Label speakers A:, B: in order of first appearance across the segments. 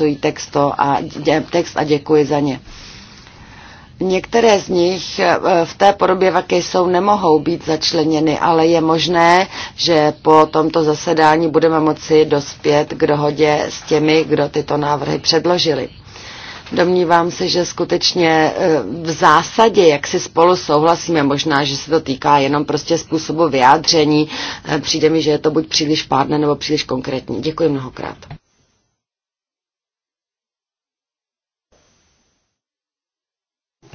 A: vypracují texto a, text a děkuji za ně. Některé z nich eh, v té podobě, v jaké jsou, nemohou být začleněny, ale je možné, že po tomto zasedání budeme moci dospět k dohodě s těmi, kdo tyto návrhy předložili. Domnívám se, že skutečně eh, v zásadě, jak si spolu souhlasíme, možná, že se to týká jenom prostě způsobu vyjádření, eh, přijde mi, že je to buď příliš pádné nebo příliš konkrétní. Děkuji mnohokrát.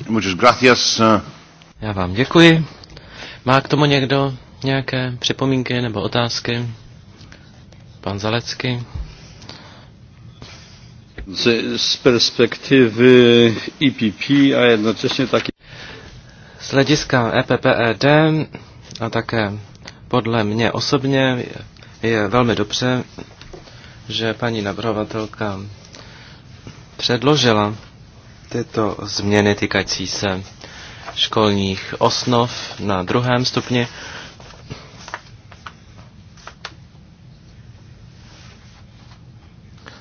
B: Muchas gracias.
C: Eh. Já vám děkuji. Má k tomu někdo nějaké připomínky nebo otázky? Pan Zalecký.
D: Z, z perspektivy EPP a jednocześnie taky...
C: Z hlediska EPPED a také podle mě osobně je velmi dobře, že paní navrhovatelka předložila tyto změny týkající se školních osnov na druhém stupni.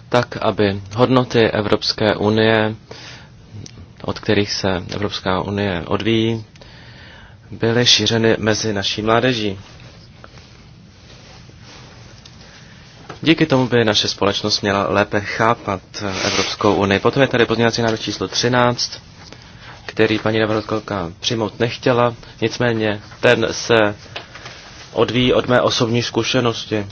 C: tak, aby hodnoty Evropské unie, od kterých se Evropská unie odvíjí, byly šířeny mezi naší mládeží. Díky tomu by naše společnost měla lépe chápat Evropskou unii. Potom je tady pozměňovací návrh číslo 13, který paní navrhovatelka přijmout nechtěla, nicméně ten se odvíjí od mé osobní zkušenosti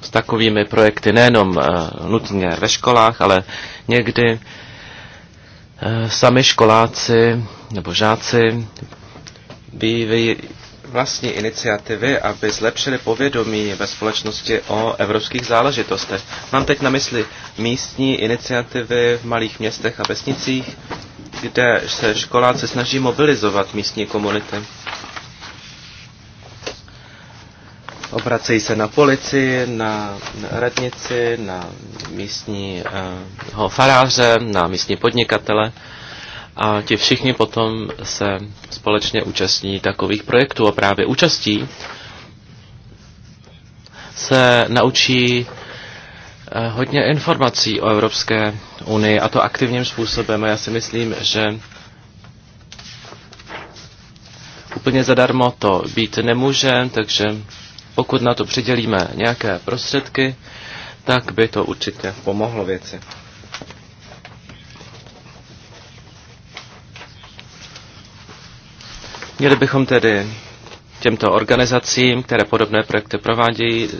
C: s takovými projekty, nejenom uh, nutně ve školách, ale někdy uh, sami školáci nebo žáci bývají vlastní iniciativy, aby zlepšili povědomí ve společnosti o evropských záležitostech. Mám teď na mysli místní iniciativy v malých městech a vesnicích, kde se školáci snaží mobilizovat místní komunity. Obracejí se na policii, na radnici, na místního faráře, na místní podnikatele a ti všichni potom se společně účastní takových projektů a právě účastí se naučí eh, hodně informací o Evropské unii a to aktivním způsobem. A já si myslím, že úplně zadarmo to být nemůže, takže pokud na to přidělíme nějaké prostředky, tak by to určitě pomohlo věci. Měli bychom tedy těmto organizacím, které podobné projekty provádějí,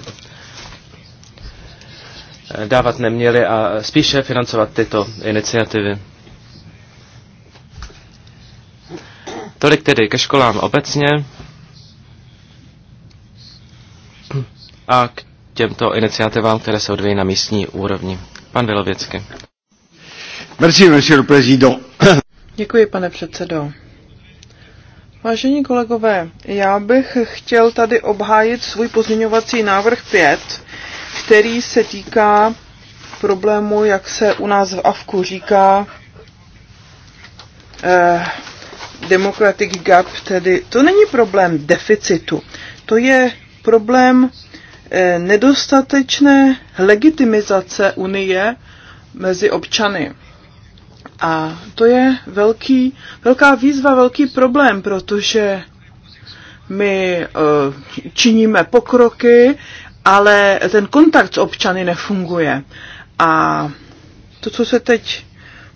C: dávat neměli a spíše financovat tyto iniciativy. Tolik tedy ke školám obecně a k těmto iniciativám, které se odvíjí na místní úrovni. Pan Vilověcky. Merci, monsieur le président.
E: Děkuji, pane předsedo. Vážení kolegové, já bych chtěl tady obhájit svůj pozměňovací návrh 5, který se týká problému, jak se u nás v Avku říká, eh, democratic gap, tedy to není problém deficitu, to je problém eh, nedostatečné legitimizace Unie mezi občany. A to je velký, velká výzva, velký problém, protože my eh, činíme pokroky, ale ten kontakt s občany nefunguje. A to, co se teď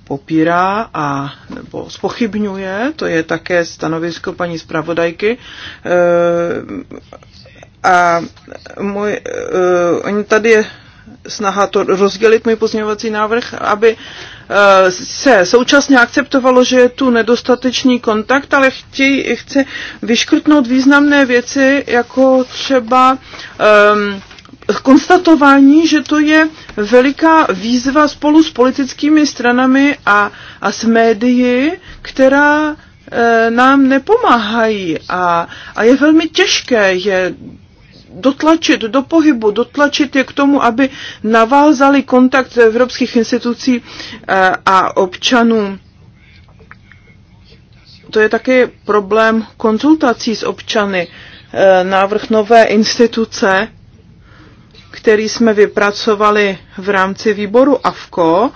E: popírá a nebo spochybňuje, to je také stanovisko paní zpravodajky, E, a můj, eh, oni tady je snaha to rozdělit můj pozměňovací návrh, aby eh, se současně akceptovalo, že je tu nedostatečný kontakt, ale chtějí, chci vyškrtnout významné věci, jako třeba um, konstatování, že to je veliká výzva spolu s politickými stranami a, a s médií, která eh, nám nepomáhají a, a je velmi těžké je dotlačit do pohybu, dotlačit je k tomu, aby navázali kontakt evropských institucí eh, a občanů. To je také problém konzultací s občany. Eh, návrh nové instituce, který jsme vypracovali v rámci výboru AVKO.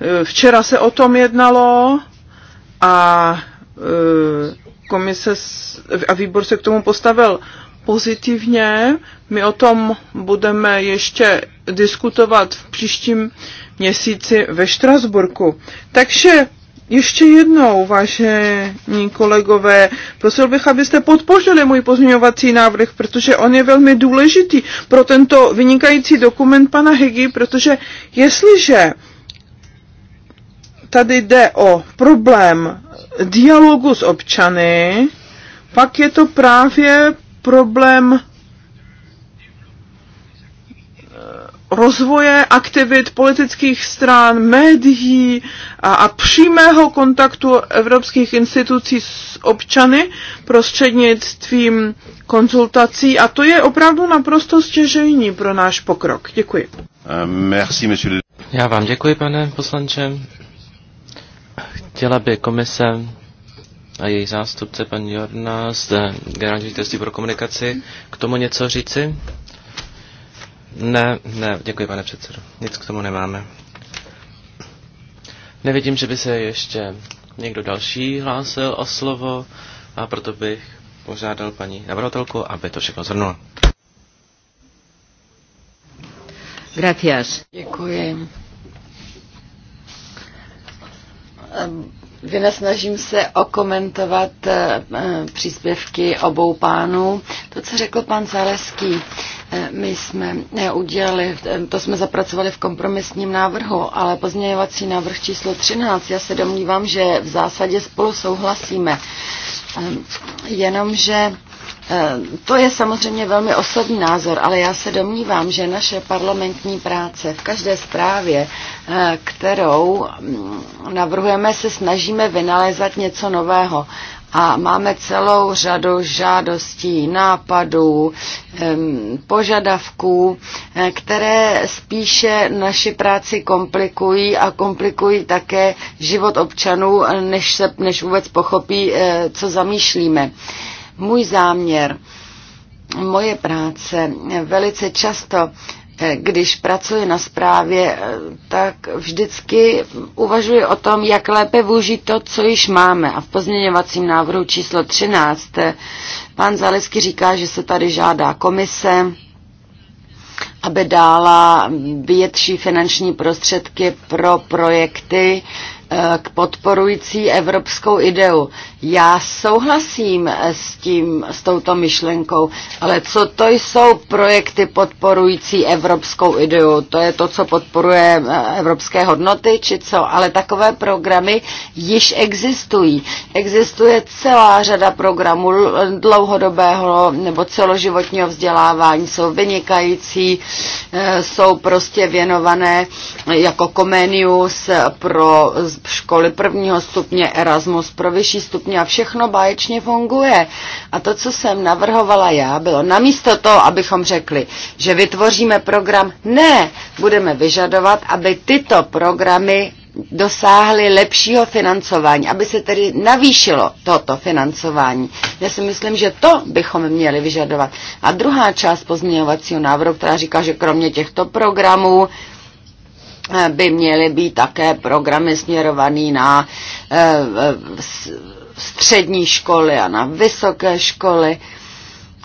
E: Eh, včera se o tom jednalo a komise a výbor se k tomu postavil pozitivně. My o tom budeme ještě diskutovat v příštím měsíci ve Štrasburku. Takže ještě jednou, vážení kolegové, prosil bych, abyste podpořili můj pozměňovací návrh, protože on je velmi důležitý pro tento vynikající dokument pana Higgy, protože jestliže tady jde o problém dialogu s občany, pak je to právě problém eh, rozvoje aktivit politických stran, médií a, a přímého kontaktu evropských institucí s občany prostřednictvím konzultací a to je opravdu naprosto stěžejní pro náš pokrok. Děkuji.
C: Eh, merci, Já vám děkuji, pane poslanče. Chtěla by komise a její zástupce, pan Jorna z eh, Generální ředitelství pro komunikaci, k tomu něco říci? Ne, ne, děkuji, pane předsedo. Nic k tomu nemáme. Nevidím, že by se ještě někdo další hlásil o slovo a proto bych požádal paní navrhovatelku, aby to všechno zhrnula.
A: Gracias. Děkuji. Um Vynasnažím se okomentovat eh, eh, příspěvky obou pánů. To, co řekl pan Zaleský, eh, my jsme udělali, to jsme zapracovali v kompromisním návrhu, ale pozměňovací návrh číslo 13, já se domnívám, že v zásadě spolu souhlasíme. Ehm, jenomže Eh, to je samozřejmě velmi osobní názor, ale já se domnívám, že naše parlamentní práce v každé zprávě, eh, kterou mm, navrhujeme, se snažíme vynalézat něco nového. A máme celou řadu žádostí, nápadů, požadavků, eh, které spíše naši práci komplikují a komplikují také život občanů, než, se, než vůbec pochopí, co zamýšlíme. Můj záměr, moje práce velice často eh, když pracuji na zprávě, eh, tak vždycky uvažuji o tom, jak lépe využít to, co již máme. A v pozměňovacím návrhu číslo 13 eh, pan Zalesky říká, že se tady žádá komise, aby dala větší finanční prostředky pro projekty, k podporující evropskou ideu. Já souhlasím s, tím, s touto myšlenkou, ale co to jsou projekty podporující evropskou ideu? To je to, co podporuje eh, evropské hodnoty, či co? Ale takové programy již existují. Existuje celá řada programů dlouhodobého nebo celoživotního vzdělávání, jsou vynikající, eh, jsou prostě věnované jako Comenius pro školy prvního stupně, Erasmus pro vyšší stupně a všechno báječně funguje. A to, co jsem navrhovala já, bylo namísto toho, abychom řekli, že vytvoříme program, ne, budeme vyžadovat, aby tyto programy dosáhly lepšího financování, aby se tedy navýšilo toto financování. Já si myslím, že to bychom měli vyžadovat. A druhá část pozměňovacího návrhu, která říká, že kromě těchto programů by měly být také programy směrované na eh, střední školy a na vysoké školy,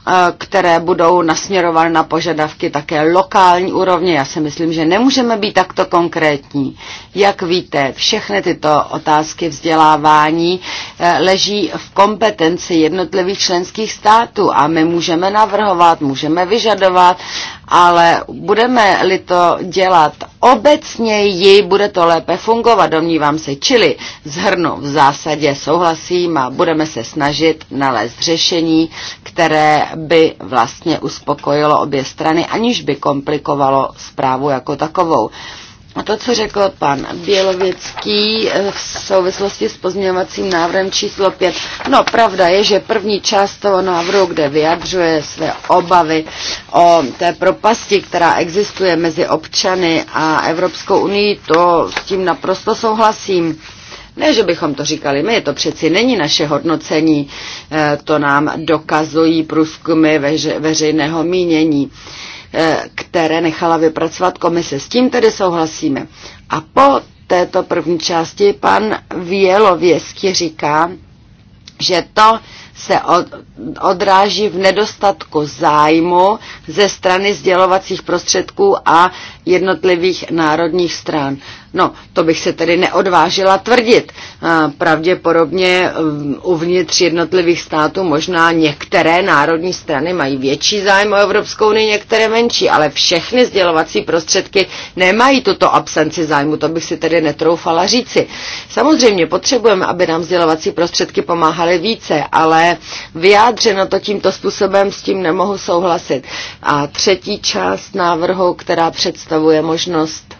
A: eh, které budou nasměrovány na požadavky také lokální úrovně. Já si myslím, že nemůžeme být takto konkrétní. Jak víte, všechny tyto otázky vzdělávání eh, leží v kompetenci jednotlivých členských států a my můžeme navrhovat, můžeme vyžadovat, ale budeme-li to dělat obecně, jej bude to lépe fungovat, domnívám se. Čili zhrnu v zásadě souhlasím a budeme se snažit nalézt řešení, které by vlastně uspokojilo obě strany, aniž by komplikovalo zprávu jako takovou. A to, co řekl pan Bělověcký eh, v souvislosti s pozměňovacím návrhem číslo 5, no pravda je, že první část toho návrhu, kde vyjadřuje své obavy o té propasti, která existuje mezi občany a Evropskou unii, to s tím naprosto souhlasím. Ne, že bychom to říkali my, to přeci není naše hodnocení, eh, to nám dokazují průzkumy veře, veřejného mínění. Eh, které nechala vypracovat komise. S tím tedy souhlasíme. A po této první části pan Vělověsky říká, že to se od, odráží v nedostatku zájmu ze strany sdělovacích prostředků a jednotlivých národních stran. No, to bych se tedy neodvážila tvrdit. Pravděpodobně um, uvnitř jednotlivých států možná některé národní strany mají větší zájem o Evropskou unii, některé menší, ale všechny sdělovací prostředky nemají tuto absenci zájmu, to bych si tedy netroufala říci. Samozřejmě potřebujeme, aby nám sdělovací prostředky pomáhaly více, ale vyjádřeno to tímto způsobem s tím nemohu souhlasit. A třetí část návrhu, která představuje možnost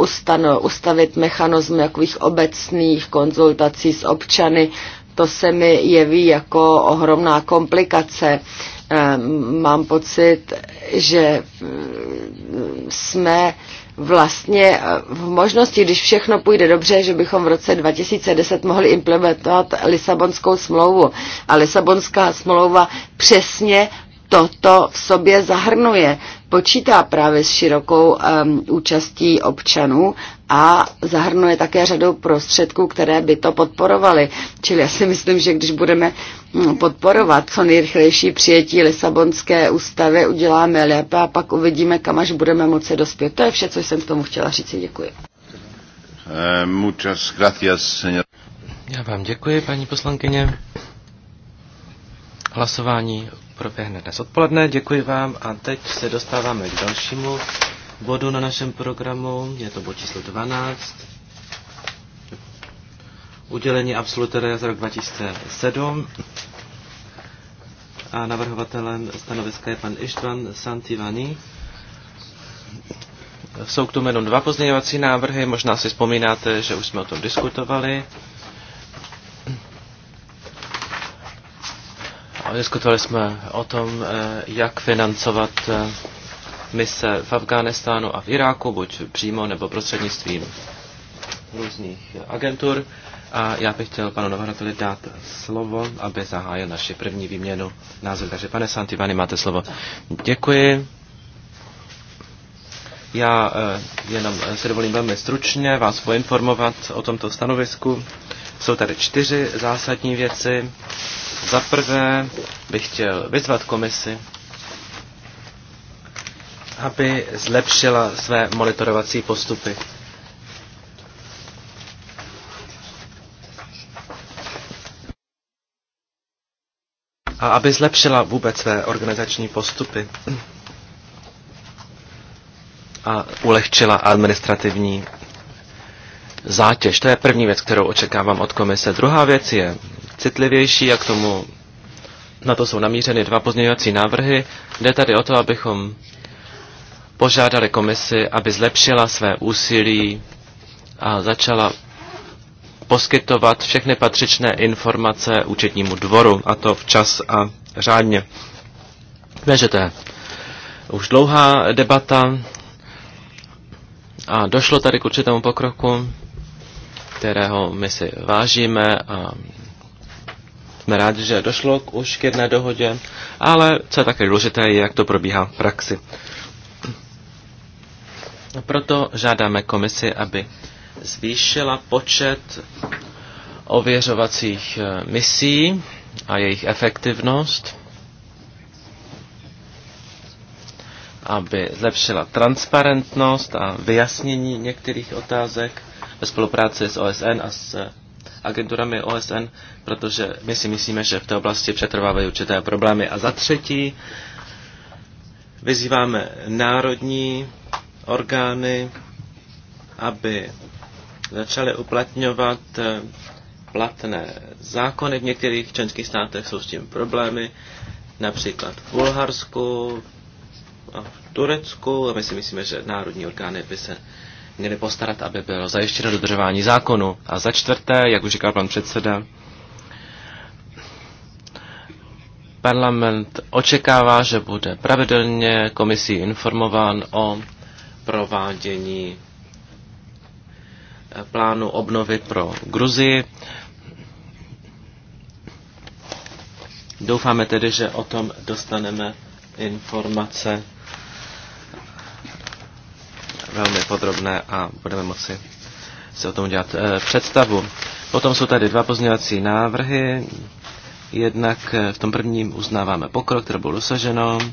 A: ustano, ustavit mechanism jakových obecných konzultací s občany. To se mi jeví jako ohromná komplikace. Ehm, mám pocit, že ehm, jsme vlastně eh, v možnosti, když všechno půjde dobře, že bychom v roce 2010 mohli implementovat Lisabonskou smlouvu. A Lisabonská smlouva přesně toto v sobě zahrnuje. Počítá právě s širokou um, účastí občanů a zahrnuje také řadu prostředků, které by to podporovaly. Čili já si myslím, že když budeme hm, podporovat co nejrychlejší přijetí Lisabonské ústavy, uděláme lépe a pak uvidíme, kam až budeme moci dospět. To je vše, co jsem k tomu chtěla říct. Děkuji.
C: Eh, muchas gracias, señor. Já vám děkuji, paní poslankyně. Hlasování proběhne dnes odpoledne. Děkuji vám a teď se dostáváme k dalšímu bodu na našem programu. Je to bod číslo 12. Udělení absolutoria za rok 2007. A navrhovatelem stanoviska je pan Ištvan Santivani. Jsou k tomu jenom dva pozměňovací návrhy. Možná si vzpomínáte, že už jsme o tom diskutovali. Diskutovali jsme o tom, eh, jak financovat eh, mise v Afghánistánu a v Iráku, buď přímo nebo prostřednictvím různých agentur. A já bych chtěl panu navrhovateli dát slovo, aby zahájil naši první výměnu názor. Takže pane Santivani, máte slovo. Děkuji. Já eh, jenom se dovolím velmi stručně vás poinformovat o tomto stanovisku. Jsou tady čtyři zásadní věci. Za prvé bych chtěl vyzvat komisi, aby zlepšila své monitorovací postupy. A aby zlepšila vůbec své organizační postupy a ulehčila administrativní zátěž. To je první věc, kterou očekávám od komise. Druhá věc je citlivější a k tomu na to jsou namířeny dva pozměňovací návrhy. Jde tady o to, abychom požádali komisi, aby zlepšila své úsilí a začala poskytovat všechny patřičné informace účetnímu dvoru, a to včas a řádně. Ne, že to je už dlouhá debata a došlo tady k určitému pokroku kterého my si vážíme a jsme rádi, že došlo k už k jedné dohodě, ale co je také důležité, je, jak to probíhá v praxi. Proto žádáme komisi, aby zvýšila počet ověřovacích eh, misí a jejich efektivnost, aby zlepšila transparentnost a vyjasnění některých otázek, ve spolupráci s OSN a s eh, agenturami OSN, protože my si myslíme, že v té oblasti přetrvávají určité problémy. A za třetí vyzýváme národní orgány, aby začaly uplatňovat eh, platné zákony. V některých členských státech jsou s tím problémy, například v Bulharsku a v Turecku. A my si myslíme, že národní orgány by se měli postarat, aby bylo zajištěno dodržování zákonu. A za čtvrté, jak už říkal pan předseda, parlament očekává, že bude pravidelně komisí informován o provádění eh, plánu obnovy pro Gruzii. Doufáme tedy, že o tom dostaneme informace velmi podrobné a budeme moci se o tom dělat eh, představu. Potom jsou tady dva pozměňovací návrhy. Jednak eh, v tom prvním uznáváme pokrok, který byl dosaženo eh,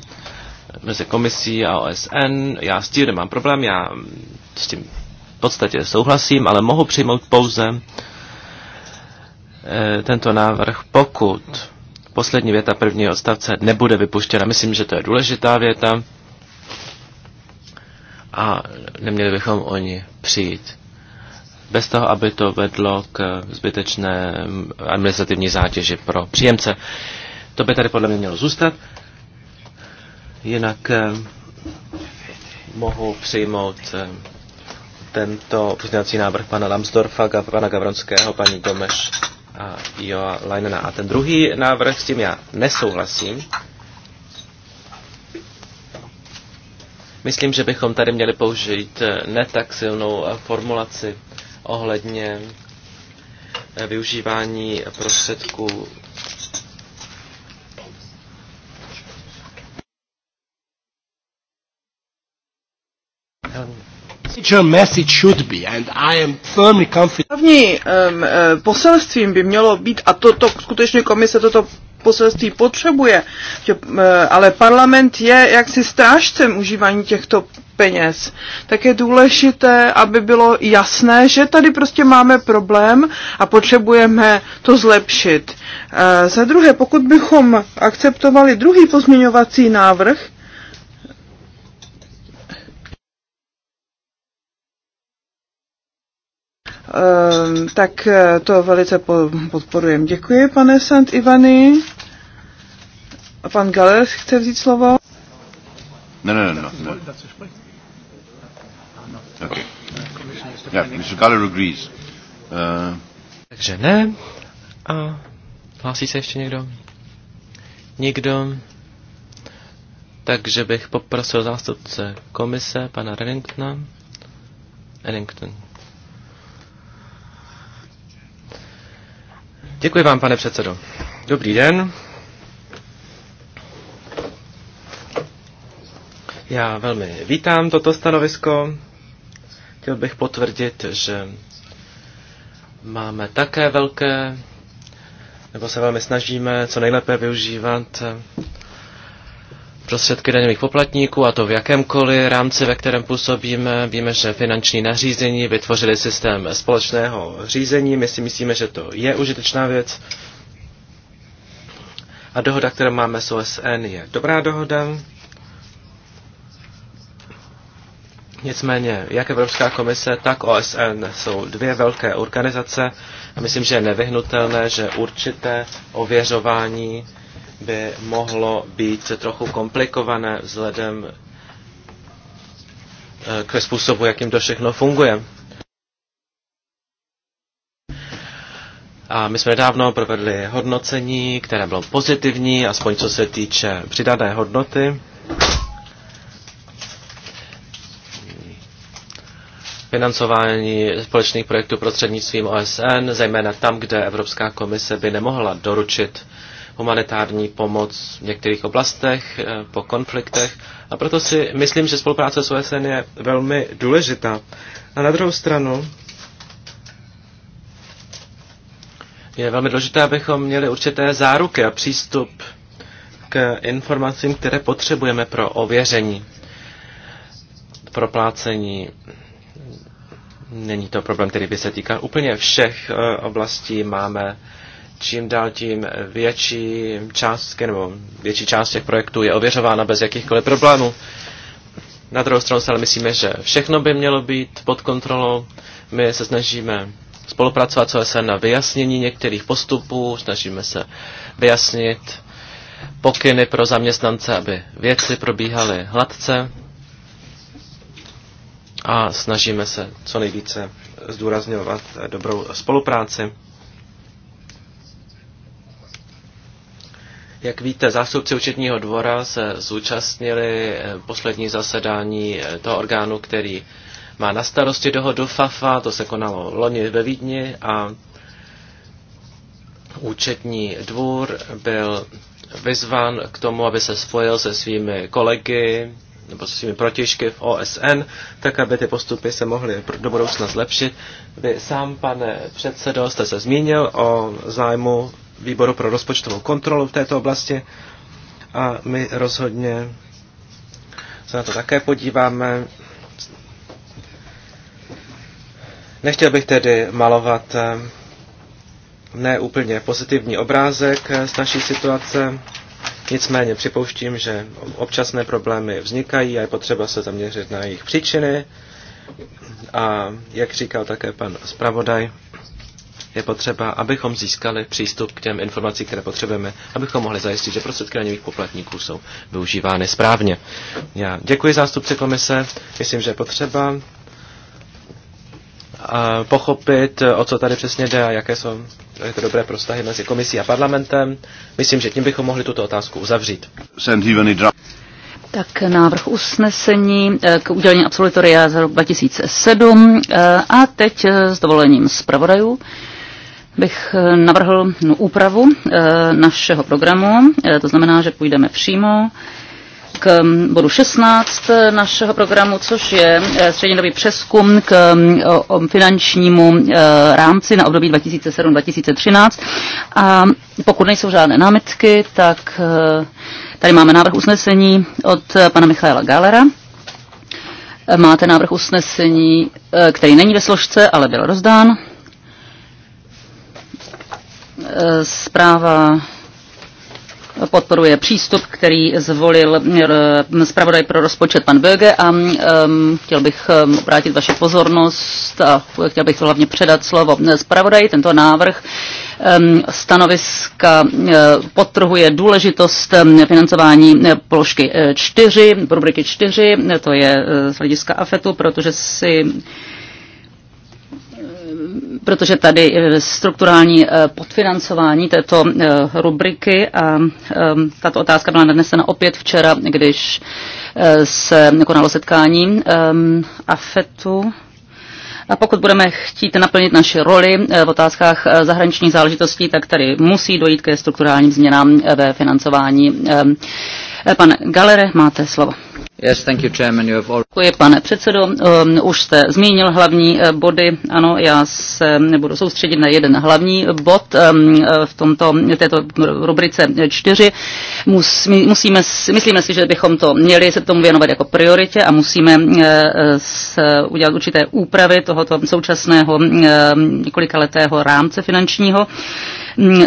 C: mezi komisí a OSN. Já s tím nemám problém, já mm, s tím v podstatě souhlasím, ale mohu přijmout pouze tento návrh, pokud poslední věta prvního odstavce nebude vypuštěna. Myslím, že to je důležitá věta a neměli bychom o ní přijít. Bez toho, aby to vedlo k zbytečné administrativní zátěži pro příjemce. To by tady podle mě mělo zůstat. Jinak eh, mohu přijmout eh, tento pozměňovací návrh pana Lambsdorfa, pana Gavronského, paní Domeš a Joa Leinena. A ten druhý návrh, s tím já nesouhlasím. Myslím, že bychom tady měli použít eh, ne tak silnou eh, formulaci ohledně eh, využívání prostředků
E: Hlavní poselstvím by mělo být, a toto to, skutečně komise toto poselství potřebuje, že, eh, ale parlament je jaksi strážcem užívání těchto peněz, tak je důležité, aby bylo jasné, že tady prostě máme problém a potřebujeme to zlepšit. Eh, za druhé, pokud bychom akceptovali druhý pozměňovací návrh, Ehm, tak eh, to velice podporujeme. Děkuji, pane Sant Ivany. A pan Galer chce vzít slovo?
D: Ne, ne, ne. ne. No, no. Okay. Yeah, Mr. Galler agrees. Uh... Takže
C: ne. A hlásí se ještě někdo? Nikdo. Takže bych poprosil zástupce komise, pana Reddingtona. Reddington. Děkuji vám, pane předsedo. Dobrý den. Já velmi vítám toto stanovisko. Chtěl bych potvrdit, že máme také velké, nebo se velmi snažíme co nejlépe využívat prostředky daňových poplatníků, a to v jakémkoliv rámci, ve kterém působíme. Víme, že finanční nařízení vytvořili systém společného řízení. My si myslíme, že to je užitečná věc. A dohoda, kterou máme s OSN, je dobrá dohoda. Nicméně, jak Evropská komise, tak OSN jsou dvě velké organizace a myslím, že je nevyhnutelné, že určité ověřování by mohlo být trochu komplikované vzhledem eh, k způsobu, jakým to všechno funguje. A my jsme nedávno provedli hodnocení, které bylo pozitivní, aspoň co se týče přidané hodnoty. Financování společných projektů prostřednictvím OSN, zejména tam, kde Evropská komise by nemohla doručit humanitární pomoc v některých oblastech eh, po konfliktech a proto si myslím, že spolupráce s OSN je velmi důležitá. A na druhou stranu je velmi důležité, abychom měli určité záruky a přístup k informacím, které potřebujeme pro ověření, pro plácení. Není to problém, který by se týkal úplně všech eh, oblastí. Máme čím dál tím větší částky nebo větší část těch projektů je ověřována bez jakýchkoliv problémů. Na druhou stranu se ale myslíme, že všechno by mělo být pod kontrolou. My se snažíme spolupracovat s OSN na vyjasnění některých postupů, snažíme se vyjasnit pokyny pro zaměstnance, aby věci probíhaly hladce a snažíme se co nejvíce zdůrazňovat dobrou spolupráci. Jak víte, zástupci účetního dvora se zúčastnili eh, poslední zasedání eh, toho orgánu, který má na starosti dohodu FAFA, to se konalo loni ve Vídni a účetní dvůr byl vyzván k tomu, aby se spojil se svými kolegy nebo se svými protižky v OSN, tak aby ty postupy se mohly do budoucna zlepšit. Vy sám, pane předsedo, jste se zmínil o zájmu výboru pro rozpočtovou kontrolu v této oblasti a my rozhodně se na to také podíváme. Nechtěl bych tedy malovat eh, neúplně pozitivní obrázek eh, z naší situace, nicméně připouštím, že občasné problémy vznikají a je potřeba se zaměřit na jejich příčiny. A jak říkal také pan zpravodaj, je potřeba, abychom získali přístup k těm informacím, které potřebujeme, abychom mohli zajistit, že prostředky daňových poplatníků jsou využívány správně. Já děkuji zástupci komise, myslím, že je potřeba eh, pochopit, o co tady přesně jde a jaké jsou to dobré prostahy mezi komisí a parlamentem. Myslím, že tím bychom mohli tuto otázku uzavřít.
F: Tak návrh usnesení eh, k udělení absolutoria za rok 2007 eh, a teď s dovolením zpravodajů bych eh, navrhl no, úpravu eh, našeho programu, eh, to znamená, že půjdeme přímo k mm, bodu 16 našeho programu, což je střednědobý přeskum k mm, finančnímu rámci na období 2007-2013. A pokud nejsou žádné námitky, tak tady máme návrh usnesení od pana Michaela Galera. Máte návrh usnesení, který není ve složce, ale byl rozdán. Eh, zpráva podporuje přístup, který zvolil eh, zpravodaj pro rozpočet pan Böge a um, chtěl bych obrátit vaši pozornost a chtěl bych hlavně předat slovo zpravodaj. Tento návrh um, stanoviska um, podtrhuje důležitost um, financování položky 4, rubriky 4, to je z hlediska AFETu, protože si protože tady eh, strukturální eh, podfinancování této eh, rubriky a tato otázka byla nadnesena opět včera, když se konalo setkání AFETu. A pokud budeme chtít naplnit naši roli v otázkách zahraničních záležitostí, tak tady musí dojít ke strukturálním změnám ve financování. Pan Galere, máte slovo. Yes, thank you, Chairman. You have all... Děkuji, pane předsedo. Um, už jste zmínil hlavní eh, body. Ano, já se nebudu soustředit na jeden hlavní bod um, eh, v tomto, této rubrice čtyři. Mus, musíme, myslíme si, že bychom to měli se tomu věnovat jako prioritě a musíme uh, s, udělat určité úpravy tohoto současného uh, několikaletého rámce finančního. Mm,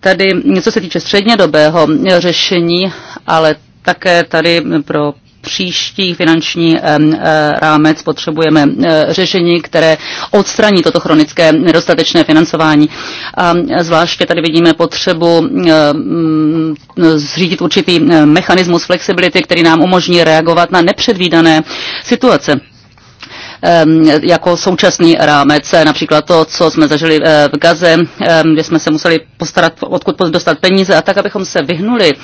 F: tady, co se týče střednědobého řešení, ale také tady pro příští finanční rámec potřebujeme řešení, které odstraní toto chronické nedostatečné financování. A zvláště tady vidíme potřebu zřídit určitý mechanismus flexibility, který nám umožní reagovat na nepředvídané situace jako současný rámec. Například to, co jsme zažili eh, v Gaze, kde jsme se museli postarat, odkud dostat peníze a tak, abychom se vyhnuli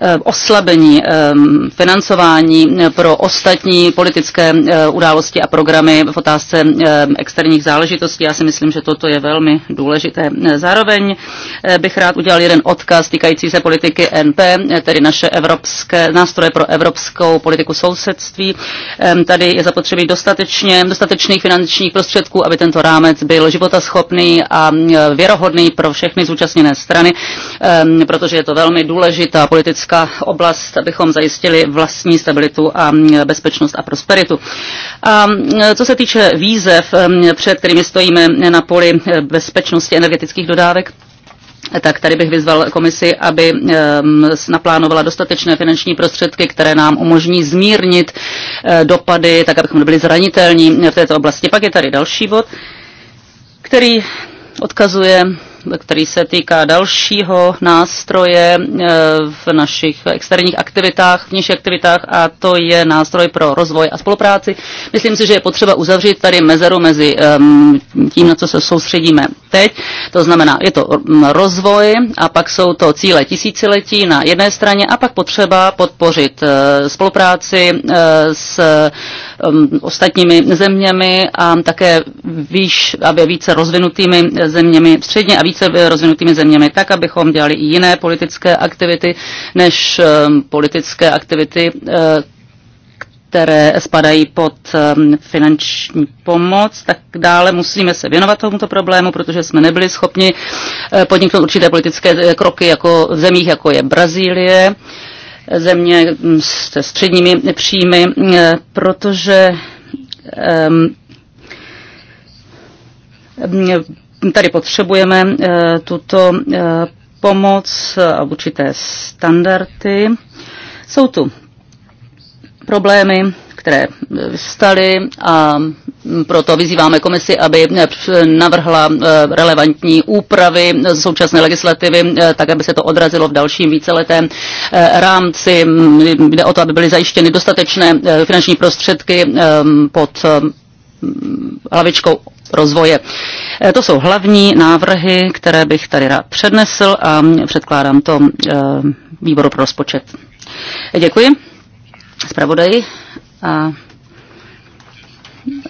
F: Eh, oslabení eh, financování pro ostatní politické eh, události a programy v otázce externích záležitostí. Já si myslím, že toto je velmi důležité. Zároveň bych rád udělal jeden odkaz týkající se politiky NP, tedy naše evropské nástroje pro evropskou politiku sousedství. Tady je zapotřebí dostatečně, dostatečných finančních prostředků, aby tento rámec byl životaschopný a věrohodný pro všechny zúčastněné strany, protože je to velmi důležitá politická politická oblast, abychom zajistili vlastní stabilitu a bezpečnost a prosperitu. A e, co se týče výzev, před kterými stojíme na poli e, bezpečnosti energetických dodávek, tak tady bych vyzval komisi, aby e, naplánovala dostatečné finanční prostředky, které nám umožní zmírnit dopady, tak abychom byli zranitelní v této oblasti. Pak je tady další bod, který odkazuje který se týká dalšího nástroje eh, v našich externích aktivitách, vnějších aktivitách a to je nástroj pro rozvoj a spolupráci. Myslím si, že je potřeba uzavřít tady mezeru mezi ehm, tím, na co se soustředíme teď. To znamená, je to mm, rozvoj a pak jsou to cíle tisíciletí na jedné straně a pak potřeba podpořit eh, spolupráci eh, s Um, ostatními zeměmi a také výš aby více rozvinutými zeměmi, středně a více rozvinutými zeměmi, tak, abychom dělali i jiné politické aktivity než um, politické aktivity, uh, které spadají pod um, finanční pomoc, tak dále musíme se věnovat tomuto problému, protože jsme nebyli schopni uh, podniknout určité politické eh, kroky jako v zemích, jako je Brazílie země se středními příjmy, eh, protože ehm, eh, tady potřebujeme eh, tuto pomoc a určité standardy. Jsou tu problémy které vyvstaly a proto vyzýváme komisi, aby eh, navrhla eh, relevantní úpravy současné legislativy, eh, tak aby se to odrazilo v dalším víceletém rámci. Mm, jde o to, aby byly zajištěny dostatečné finanční prostředky ehm, pod ehm, hlavičkou rozvoje. To jsou hlavní návrhy, které bych tady rád přednesl a předkládám to výboru pro rozpočet. Děkuji zpravodaji a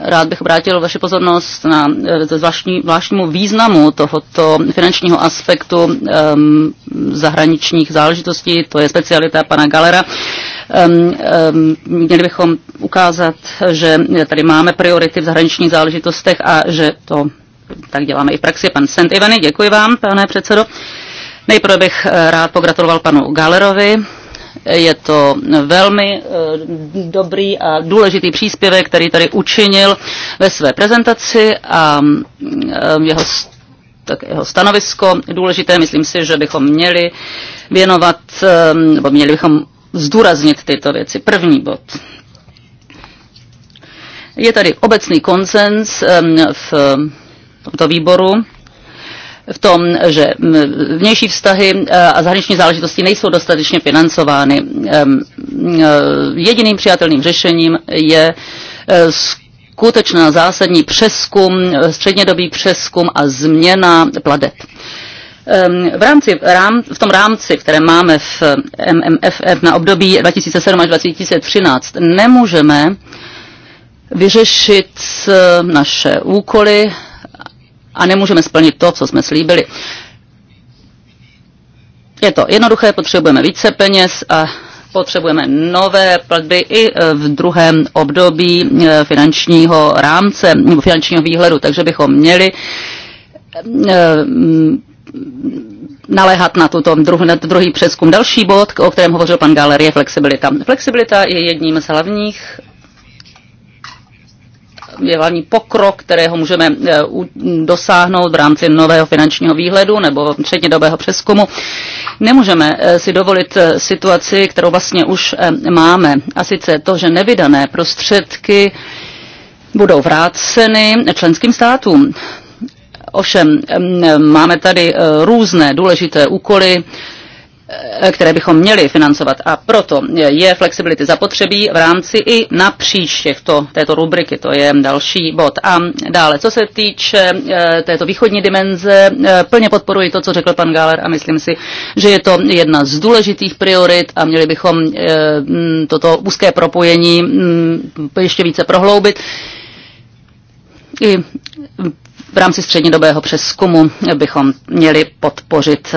F: Rád bych obrátil vaši pozornost na eh, zvláštní, zvláštnímu významu tohoto finančního aspektu um, zahraničních záležitostí, to je specialita pana Galera. Um, um, měli bychom ukázat, že tady máme priority v zahraničních záležitostech a že to tak děláme i v praxi. Pan Sent Ivany, děkuji vám, pane předsedo. Nejprve bych eh, rád pogratuloval panu Galerovi je to velmi eh, dobrý a důležitý příspěvek, který tady učinil ve své prezentaci a eh, jeho tak jeho stanovisko důležité. Myslím si, že bychom měli věnovat, eh, nebo měli bychom zdůraznit tyto věci. První bod. Je tady obecný konsens v tomto výboru v tom, že mm, vnější vztahy eh, a zahraniční záležitosti nejsou dostatečně financovány. Eh, jediným přijatelným řešením je eh, skutečná zásadní přeskum, střednědobý přeskum a změna pladeb. V, rámci, rám, v tom rámci, které máme v MMFF na období 2007 až 2013, nemůžeme vyřešit naše úkoly a nemůžeme splnit to, co jsme slíbili. Je to jednoduché, potřebujeme více peněz a potřebujeme nové platby i e, v druhém období e, finančního rámce nebo finančního výhledu, takže bychom měli e, naléhat na, tuto druh, na druhý přeskum. Další bod, o kterém hovořil pan Galer, je flexibilita. Flexibilita je jedním z hlavních je hlavní pokrok, kterého můžeme eh, dosáhnout v rámci nového finančního výhledu nebo střednědobého přeskumu. Nemůžeme eh, si dovolit eh, situaci, kterou vlastně už máme, a sice to, že nevydané prostředky budou vráceny členským státům. Ovšem, mm, máme tady různé důležité úkoly, Eh, které bychom měli financovat. A proto je flexibility zapotřebí v rámci i napříč těchto, této rubriky. To je další bod. A dále, co se týče eh, této východní dimenze, eh, plně podporuji to, co řekl pan Gáler a myslím si, že je to jedna z důležitých priorit a měli bychom toto úzké propojení mm, ještě více prohloubit. I v rámci střednědobého přeskumu bychom měli podpořit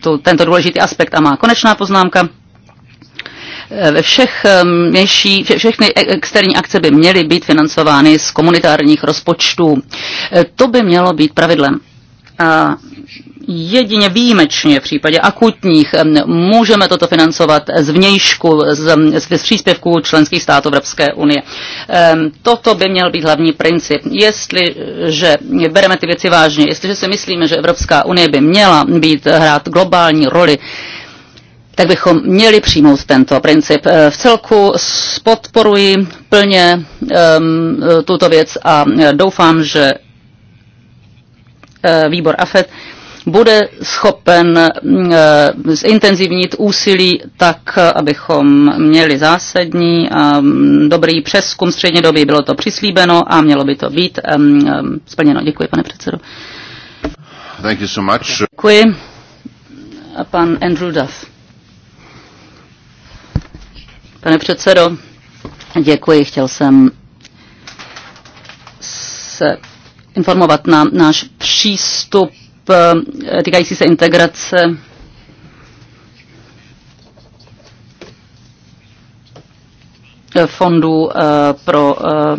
F: tu, tento důležitý aspekt. A má konečná poznámka eh, ve všech mější, ehm, vše, všechny e, externí akce by měly být financovány z komunitárních rozpočtů. Eh, to by mělo být pravidlem. A jedině výjimečně v případě akutních můžeme toto financovat z vnějšku, z, z příspěvků členských států Evropské unie. Toto by měl být hlavní princip. Jestliže bereme ty věci vážně, jestliže si myslíme, že Evropská unie by měla být hrát globální roli, tak bychom měli přijmout tento princip. E, v celku podporuji plně um, tuto věc a e, doufám, že Eh, výbor AFET bude schopen mm, eh, zintenzivnit úsilí tak, abychom měli zásadní a mm, dobrý přeskum doby Bylo to přislíbeno a mělo by to být splněno. Děkuji, pane předsedo. Thank you so much. Děkuji. A pan Andrew Duff. Pane předsedo, děkuji. Chtěl jsem se informovat na náš přístup eh, týkající se integrace fondů eh, pro eh,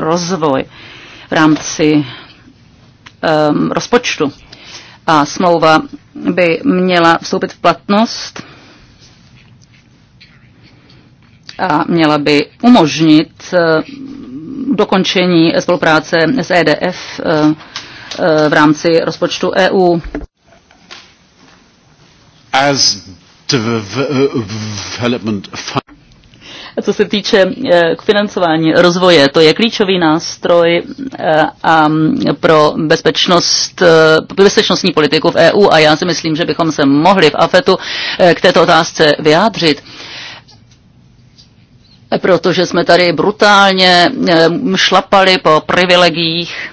F: rozvoj v rámci rozpočtu. A smlouva by měla vstoupit v platnost a měla by umožnit dokončení spolupráce s EDF eh, eh, v rámci rozpočtu EU.
B: As development
F: co se týče eh, financování rozvoje, to je klíčový nástroj a mm, pro bezpečnost, bezpečnostní politiku v EU a já si myslím, že bychom se mohli v AFETu k této otázce vyjádřit protože jsme tady brutálně eh, šlapali po privilegiích.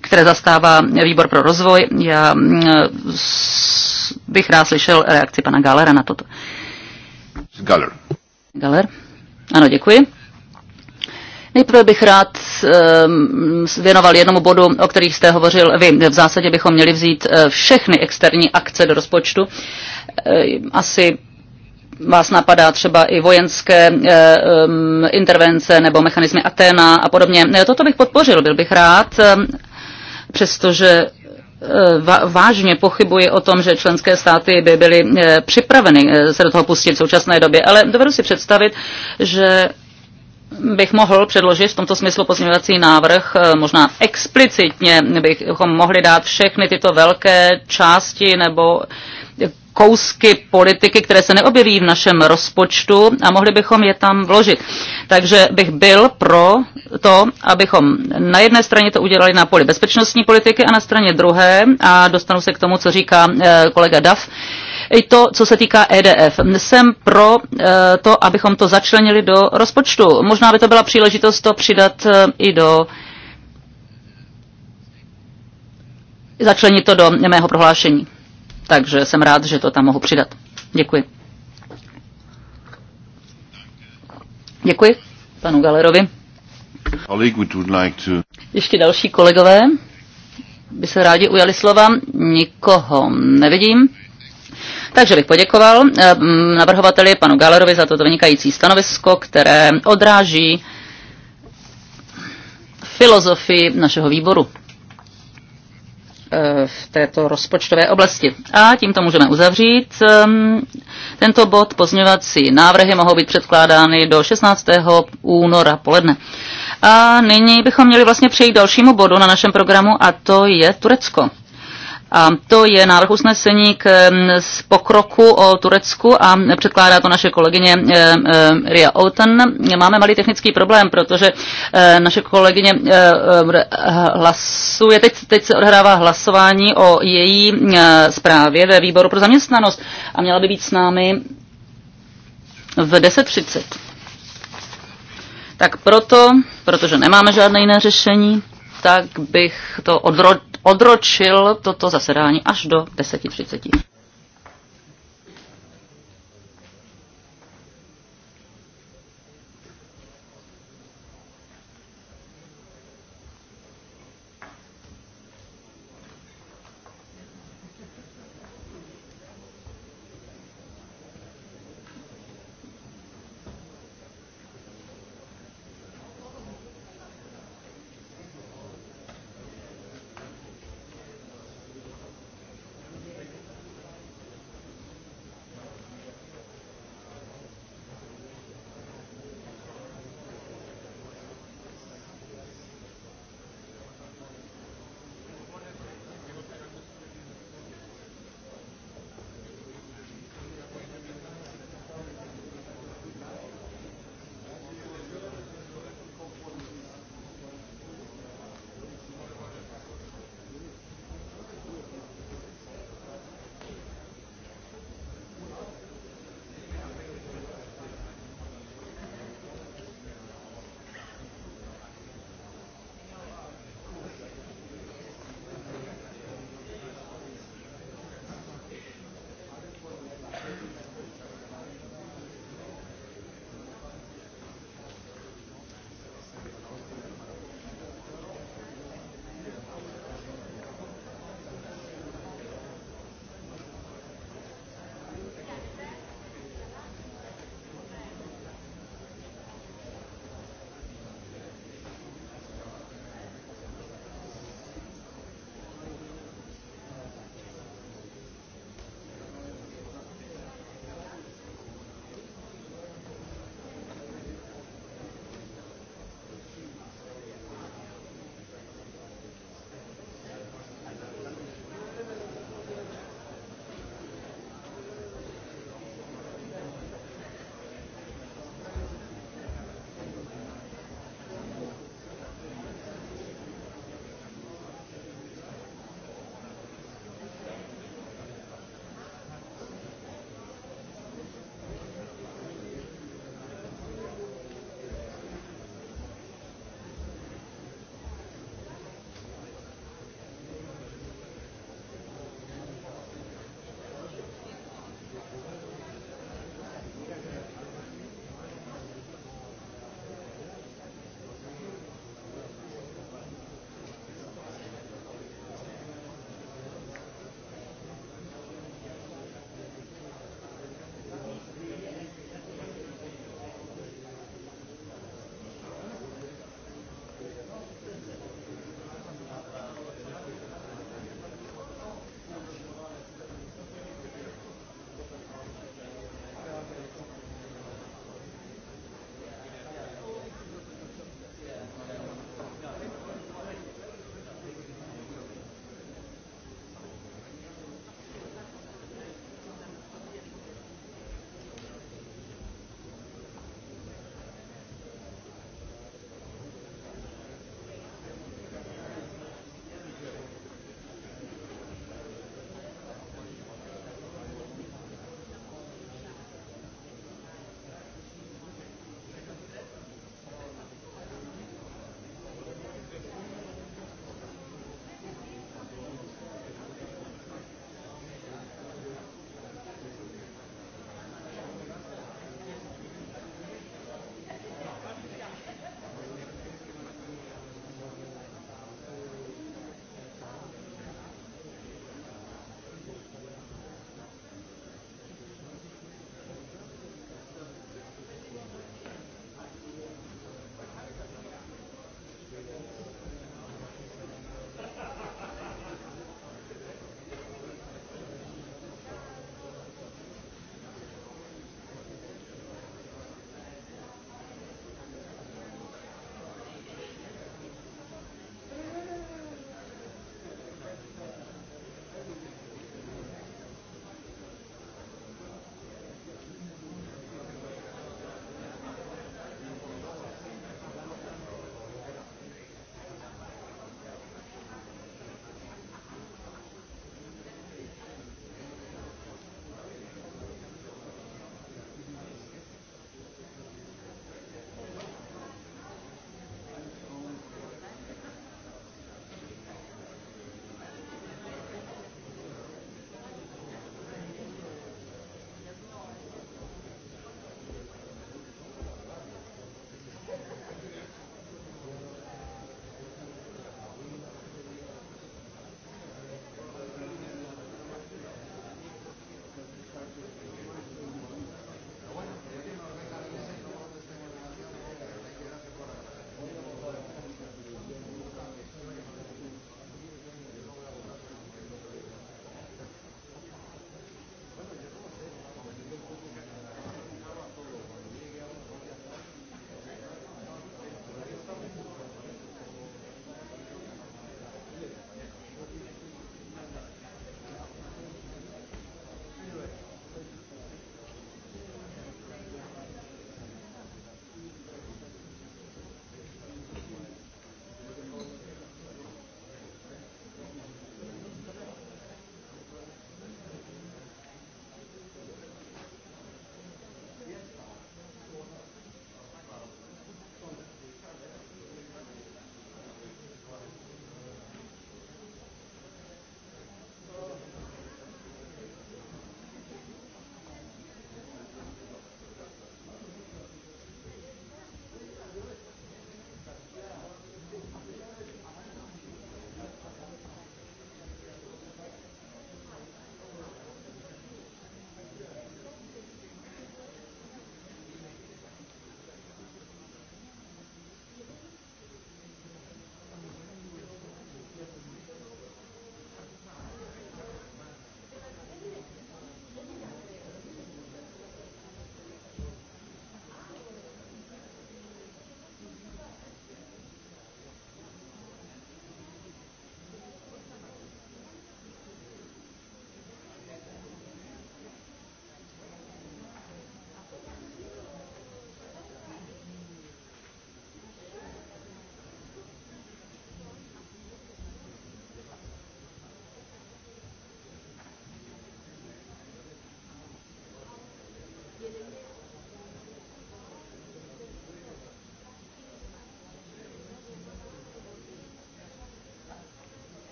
F: které zastává výbor pro rozvoj. Já mm, bych rád slyšel reakci pana Galera na toto. Galer. Galer. Ano, děkuji. Nejprve bych rád ehm, věnoval jednomu bodu, o kterých jste hovořil vy. V zásadě bychom měli vzít eh, všechny externí akce do rozpočtu Eh, asi vás napadá třeba i vojenské eh, intervence nebo mechanismy Atena a podobně. Toto bych podpořil, byl bych rád, eh, přestože vážně pochybuji o tom, že členské státy by byly připraveny se do toho pustit v současné době, ale dovedu si představit, že bych mohl předložit v tomto smyslu pozměňovací návrh, možná explicitně bychom mohli dát všechny tyto velké části nebo kousky politiky, které se neobjeví v našem rozpočtu a mohli bychom je tam vložit. Takže bych byl pro to, abychom na jedné straně to udělali na poli bezpečnostní politiky a na straně druhé, a dostanu se k tomu, co říká eh, kolega Daf, i to, co se týká EDF. Jsem pro eh, to, abychom to začlenili do rozpočtu. Možná by to byla příležitost to přidat eh, i do začlenit to do mého prohlášení takže jsem rád, že to tam mohu přidat. Děkuji. Děkuji panu Galerovi. Ještě další kolegové by se rádi ujali slova. Nikoho nevidím. Takže bych poděkoval eh, navrhovateli panu Galerovi za toto vynikající stanovisko, které odráží filozofii našeho výboru. Eh, v této rozpočtové oblasti. A tímto můžeme uzavřít. Ehm, tento bod pozměňovací návrhy mohou být předkládány do 16. února poledne. A nyní bychom měli vlastně přejít dalšímu bodu na našem programu a to je Turecko. A to je návrh usnesení k mm, z pokroku o Turecku a předkládá to naše kolegyně eh, eh, Ria Outen. Máme malý technický problém, protože eh, naše kolegyně hlasuje, teď, teď se odhrává hlasování o její zprávě ve výboru pro zaměstnanost a měla by být s námi v 10.30. Tak proto, protože nemáme žádné jiné řešení, tak bych to odrodil odročil toto zasedání až do 10.30.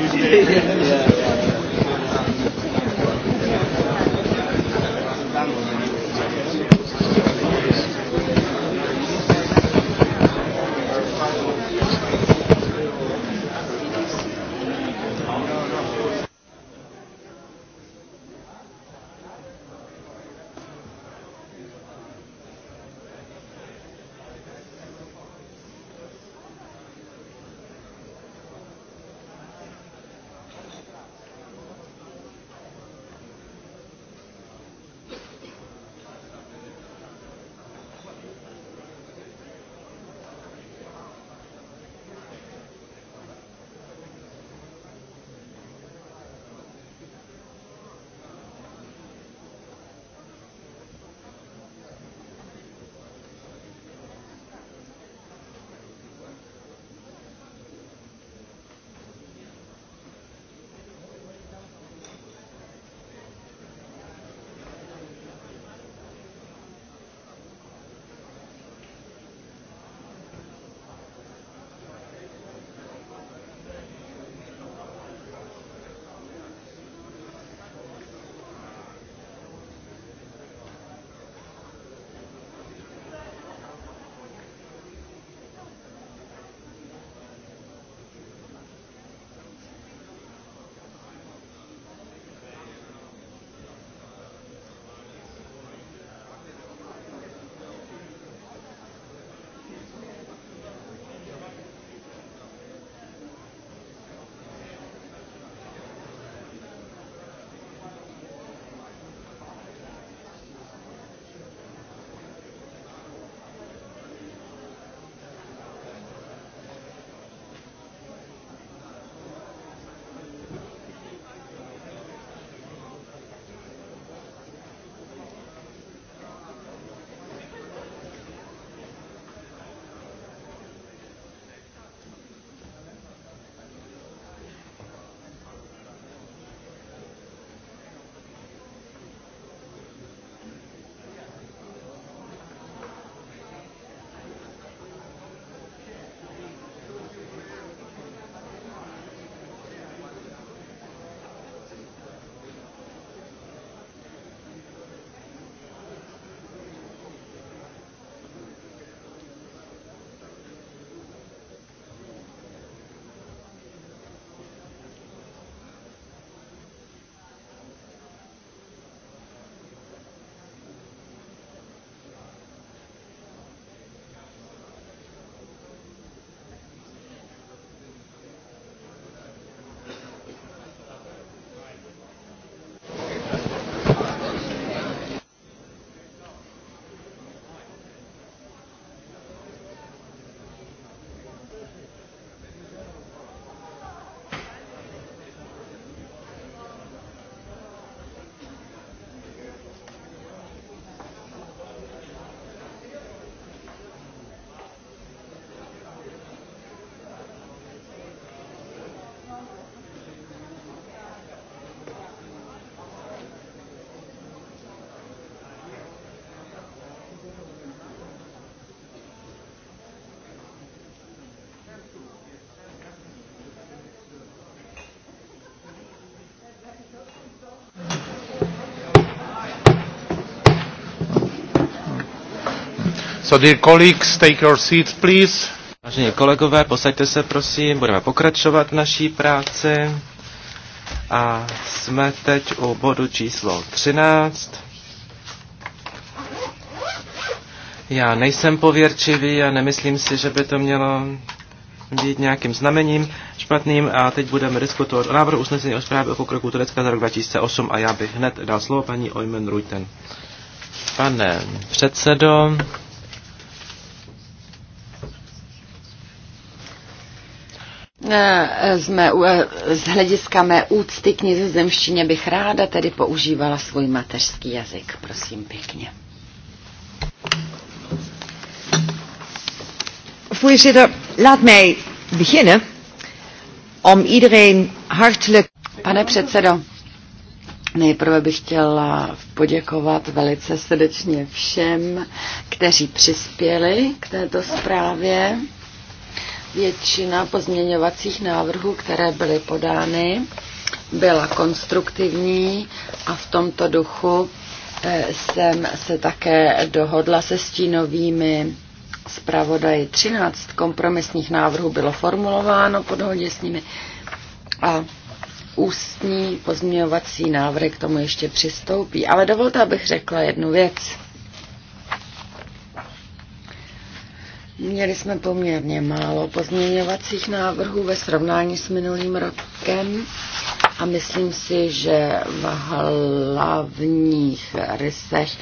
D: you did.
C: So dear colleagues, take your seats, please. Vážení kolegové, posaďte se, prosím, budeme pokračovat naší práci. A jsme teď u bodu číslo 13. Já nejsem pověrčivý a nemyslím si, že by to mělo být nějakým znamením špatným a teď budeme diskutovat o návrhu usnesení o zprávě o pokroku Turecka za rok 2008 a já bych hned dal slovo paní Ojmen Ruiten. Pane předsedo,
A: Eh, z, mé, eh, z hlediska mé úcty k nizozemštině bych ráda tedy používala svůj mateřský jazyk. Prosím pěkně. Voorzitter, laat mij beginnen om iedereen hartelijk... Pane předsedo, Nejprve bych chtěla poděkovat velice srdečně všem, kteří přispěli k této zprávě. Většina pozměňovacích návrhů, které byly podány, byla konstruktivní a v tomto duchu eh, jsem se také dohodla se stínovými zpravodaji. 13 kompromisních návrhů bylo formulováno po dohodě s nimi a ústní pozměňovací návrhy k tomu ještě přistoupí. Ale dovolte, abych řekla jednu věc. Měli jsme poměrně málo pozměňovacích návrhů ve srovnání s minulým rokem a myslím si, že v hlavních rysech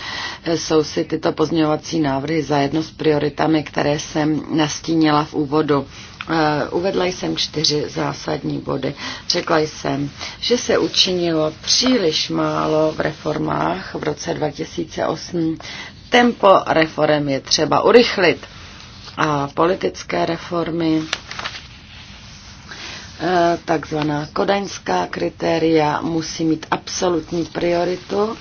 A: jsou si tyto pozměňovací návrhy jedno s prioritami, které jsem nastínila v úvodu. Eh, uvedla jsem čtyři zásadní body. Řekla jsem, že se učinilo příliš málo v reformách v roce 2008. Tempo reform je třeba urychlit a politické reformy, e, takzvaná kodaňská kritéria musí mít absolutní prioritu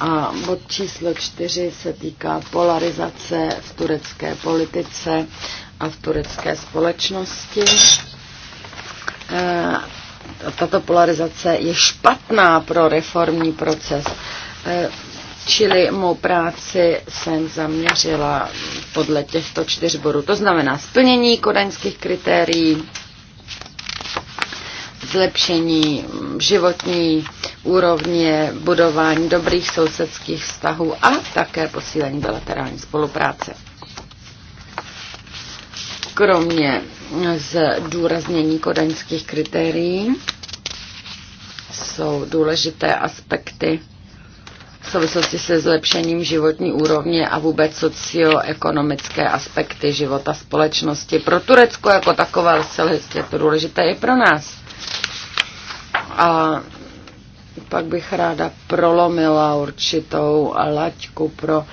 A: a bod číslo čtyři se týká polarizace v turecké politice a v turecké společnosti. E, tato polarizace je špatná pro reformní proces. E, Čili mou práci jsem zaměřila podle těchto čtyř bodů. To znamená splnění kodaňských kritérií, zlepšení životní úrovně, budování dobrých sousedských vztahů a také posílení bilaterální spolupráce. Kromě zdůraznění kodaňských kritérií jsou důležité aspekty v souvislosti se zlepšením životní úrovně a vůbec socioekonomické aspekty života společnosti. Pro Turecko jako takové je to důležité i pro nás. A pak bych ráda prolomila určitou laťku pro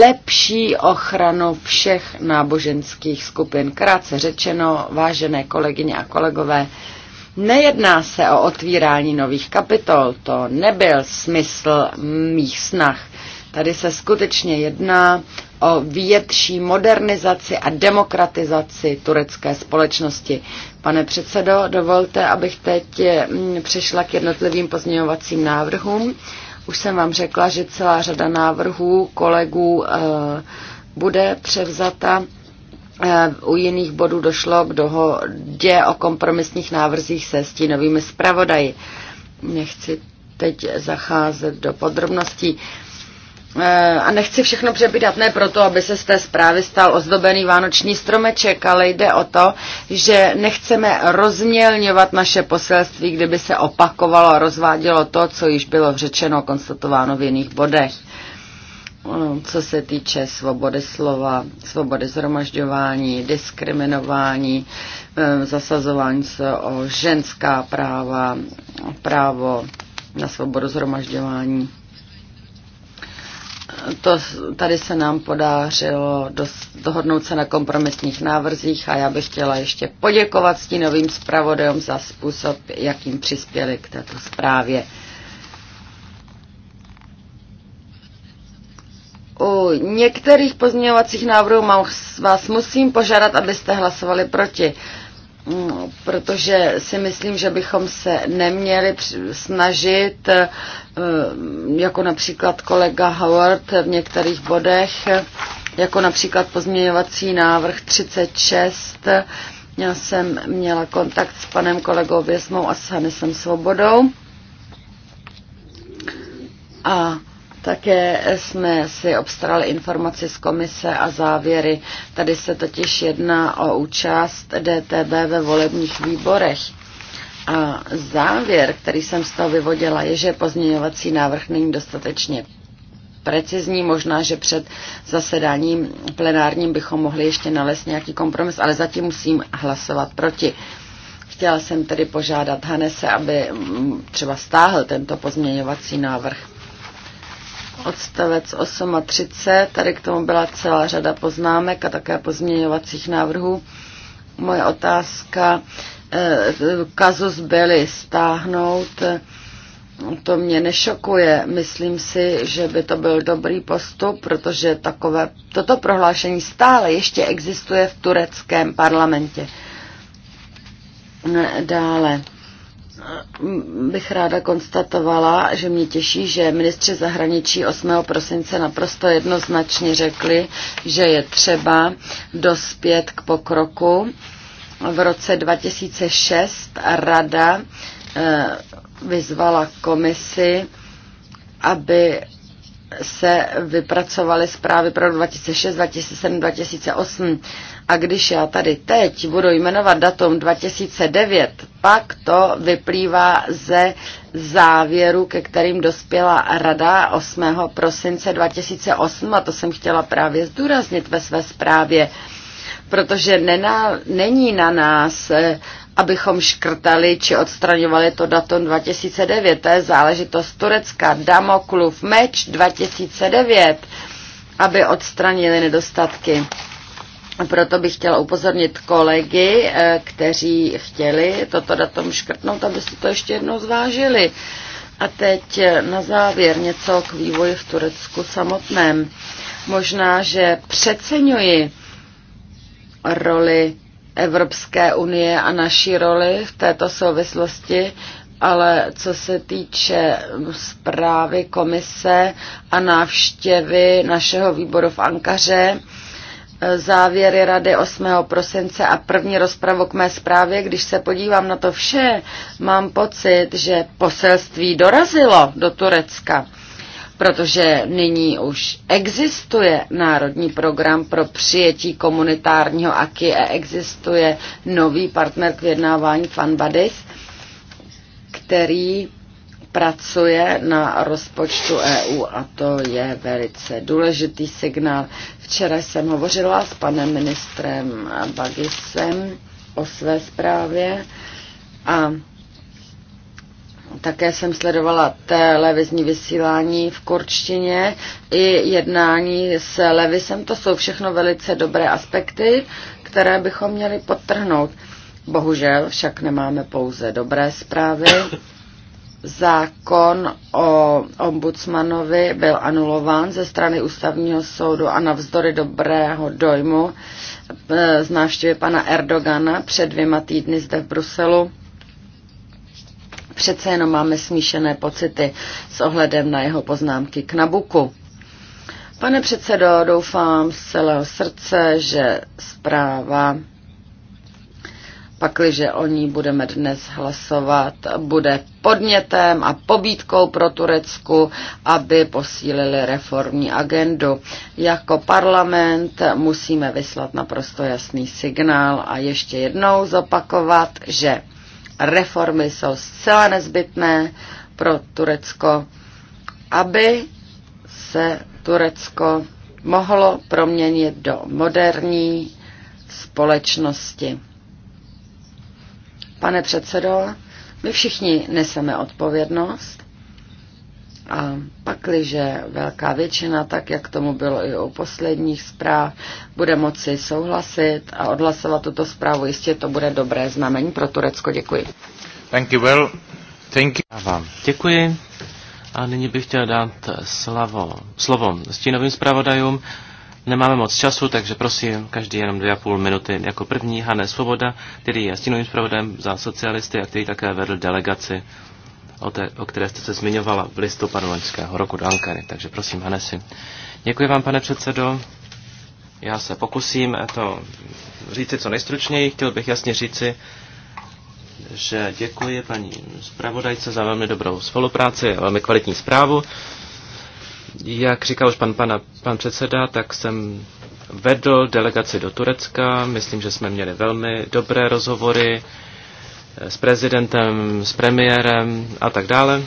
A: lepší ochranu všech náboženských skupin. Krátce řečeno, vážené kolegyně a kolegové, Nejedná se o otvírání nových kapitol, to nebyl smysl mých snah. Tady se skutečně jedná o větší modernizaci a demokratizaci turecké společnosti. Pane předsedo, dovolte, abych teď mm, přešla k jednotlivým pozměňovacím návrhům. Už jsem vám řekla, že celá řada návrhů kolegů eh, bude převzata Eh, u jiných bodů došlo k dohodě o kompromisních návrzích se stínovými zpravodaji. Nechci teď zacházet do podrobností. Eh, a nechci všechno přebídat, ne proto, aby se z té zprávy stal ozdobený vánoční stromeček, ale jde o to, že nechceme rozmělňovat naše poselství, kdyby se opakovalo a rozvádělo to, co již bylo řečeno, konstatováno v jiných bodech co se týče svobody slova, svobody zhromažďování, diskriminování, eh, zasazování se o ženská práva, právo na svobodu zhromažďování. To, tady se nám podařilo dohodnout se na kompromisních návrzích a já bych chtěla ještě poděkovat stínovým zpravodajům za způsob, jakým přispěli k této zprávě. U některých pozměňovacích návrhů mám, vás musím požádat, abyste hlasovali proti, mm, protože si myslím, že bychom se neměli snažit, eh, jako například kolega Howard v některých bodech, jako například pozměňovací návrh 36. Já jsem měla kontakt s panem kolegou Věsmou a s Hanesem Svobodou. A také jsme si obstarali informaci z komise a závěry. Tady se totiž jedná o účast DTB ve volebních výborech. A závěr, který jsem z toho vyvodila, je, že pozměňovací návrh není dostatečně precizní. Možná, že před zasedáním plenárním bychom mohli ještě nalézt nějaký kompromis, ale zatím musím hlasovat proti. Chtěla jsem tedy požádat Hanese, aby mm, třeba stáhl tento pozměňovací návrh odstavec 8 a 30. Tady k tomu byla celá řada poznámek a také pozměňovacích návrhů. Moje otázka, eh, kazus byli stáhnout, to mě nešokuje. Myslím si, že by to byl dobrý postup, protože takové, toto prohlášení stále ještě existuje v tureckém parlamentě. Dále bych ráda konstatovala, že mě těší, že ministři zahraničí 8. prosince naprosto jednoznačně řekli, že je třeba dospět k pokroku. V roce 2006 Rada eh, vyzvala komisi, aby se vypracovaly zprávy pro 2006, 2007, 2008 a když já tady teď budu jmenovat datum 2009, pak to vyplývá ze závěru, ke kterým dospěla Rada 8. prosince 2008 a to jsem chtěla právě zdůraznit ve své zprávě, protože nená, není na nás abychom škrtali či odstraňovali to datum 2009. To je záležitost Turecka. Damoklův meč 2009, aby odstranili nedostatky. Proto bych chtěla upozornit kolegy, eh, kteří chtěli toto datum škrtnout, aby si to ještě jednou zvážili. A teď eh, na závěr něco k vývoji v Turecku samotném. Možná, že přeceňuji roli Evropské unie a naší roli v této souvislosti, ale co se týče zprávy komise a návštěvy našeho výboru v Ankaře, závěry rady 8. prosince a první rozpravu k mé zprávě, když se podívám na to vše, mám pocit, že poselství dorazilo do Turecka protože nyní už existuje národní program pro přijetí komunitárního AKI a existuje nový partner k vyjednávání Fanbadis, který pracuje na rozpočtu EU a to je velice důležitý signál. Včera jsem hovořila s panem ministrem Bagisem o své zprávě a také jsem sledovala televizní vysílání v kurčtině i jednání s Levisem. To jsou všechno velice dobré aspekty, které bychom měli podtrhnout. Bohužel však nemáme pouze dobré zprávy. Zákon o ombudsmanovi byl anulován ze strany ústavního soudu a navzdory dobrého dojmu e, z návštěvy pana Erdogana před dvěma týdny zde v Bruselu Přece jenom máme smíšené pocity s ohledem na jeho poznámky k Nabuku. Pane předsedo, doufám z celého srdce, že zpráva, pakliže o ní budeme dnes hlasovat, bude podnětem a pobídkou pro Turecku, aby posílili reformní agendu. Jako parlament musíme vyslat naprosto jasný signál a ještě jednou zopakovat, že reformy jsou zcela nezbytné pro Turecko, aby se Turecko mohlo proměnit do moderní společnosti. Pane předsedo, my všichni neseme odpovědnost a pakliže velká většina, tak jak tomu bylo i u posledních zpráv, bude moci souhlasit a odhlasovat tuto zprávu, jistě to bude dobré znamení pro Turecko. Děkuji.
C: Thank you well. Thank you. vám děkuji. A nyní bych chtěl dát slavo, slovo stínovým zpravodajům. Nemáme moc času, takže prosím, každý jenom dvě a půl minuty. Jako první Hane Svoboda, který je stínovým zpravodajem za socialisty a který také vedl delegaci o, té, o které jste se zmiňovala v listopadu loňského roku do Ankary. Takže prosím, Hanesi. Děkuji vám, pane předsedo. Já se pokusím to říci co nejstručněji. Chtěl bych jasně říci, že děkuji paní zpravodajce za velmi dobrou spolupráci a velmi kvalitní zprávu. Jak říkal už pan, pana, pan předseda, tak jsem vedl delegaci do Turecka. Myslím, že jsme měli velmi dobré rozhovory s prezidentem, s premiérem a tak dále.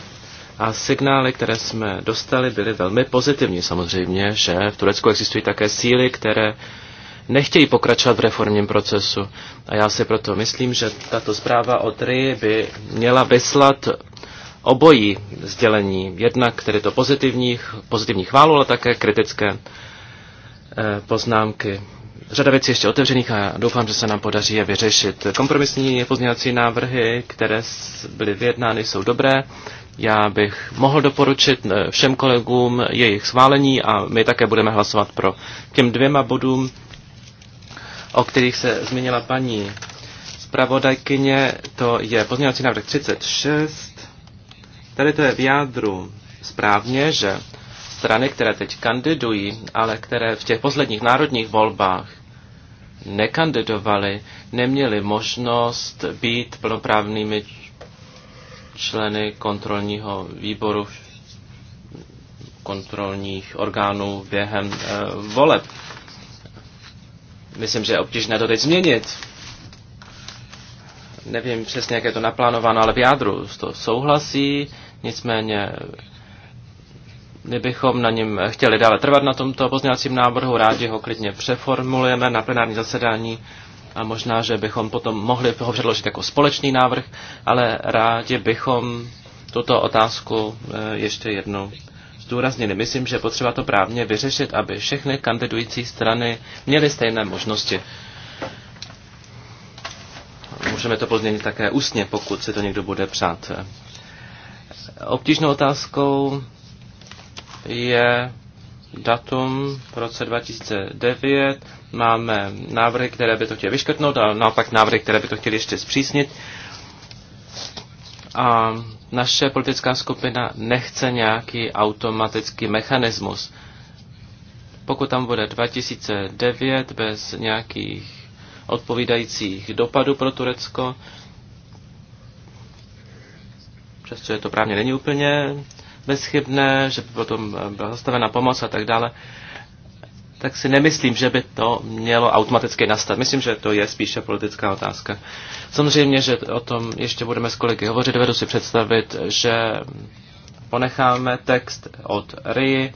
C: A signály, které jsme dostali, byly velmi pozitivní. Samozřejmě, že v Turecku existují také síly, které nechtějí pokračovat v reformním procesu. A já si proto myslím, že tato zpráva o TRI by měla vyslat obojí sdělení. Jednak tedy to pozitivních, pozitivní chválu, ale také kritické eh, poznámky řada věcí ještě otevřených a doufám, že se nám podaří je vyřešit. Kompromisní pozměňovací návrhy, které byly vyjednány, jsou dobré. Já bych mohl doporučit eh, všem kolegům jejich schválení a my také budeme hlasovat pro těm dvěma bodům, o kterých se zmínila paní zpravodajkyně. To je pozměňovací návrh 36. Tady to je v jádru správně, že strany, které teď kandidují, ale které v těch posledních národních volbách nekandidovali, neměli možnost být plnoprávnými členy kontrolního výboru kontrolních orgánů během e, voleb. Myslím, že je obtížné to teď změnit. Nevím přesně, jak je to naplánováno, ale v jádru to souhlasí. Nicméně my bychom na něm chtěli dále trvat na tomto pozměňovacím návrhu, rádi ho klidně přeformulujeme na plenární zasedání a možná, že bychom potom mohli ho předložit jako společný návrh, ale rádi bychom tuto otázku eh, ještě jednou zdůraznili. Myslím, že potřeba to právně vyřešit, aby všechny kandidující strany měly stejné možnosti. Můžeme to pozměnit také ústně, pokud si to někdo bude přát. Obtížnou otázkou je datum v roce 2009. Máme návrhy, které by to chtěli vyškrtnout a naopak návrhy, které by to chtěli ještě zpřísnit. A naše politická skupina nechce nějaký automatický mechanismus. Pokud tam bude 2009 bez nějakých odpovídajících dopadů pro Turecko, přesto je to právně není úplně bezchybné, že by potom eh, byla zastavena pomoc a tak dále, tak si nemyslím, že by to mělo automaticky nastat. Myslím, že to je spíše politická otázka. Samozřejmě, že o tom ještě budeme s kolegy hovořit. Dovedu si představit, že ponecháme text od Rie,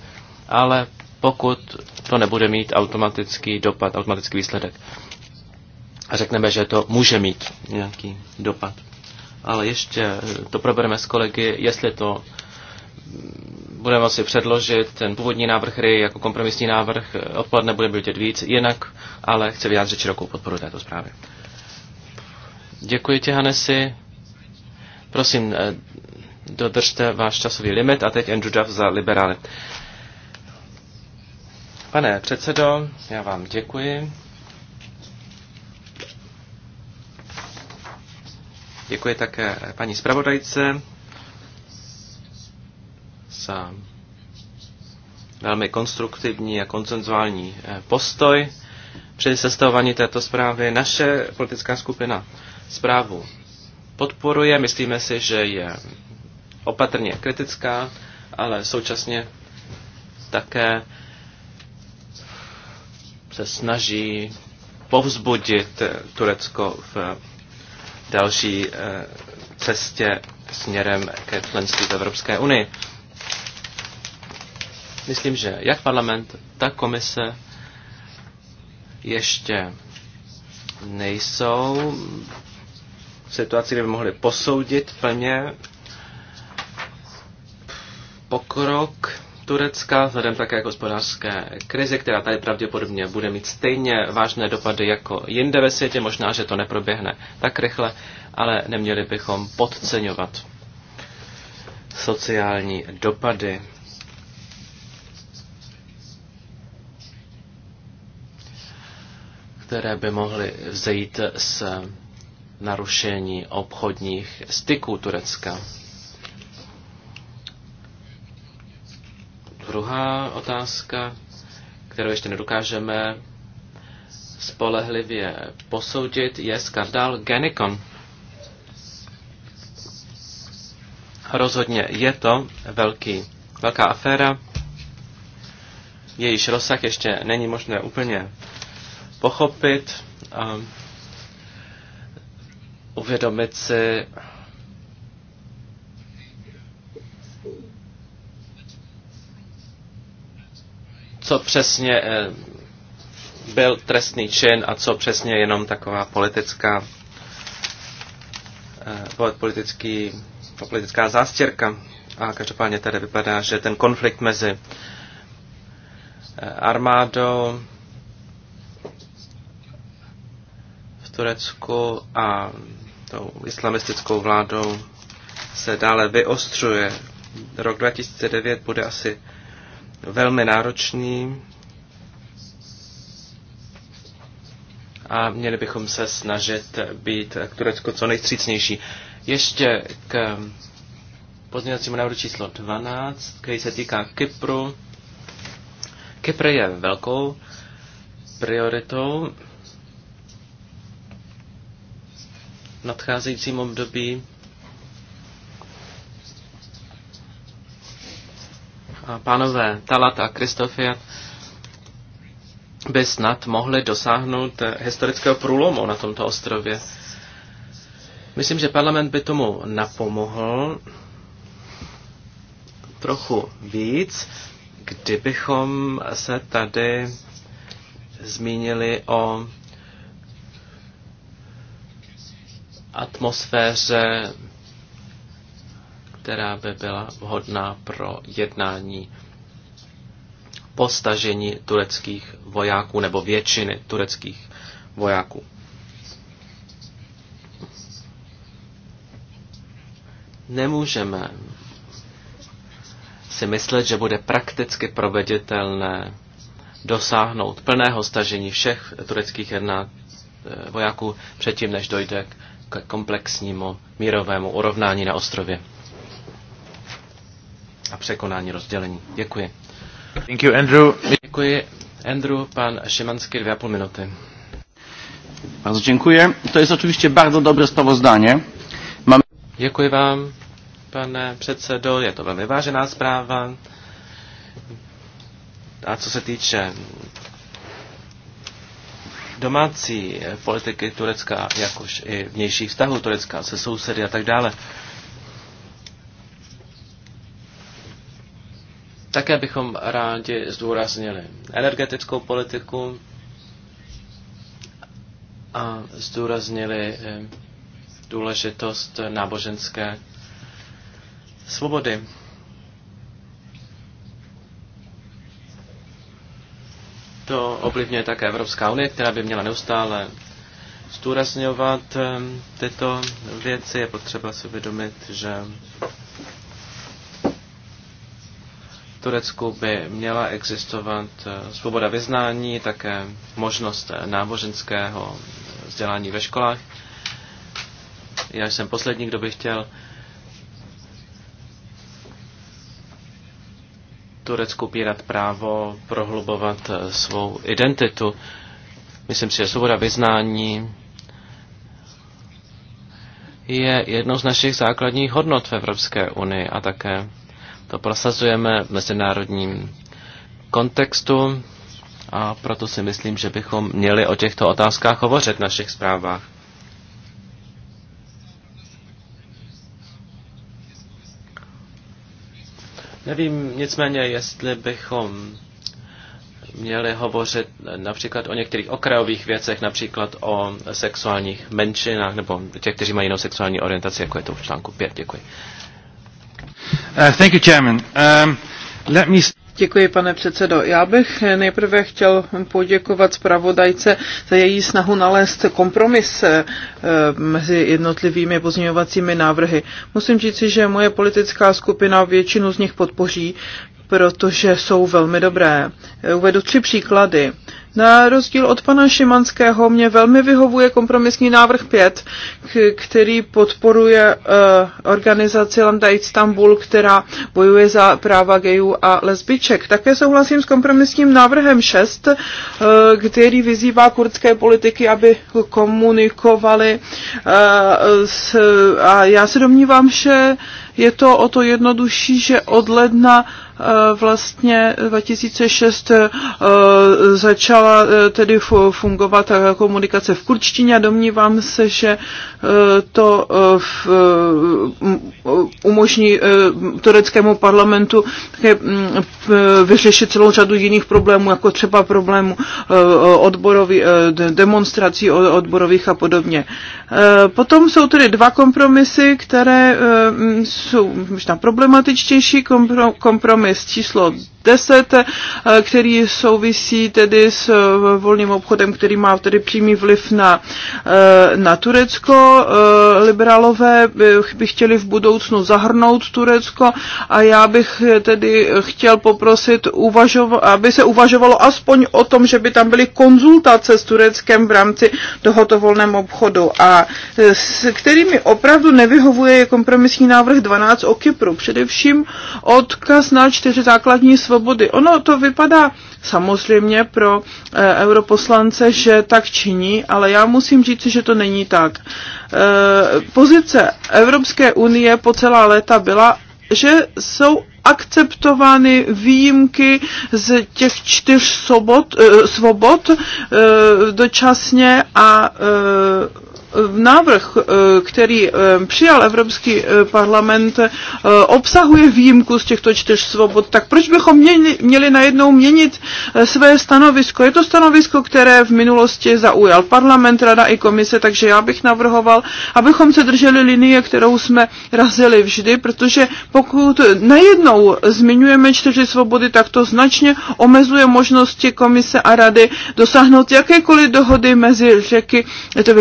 C: ale pokud to nebude mít automatický dopad, automatický výsledek. A řekneme, že to může mít nějaký dopad. Ale ještě to probereme s kolegy, jestli to budeme asi předložit ten původní návrh hry jako kompromisní návrh. Eh, odpoledne bude být víc, jinak, ale chci vyjádřit širokou podporu této zprávy. Děkuji ti, Hanesi. Prosím, eh, dodržte váš časový limit a teď Andrew Duff za liberály. Pane předsedo, já vám děkuji. Děkuji také paní zpravodajce za velmi konstruktivní a koncenzuální eh, postoj při sestavování této zprávy. Naše politická skupina zprávu podporuje. Myslíme si, že je opatrně kritická, ale současně také se snaží povzbudit eh, Turecko v další eh, cestě směrem ke členství v Evropské unii. Myslím, že jak parlament, tak komise ještě nejsou v situaci, kdyby mohli posoudit plně pokrok Turecka, vzhledem také k hospodářské krizi, která tady pravděpodobně bude mít stejně vážné dopady jako jinde ve světě, možná, že to neproběhne tak rychle, ale neměli bychom podceňovat sociální dopady které by mohly vzejít z narušení obchodních styků Turecka. Druhá otázka, kterou ještě nedokážeme spolehlivě posoudit, je skandál Genicon. Rozhodně je to velký, velká aféra, jejíž rozsah ještě není možné úplně pochopit a uvědomit si, co přesně eh, byl trestný čin a co přesně jenom taková politická eh, politický, politická zástěrka. A každopádně tady vypadá, že ten konflikt mezi eh, armádou Turecku a tou islamistickou vládou se dále vyostřuje. Rok 2009 bude asi velmi náročný a měli bychom se snažit být k Turecku co nejstřícnější. Ještě k pozměňovacímu návrhu číslo 12, který se týká Kypru. Kypr je velkou prioritou nadcházejícím období. A pánové Talat a Kristofia by snad mohli dosáhnout historického průlomu na tomto ostrově. Myslím, že parlament by tomu napomohl trochu víc, kdybychom se tady zmínili o atmosféře, která by byla vhodná pro jednání postažení tureckých vojáků nebo většiny tureckých vojáků. Nemůžeme si myslet, že bude prakticky proveditelné dosáhnout plného stažení všech tureckých jedná, vojáků předtím, než dojde k k komplexnímu mírovému urovnání na ostrově a překonání rozdělení. Děkuji. Thank you, Andrew. Děkuji, Andrew. Pan Šimanský, dvě a půl minuty. Bardzo dziękuję. To jest oczywiście bardzo dobre sprawozdanie. Mamy... Dziękuję Wam, Panie Przedsedo. Ja to bardzo ważna sprawa. A co się tyczy domácí eh, politiky Turecka, jakož i vnějších vztahů Turecka se sousedy a tak dále. Také bychom rádi zdůraznili energetickou politiku a zdůraznili eh, důležitost náboženské svobody. To ovlivňuje také Evropská unie, která by měla neustále zdůrazňovat ehm, tyto věci. Je potřeba si uvědomit, že v Turecku by měla existovat eh, svoboda vyznání, také možnost náboženského vzdělání ve školách. Já jsem poslední, kdo by chtěl Turecku upírat právo prohlubovat eh, svou identitu. Myslím si, že svoboda vyznání je jednou z našich základních hodnot v Evropské unii a také to prosazujeme v mezinárodním kontextu a proto si myslím, že bychom měli o těchto otázkách hovořit v našich zprávách. Nevím nicméně, jestli bychom měli hovořit například o některých okrajových věcech, například o sexuálních menšinách nebo těch, kteří mají jinou sexuální orientaci, jako je to v článku 5. Děkuji.
B: Uh, thank you, Chairman.
E: Um, let me... Děkuji, pane předsedo. Já bych nejprve chtěl poděkovat zpravodajce za její snahu nalézt kompromis eh, mezi jednotlivými pozměňovacími návrhy. Musím říci, že moje politická skupina většinu z nich podpoří, protože jsou velmi dobré. Uvedu tři příklady. Na rozdíl od pana Šimanského mě velmi vyhovuje kompromisní návrh 5, který podporuje uh, organizaci Landa Istanbul, která bojuje za práva gejů a lesbiček. Také souhlasím s kompromisním návrhem 6, uh, eh, který vyzývá kurdské politiky, aby komunikovali uh, s, a já se domnívám, že uh, je to o to jednodušší, že od ledna e, vlastně 2006 e, začala e, tedy fungovat komunikace v kurčtině a domnívám se, že to umožní tureckému parlamentu také vyřešit celou řadu jiných problémů, jako třeba problémů odborových demonstrací odborových a podobně. Potom jsou tedy dva kompromisy, které jsou možná problematičtější kompromis číslo 10, eh, který souvisí tedy s eh, volným obchodem, který má tedy přímý vliv na, eh, na Turecko. Liberálové by chtěli v budoucnu zahrnout Turecko a já bych tedy chtěl poprosit, aby se uvažovalo aspoň o tom, že by tam byly konzultace s Tureckem v rámci tohoto volném obchodu. A s kterými opravdu nevyhovuje je kompromisní návrh 12 o Kypru. Především odkaz na čtyři základní svobody svobody. Ono to vypadá samozřejmě pro e, europoslance, že tak činí, ale já musím říct, že to není tak. E, pozice Evropské unie po celá léta byla, že jsou akceptovány výjimky z těch čtyř sobot, e, svobod e, dočasně a e, návrh, eh, který eh, přijal Evropský eh, parlament, obsahuje výjimku z těchto čtyř svobod, tak proč bychom měli, měli najednou měnit své stanovisko? Je to stanovisko, které v minulosti zaujal parlament, rada i komise, takže já bych navrhoval, abychom se drželi linie, kterou jsme razili vždy, protože pokud najednou zmiňujeme čtyři svobody, tak to značně omezuje možnosti komise a rady dosáhnout jakékoliv dohody mezi řeky,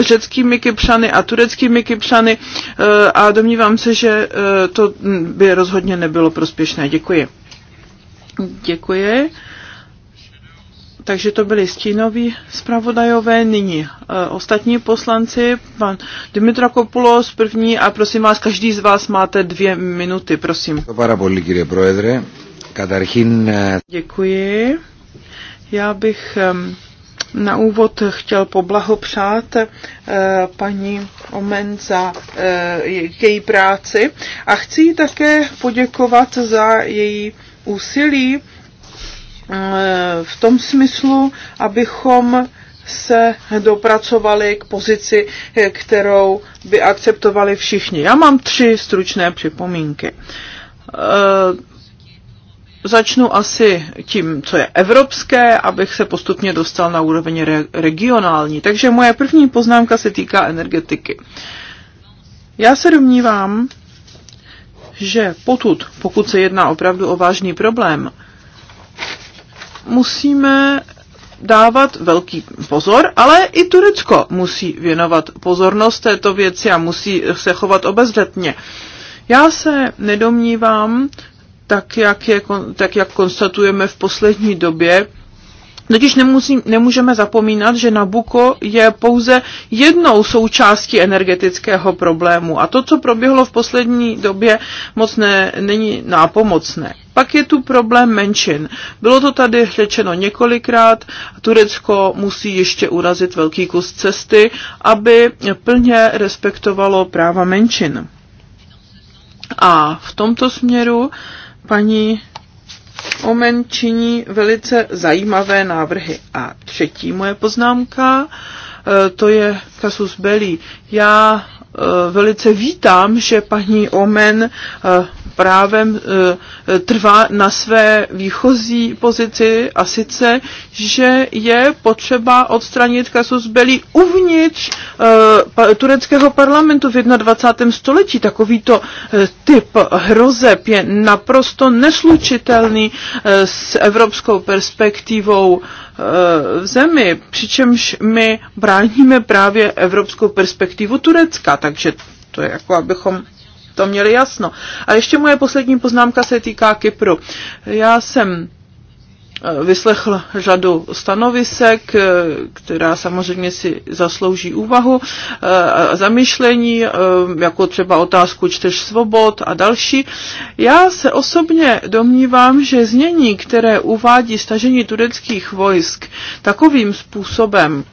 E: řeckými Kypřany a tureckými Kypřany eh, a domnívám se, že eh, to by rozhodně nebylo prospěšné. Děkuji. Děkuji. Takže to byli stínoví zpravodajové, nyní e, ostatní poslanci, pan Dimitra Kopulos první a prosím vás, každý z vás máte dvě minuty, prosím. Děkuji. Já bych e, na úvod chtěl poblahopřát eh, paní Omen za eh, její práci a chci jí také poděkovat za její úsilí eh, v tom smyslu, abychom se dopracovali k pozici, kterou by akceptovali všichni. Já mám tři stručné připomínky Začnu asi tím, co je evropské, abych se postupně dostal na úroveň re- regionální. Takže moje první poznámka se týká energetiky. Já se domnívám, že potud, pokud se jedná opravdu o vážný problém, musíme dávat velký pozor, ale i Turecko musí věnovat pozornost této věci a musí se chovat obezřetně. Já se nedomnívám, tak jak, je, tak jak konstatujeme v poslední době. Totiž nemusí, nemůžeme zapomínat, že Nabuko je pouze jednou součástí energetického problému a to, co proběhlo v poslední době, moc ne, není nápomocné. Pak je tu problém menšin. Bylo to tady řečeno několikrát. Turecko musí ještě urazit velký kus cesty, aby plně respektovalo práva menšin. A v tomto směru uh, paní Omen činí velice zajímavé návrhy. A třetí moje poznámka, e, to je kasus belli. Já Eh, velice vítám, že paní Omen eh, právem eh, trvá na své výchozí pozici a sice, že je potřeba odstranit kasus belí uvnitř tureckého parlamentu v 21. století. Takovýto typ hrozeb je naprosto neslučitelný s evropskou perspektivou Eh, v zemi, přičemž my bráníme právě evropskou perspektivu Turecka, takže to je jako, abychom to měli jasno. A ještě moje poslední poznámka se týká Kypru. Já jsem vyslechl řadu stanovisek, eh, která samozřejmě si zaslouží úvahu eh, a zamyšlení, eh, jako třeba otázku čtyř svobod a další. Já se osobně domnívám, že znění, které uvádí stažení tureckých vojsk takovým způsobem,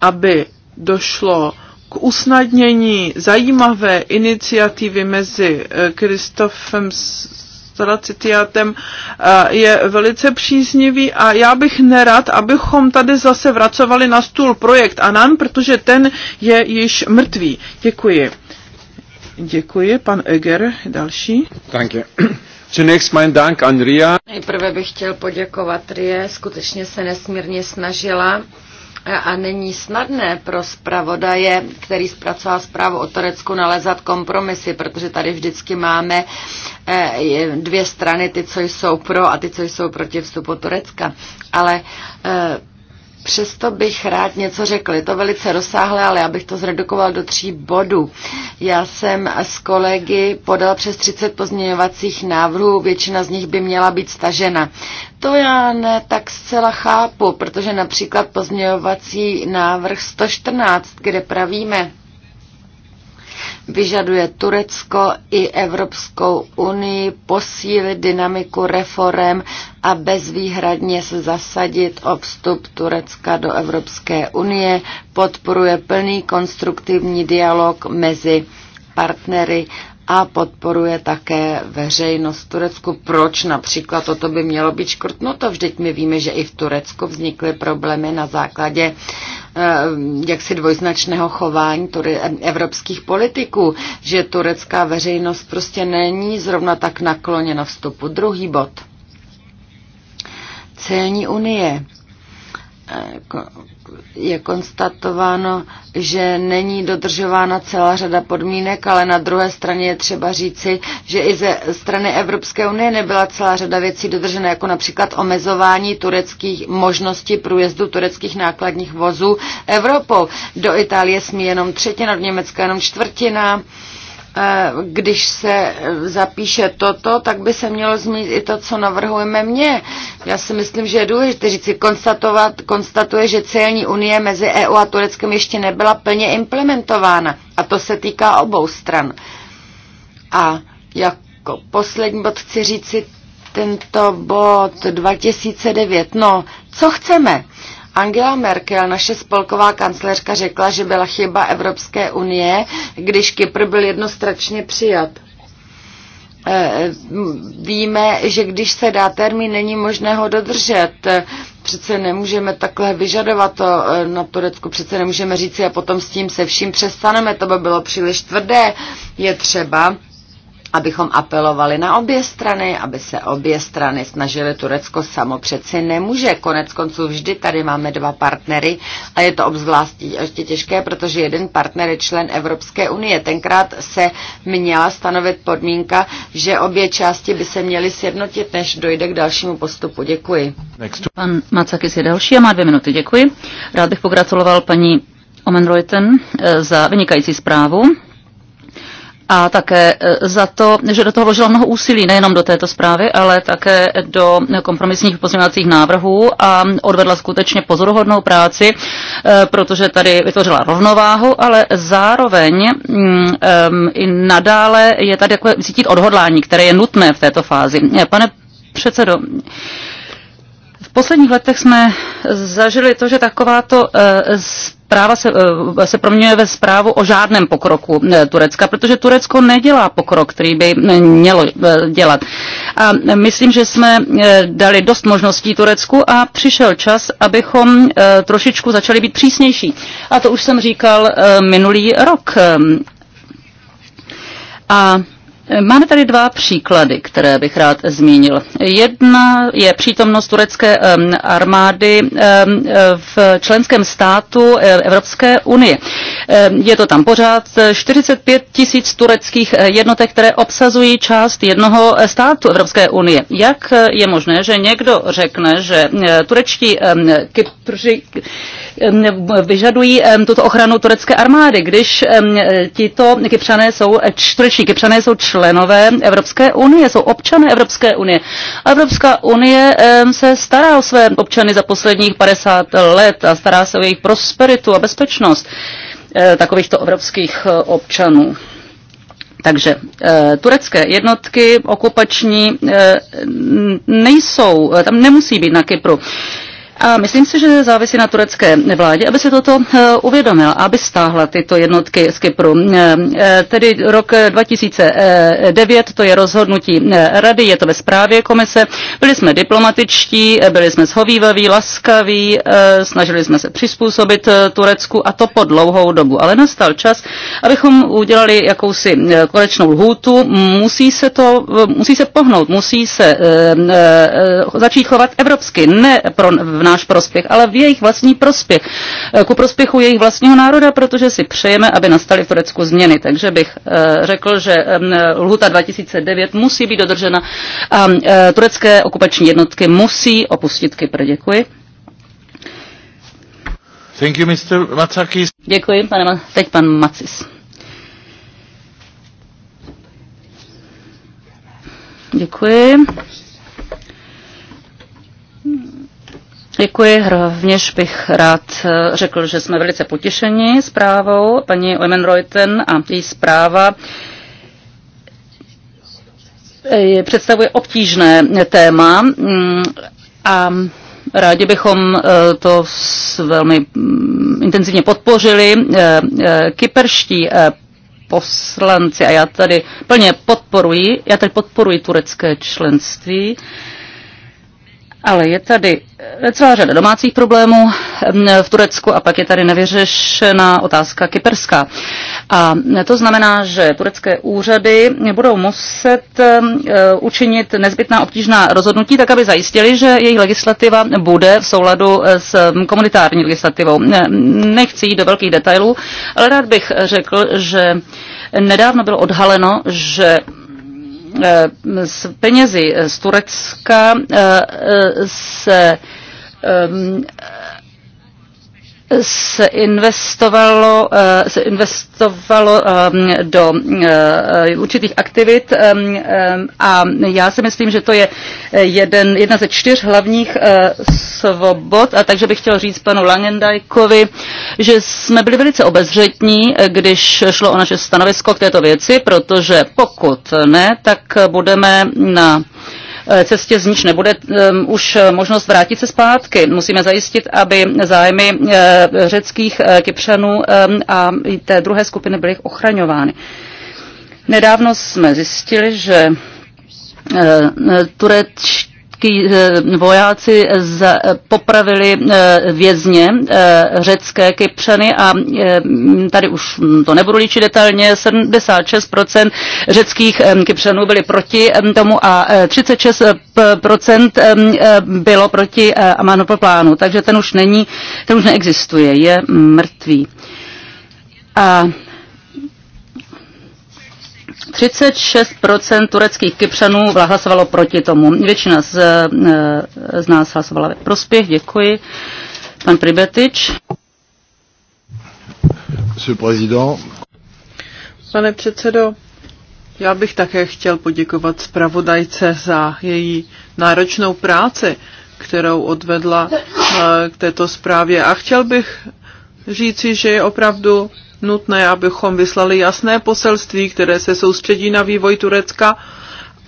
E: aby došlo k usnadnění zajímavé iniciativy mezi Kristofem stracitiatem eh, je velice příznivý a já bych nerad, abychom tady zase vracovali na stůl projekt Anan, protože ten je již mrtvý. Děkuji. Děkuji, pan Eger, další.
C: Danke.
B: Zunächst mein Dank an Ria.
A: Nejprve bych chtěl poděkovat Rie, skutečně se nesmírně snažila a není snadné pro zpravodaje, který zpracová zprávu o Turecku, nalezat kompromisy, protože tady vždycky máme eh, dvě strany, ty, co jsou pro a ty, co jsou proti vstupu Turecka. Ale eh, Přesto bych rád něco řekl. Je to velice rozsáhlé, ale já bych to zredukoval do tří bodů. Já jsem s kolegy podal přes 30 pozměňovacích návrhů, většina z nich by měla být stažena. To já ne tak zcela chápu, protože například pozměňovací návrh 114, kde pravíme, vyžaduje Turecko i Evropskou unii posílit dynamiku reform a bezvýhradně se zasadit o vstup Turecka do Evropské unie, podporuje plný konstruktivní dialog mezi partnery a podporuje také veřejnost Turecku. Proč například toto by mělo být škrtnuto? Vždyť my víme, že i v Turecku vznikly problémy na základě Eh, jaksi dvojznačného chování evropských politiků, že turecká veřejnost prostě není zrovna tak nakloněna vstupu. Druhý bod. Celní unie je konstatováno, že není dodržována celá řada podmínek, ale na druhé straně je třeba říci, že i ze strany Evropské unie nebyla celá řada věcí dodržena, jako například omezování tureckých možností průjezdu tureckých nákladních vozů Evropou. Do Itálie smí jenom třetina, do Německa jenom čtvrtina. Eh, Eh, když se eh, zapíše toto, tak by se mělo zmínit i to, co navrhujeme mě. Já si myslím, že je důležité říci, konstatovat, konstatuje, že celní unie mezi EU a Tureckem ještě nebyla plně implementována. A to se týká obou stran. A jako poslední bod chci říci tento bod 2009. No, co chceme? Angela Merkel, naše spolková kancléřka, řekla, že byla chyba Evropské unie, když Kypr byl jednostračně přijat. Eh, víme, že když se dá termín, není možné ho dodržet. Přece nemůžeme takhle vyžadovat to eh, na Turecku, přece nemůžeme říct a potom s tím se vším přestaneme, to by bylo příliš tvrdé. Je třeba abychom apelovali na obě strany, aby se obě strany snažily. Turecko samo přeci nemůže. Konec konců vždy tady máme dva partnery a je to obzvláště ještě těžké, protože jeden partner je člen Evropské unie. Tenkrát se měla stanovit podmínka, že obě části by
F: se měly sjednotit, než dojde k dalšímu postupu. Děkuji. Next. Pan Macakis je další a má dvě minuty. Děkuji. Rád bych pogratuloval paní Reuten eh, za vynikající zprávu a také e, za to, že do toho vložila mnoho úsilí, nejenom do této zprávy, ale také do kompromisních pozměňovacích návrhů a odvedla skutečně pozoruhodnou práci, e, protože tady vytvořila rovnováhu, ale zároveň mm, e, i nadále je tady takové cítit odhodlání, které je nutné v této fázi. Pane předsedo, v posledních letech jsme zažili to, že takováto zpráva se, eh, se proměňuje ve zprávu o žádném pokroku eh, Turecka, protože Turecko nedělá pokrok, který by eh, mělo dělat. A myslím, že jsme dali dost možností Turecku a přišel čas, abychom trošičku začali být přísnější. A to už jsem říkal minulý rok. A Máme tady dva příklady, které bych rád zmínil. Jedna je přítomnost turecké armády v členském státu e, Evropské unie. Je to tam pořád 45 tisíc tureckých e, jednotek, které obsazují část jednoho e, státu Evropské unie. Jak je možné, že někdo řekne, že turečtí Kypři vyžadují tuto ochranu turecké armády, když tito kypřané jsou, turečtí kypřané jsou člen členové Evropské unie, jsou občané Evropské unie. Evropská unie se stará o své občany za posledních 50 let a stará se o jejich prosperitu a bezpečnost eh, takovýchto evropských eh, občanů. Takže e, turecké jednotky okupační e, nejsou, tam nemusí být na Kypru. A myslím si, že závisí na turecké vládě, aby se toto eh, uvědomila, aby stáhla tyto jednotky z Kypru. Eh, eh, tedy rok 2009, to je rozhodnutí rady, je to ve zprávě komise. Byli jsme diplomatičtí, byli jsme shovývaví, laskaví, snažili jsme se přizpůsobit Turecku a to po dlouhou dobu. Ale nastal čas, abychom udělali jakousi konečnou lhůtu. Musí se to, musí se pohnout, musí se začít chovat evropsky, ne pro v náš prospěch, ale v jejich vlastní prospěch, e, ku prospěchu jejich vlastního národa, protože si přejeme, aby nastaly v Turecku změny. Takže bych e, řekl, že e, lhuta 2009 musí být dodržena a turecké okupační jednotky musí opustit Kypr. Děkuji.
B: Thank you, Mr. Matsakis.
F: Děkuji, pane, Ma teď pan Macis. Děkuji. Děkuji. Rovněž bych rád eh, řekl, že jsme velice potěšeni zprávou paní Oymenreuten a její zpráva eh, představuje obtížné téma mm, a Rádi bychom eh, to velmi mm, intenzivně podpořili. Kyperští poslanci, a já tady plně podporuji, já tady podporuji turecké členství, ale je tady eh, celá řada domácích problémů mm, v Turecku a pak je tady nevyřešená otázka kyperská. A eh, to znamená, že turecké úřady budou muset eh, učinit nezbytná obtížná rozhodnutí, tak aby zajistili, že jejich legislativa bude v souladu s mm, komunitární legislativou. Nechci jít do velkých detailů, ale rád bych řekl, že nedávno bylo odhaleno, že Eh, s penězi z Turecka eh, eh, se se investovalo, eh, se investovalo ehm, do eh, určitých aktivit ehm, ehm, a já si myslím, že to je eh, jeden, jedna ze čtyř hlavních svobod a takže bych chtěl říct panu Langendajkovi, že jsme byli velice obezřetní, když šlo o naše stanovisko k této věci, protože pokud ne, tak budeme na Eh, cestě, z níž nebude eh, už eh, možnost vrátit se zpátky. Musíme zajistit, aby zájmy řeckých Kypřanů a té druhé skupiny byly ochraňovány. Nedávno jsme zjistili, že Tureč turecký eh, vojáci eh, popravili eh, vězně řecké kypřany a tady už to nebudu líčit detailně, 76% řeckých kypřanů byli proti tomu a 36% bylo proti plánu. takže ten už není, ten už neexistuje, je mrtvý. A 36% tureckých Kypřanů hlasovalo proti tomu. Většina z, e, z nás hlasovala ve prospěch. Děkuji. Pan Pribetič. Pane
E: předsedo, já bych také chtěl poděkovat zpravodajce za její náročnou práci, kterou odvedla e, k této zprávě. A chtěl bych říci, že je opravdu nutné, abychom vyslali jasné poselství, které se soustředí na vývoj Turecka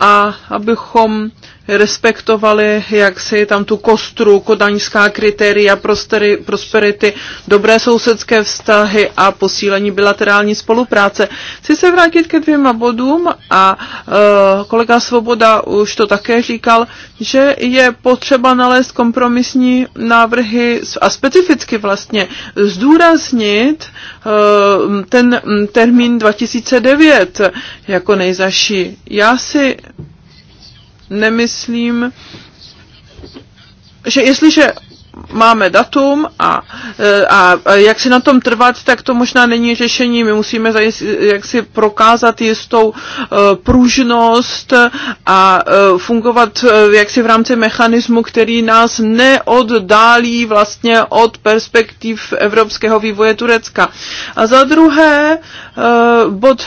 E: a abychom respektovali jak si tam tu kostru, kodaňská kritéria, prostery, prosperity, dobré sousedské vztahy a posílení bilaterální spolupráce. Chci se vrátit ke dvěma bodům a e, kolega Svoboda už to také říkal, že je potřeba nalézt kompromisní návrhy a specificky vlastně zdůraznit e, ten termín 2009 jako nejzaší. Já si nemyslím, že jestliže máme datum a, eh, a, a jak si na tom trvat, tak to možná není řešení. My musíme jak si prokázat jistou uh, pružnost a uh, fungovat uh, jaksi v rámci mechanismu, který nás neoddálí vlastně od perspektiv evropského vývoje Turecka. A za druhé, uh, bod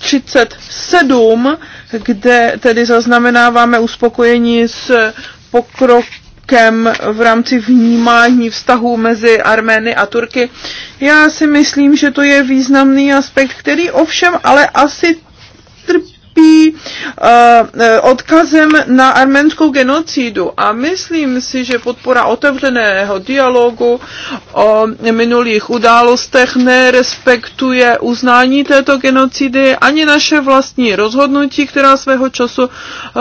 E: 37, kde tedy zaznamenáváme uspokojení s pokrokem v rámci vnímání vztahů mezi Armény a Turky. Já si myslím, že to je významný aspekt, který ovšem ale asi trpí eh, eh, odkazem na arménskou genocidu. A myslím si, že podpora otevřeného dialogu o minulých událostech nerespektuje uznání této genocidy ani naše vlastní rozhodnutí, která svého času eh,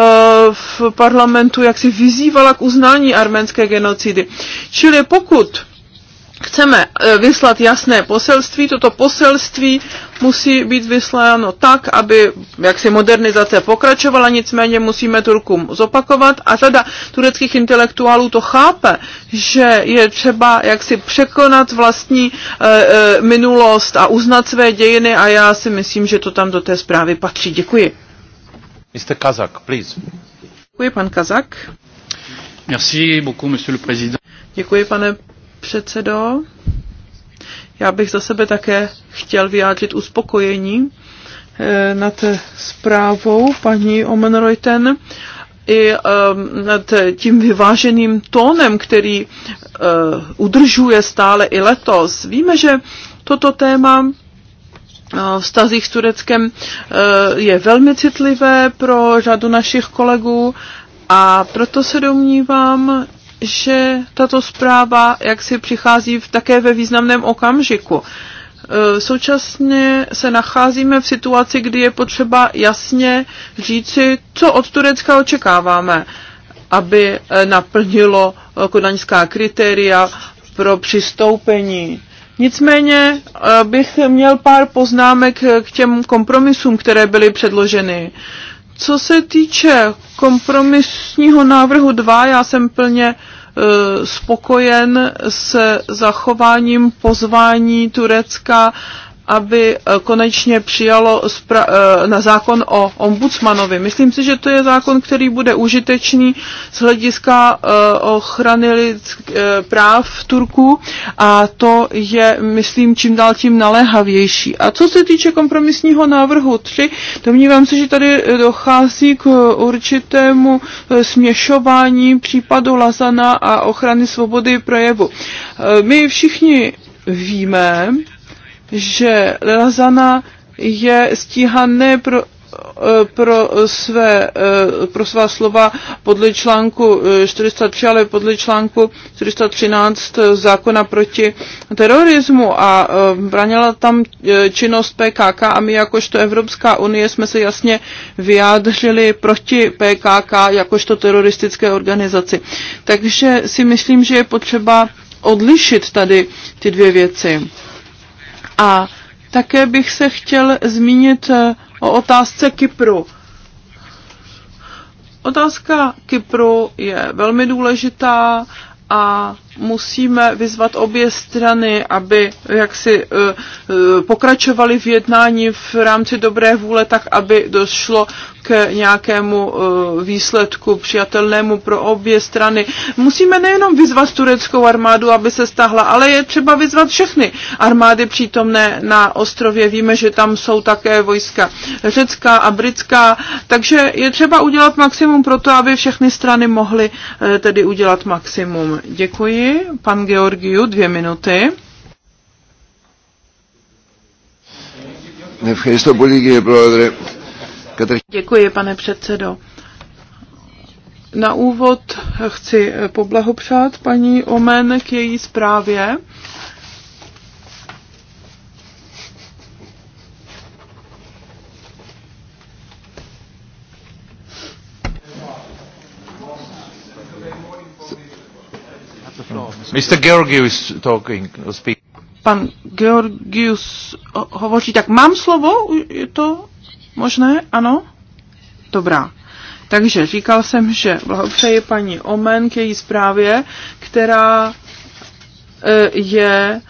E: v parlamentu jaksi vyzývala k uznání arménské genocidy. Čili pokud chceme eh, vyslat jasné poselství, toto poselství musí být vysláno tak, aby jaksi modernizace pokračovala, nicméně musíme Turkům zopakovat a řada tureckých intelektuálů to chápe, že je třeba jaksi překonat vlastní e, minulost a uznat své dějiny a já si myslím, že to tam do té zprávy patří. Děkuji.
C: Mr. Kazak, please.
E: Děkuji, pan Kazak.
C: Merci beaucoup, monsieur le président.
E: Děkuji, pane předsedo. Já bych za sebe také chtěl vyjádřit uspokojení eh, nad zprávou paní Omenreuten i ehm, nad tím vyváženým tónem, který eh, udržuje stále i letos. Víme, že toto téma eh, vztazích s Tureckem je velmi citlivé pro řadu našich kolegů a proto se domnívám, že tato zpráva jak si přichází v, také ve významném okamžiku. E, současně se nacházíme v situaci, kdy je potřeba jasně říci, co od Turecka očekáváme, aby e, naplnilo e, kodaňská kritéria pro přistoupení. Nicméně bych měl pár poznámek k těm kompromisům, které byly předloženy. Co se týče kompromisního návrhu 2, já jsem plně e, spokojen se zachováním pozvání Turecka aby eh, konečně přijalo eh, na zákon o ombudsmanovi. Myslím si, že to je zákon, který bude užitečný z hlediska eh, ochrany lidsk, práv Turku a to je, myslím, čím dál tím naléhavější. A co se týče kompromisního návrhu 3, domnívám se, že tady dochází k určitému směšování případu Lazana a ochrany svobody projevu. My všichni víme, že Lazana je stíhan ne pro eh, pro, své, eh, pro svá slova podle článku 403, eh, ale podle článku 413 zákona proti terorismu a branila tam činnost PKK a my jakožto Evropská unie jsme se jasně vyjádřili proti PKK jakožto teroristické organizaci. Takže si myslím, že je potřeba odlišit tady ty dvě věci. A také bych se chtěl zmínit eh, o otázce Kypru. Otázka Kypru je velmi důležitá a musíme vyzvat obě strany, aby jaksi eh, eh, pokračovali v jednání v rámci dobré vůle, tak aby došlo k nějakému eh, výsledku přijatelnému pro obě strany. Musíme nejenom vyzvat tureckou armádu, aby se stahla, ale je třeba vyzvat všechny armády přítomné na ostrově. Víme, že tam jsou také vojska řecká a britská, takže je třeba udělat maximum pro to, aby všechny strany mohly tedy udělat maximum. Děkuji. Děkuji. Pan Georgiu, dvě minuty. Děkuji, pane předsedo. Na úvod chci poblahopřát paní Omen k její zprávě
B: Mr. Georgiou is talking,
E: Pan Georgius hovoří, tak mám slovo? Je to možné? Ano? Dobrá. Takže říkal jsem, že blahopřeji paní Omen k její zprávě, která e, je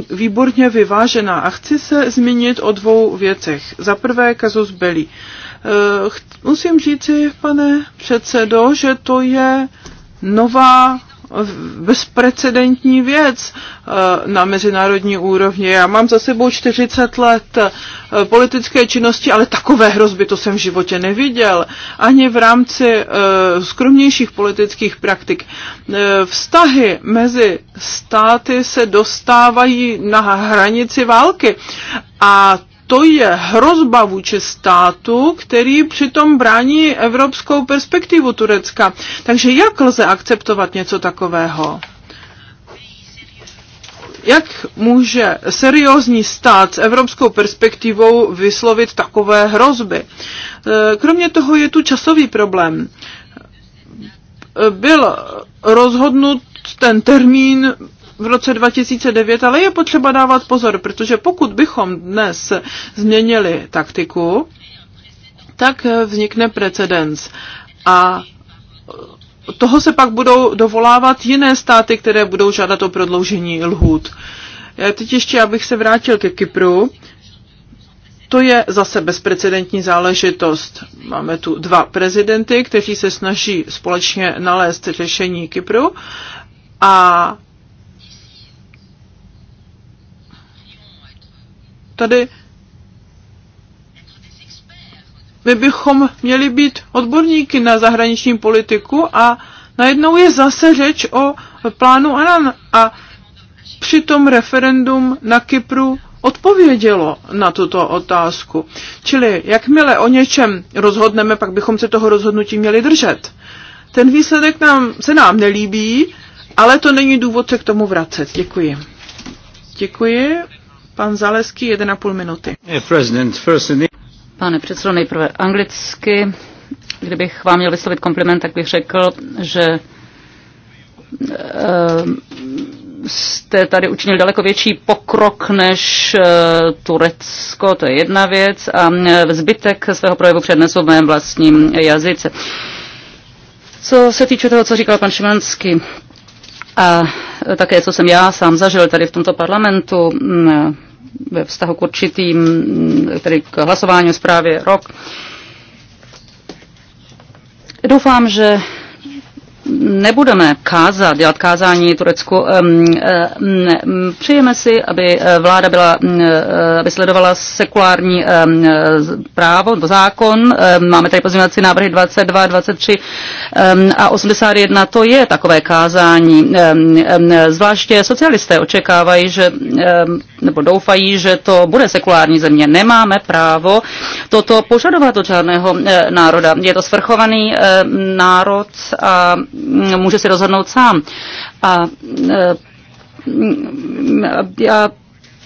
E: e, výborně vyvážená. A chci se zmínit o dvou věcech. Za prvé kazus belli. E, musím říci, pane předsedo, že to je nová bezprecedentní věc eh, na mezinárodní úrovni. Já mám za sebou 40 let eh, politické činnosti, ale takové hrozby to jsem v životě neviděl, ani v rámci eh, skromnějších politických praktik. Vztahy mezi státy se dostávají na hranici války a to je hrozba vůči státu, který přitom brání evropskou perspektivu Turecka. Takže jak lze akceptovat něco takového? Jak může seriózní stát s evropskou perspektivou vyslovit takové hrozby? E, kromě toho je tu časový problém. E, byl rozhodnut ten termín v roce 2009, ale je potřeba dávat pozor, protože pokud bychom dnes změnili taktiku, tak vznikne precedens. A toho se pak budou dovolávat jiné státy, které budou žádat o prodloužení lhůt. Já teď ještě, abych se vrátil ke Kypru, to je zase bezprecedentní záležitost. Máme tu dva prezidenty, kteří se snaží společně nalézt řešení Kypru a Tady my bychom měli být odborníky na zahraniční politiku a najednou je zase řeč o plánu Anan a přitom referendum na Kypru odpovědělo na tuto otázku. Čili jakmile o něčem rozhodneme, pak bychom se toho rozhodnutí měli držet. Ten výsledek nám, se nám nelíbí, ale to není důvod se k tomu
F: vracet. Děkuji. Děkuji. Pan Zaleský, 1,5 minuty. Pane předsedo, nejprve anglicky. Kdybych vám měl vyslovit kompliment, tak bych řekl, že eh, jste tady učinil daleko větší pokrok než eh, Turecko, to je jedna věc, a eh, zbytek svého projevu přednesu v mém vlastním jazyce. Co se týče toho, co říkal pan Šimanský, a také co jsem já sám zažil tady v tomto parlamentu, mm, ve vztahu k určitým, tedy k hlasování o zprávě rok. Doufám, že nebudeme kázat, dělat kázání Turecku. Přijeme si, aby eh, vláda byla, mm, eh, aby sledovala sekulární právo, zákon. Máme tady pozměňovací návrhy 22, 23 a 81. To je takové kázání. Zvláště socialisté očekávají, že, nebo doufají, že to bude sekulární země. Nemáme právo toto požadovat od žádného eh, národa. Je to svrchovaný národ a může si rozhodnout sám. A, a, e, a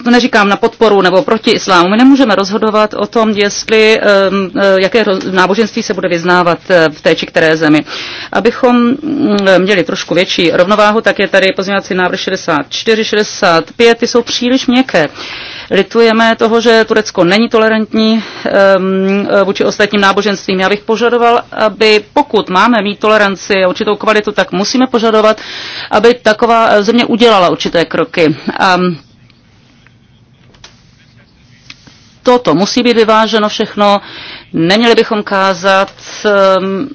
F: to neříkám na podporu nebo proti islámu, my nemůžeme rozhodovat o tom, jestli, eh, jaké náboženství se bude vyznávat eh, v té či které zemi. Abychom mm, měli trošku větší rovnováhu, tak je tady pozměňovací návrh 64, 65, ty jsou příliš měkké. Litujeme toho, že Turecko není tolerantní um, vůči ostatním náboženstvím. Já bych požadoval, aby pokud máme mít toleranci a určitou kvalitu, tak musíme požadovat, aby taková země udělala určité kroky. Um, Toto musí být vyváženo všechno. Neměli bychom kázat, ehm,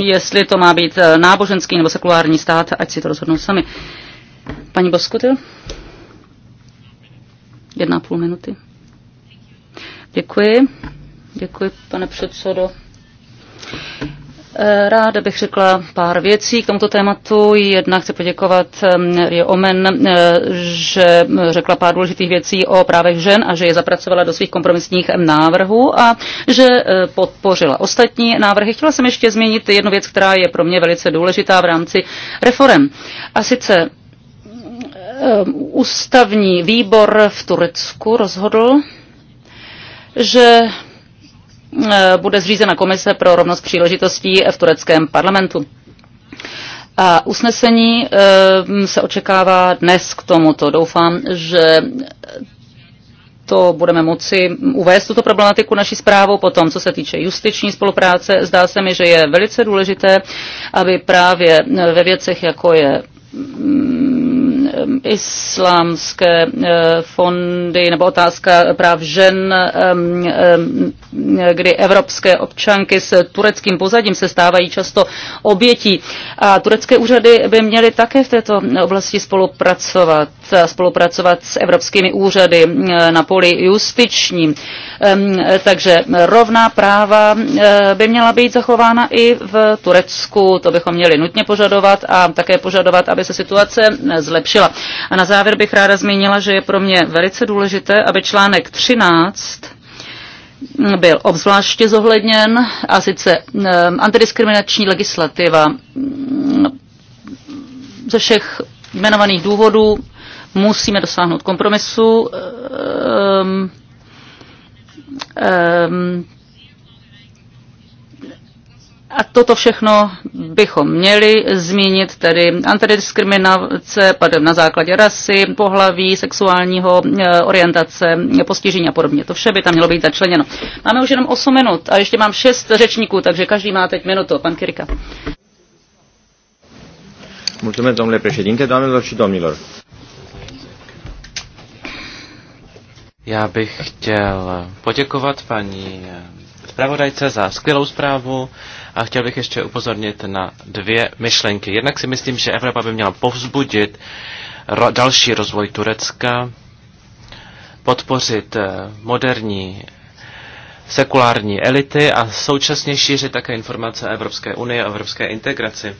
F: jestli to má být eh, náboženský nebo sekulární stát, ať si to rozhodnou sami. Paní Boskutil? Jedna a půl minuty. Děkuji. Děkuji, pane předsedo. Eh, Ráda bych řekla pár věcí k tomuto tématu. Jedna chci poděkovat je Omen, eh, že řekla pár důležitých věcí o právech žen a že je zapracovala do svých kompromisních návrhů a že eh, podpořila ostatní návrhy. Chtěla jsem ještě změnit jednu věc, která je pro mě velice důležitá v rámci reform. A sice ústavní výbor v Turecku rozhodl, že Eh, bude zřízena komise pro rovnost příležitostí v tureckém parlamentu. A usnesení eh, se očekává dnes k tomuto. Doufám, že to budeme moci uvést tuto problematiku naší zprávou. Potom, co se týče justiční spolupráce, zdá se mi, že je velice důležité, aby právě ve věcech, jako je mm, Um, islámské uh, fondy nebo otázka práv žen, um, um, kdy evropské občanky s tureckým pozadím se stávají často obětí. A turecké úřady by měly také v této oblasti spolupracovat, spolupracovat s evropskými úřady uh, na poli justičním. Takže rovná práva uh, by měla být zachována i v Turecku. To bychom měli nutně požadovat a také požadovat, aby se situace zlepšila pravidla. A na závěr bych ráda zmínila, že je pro mě velice důležité, aby článek 13 byl obzvláště zohledněn, a sice ehm, antidiskriminační legislativa mm, ze všech jmenovaných důvodů musíme dosáhnout kompromisu. Um, um, a toto všechno bychom měli zmínit, tedy antidiskriminace padem na základě rasy, pohlaví, sexuálního e, orientace, postižení a podobně. To vše by tam mělo být začleněno. Máme už jenom 8 minut a ještě mám 6 řečníků, takže každý má teď minutu. Pan Kirika.
C: Mulțumesc, domnule președinte, doamnelor și domnilor. Já bych chtěl poděkovat paní zpravodajce za skvělou zprávu. A chtěl bych ještě upozornit na dvě myšlenky. Jednak si myslím, že Evropa by měla povzbudit ro- další rozvoj Turecka, podpořit eh, moderní sekulární elity a současně šířit také informace o Evropské unie a evropské integraci.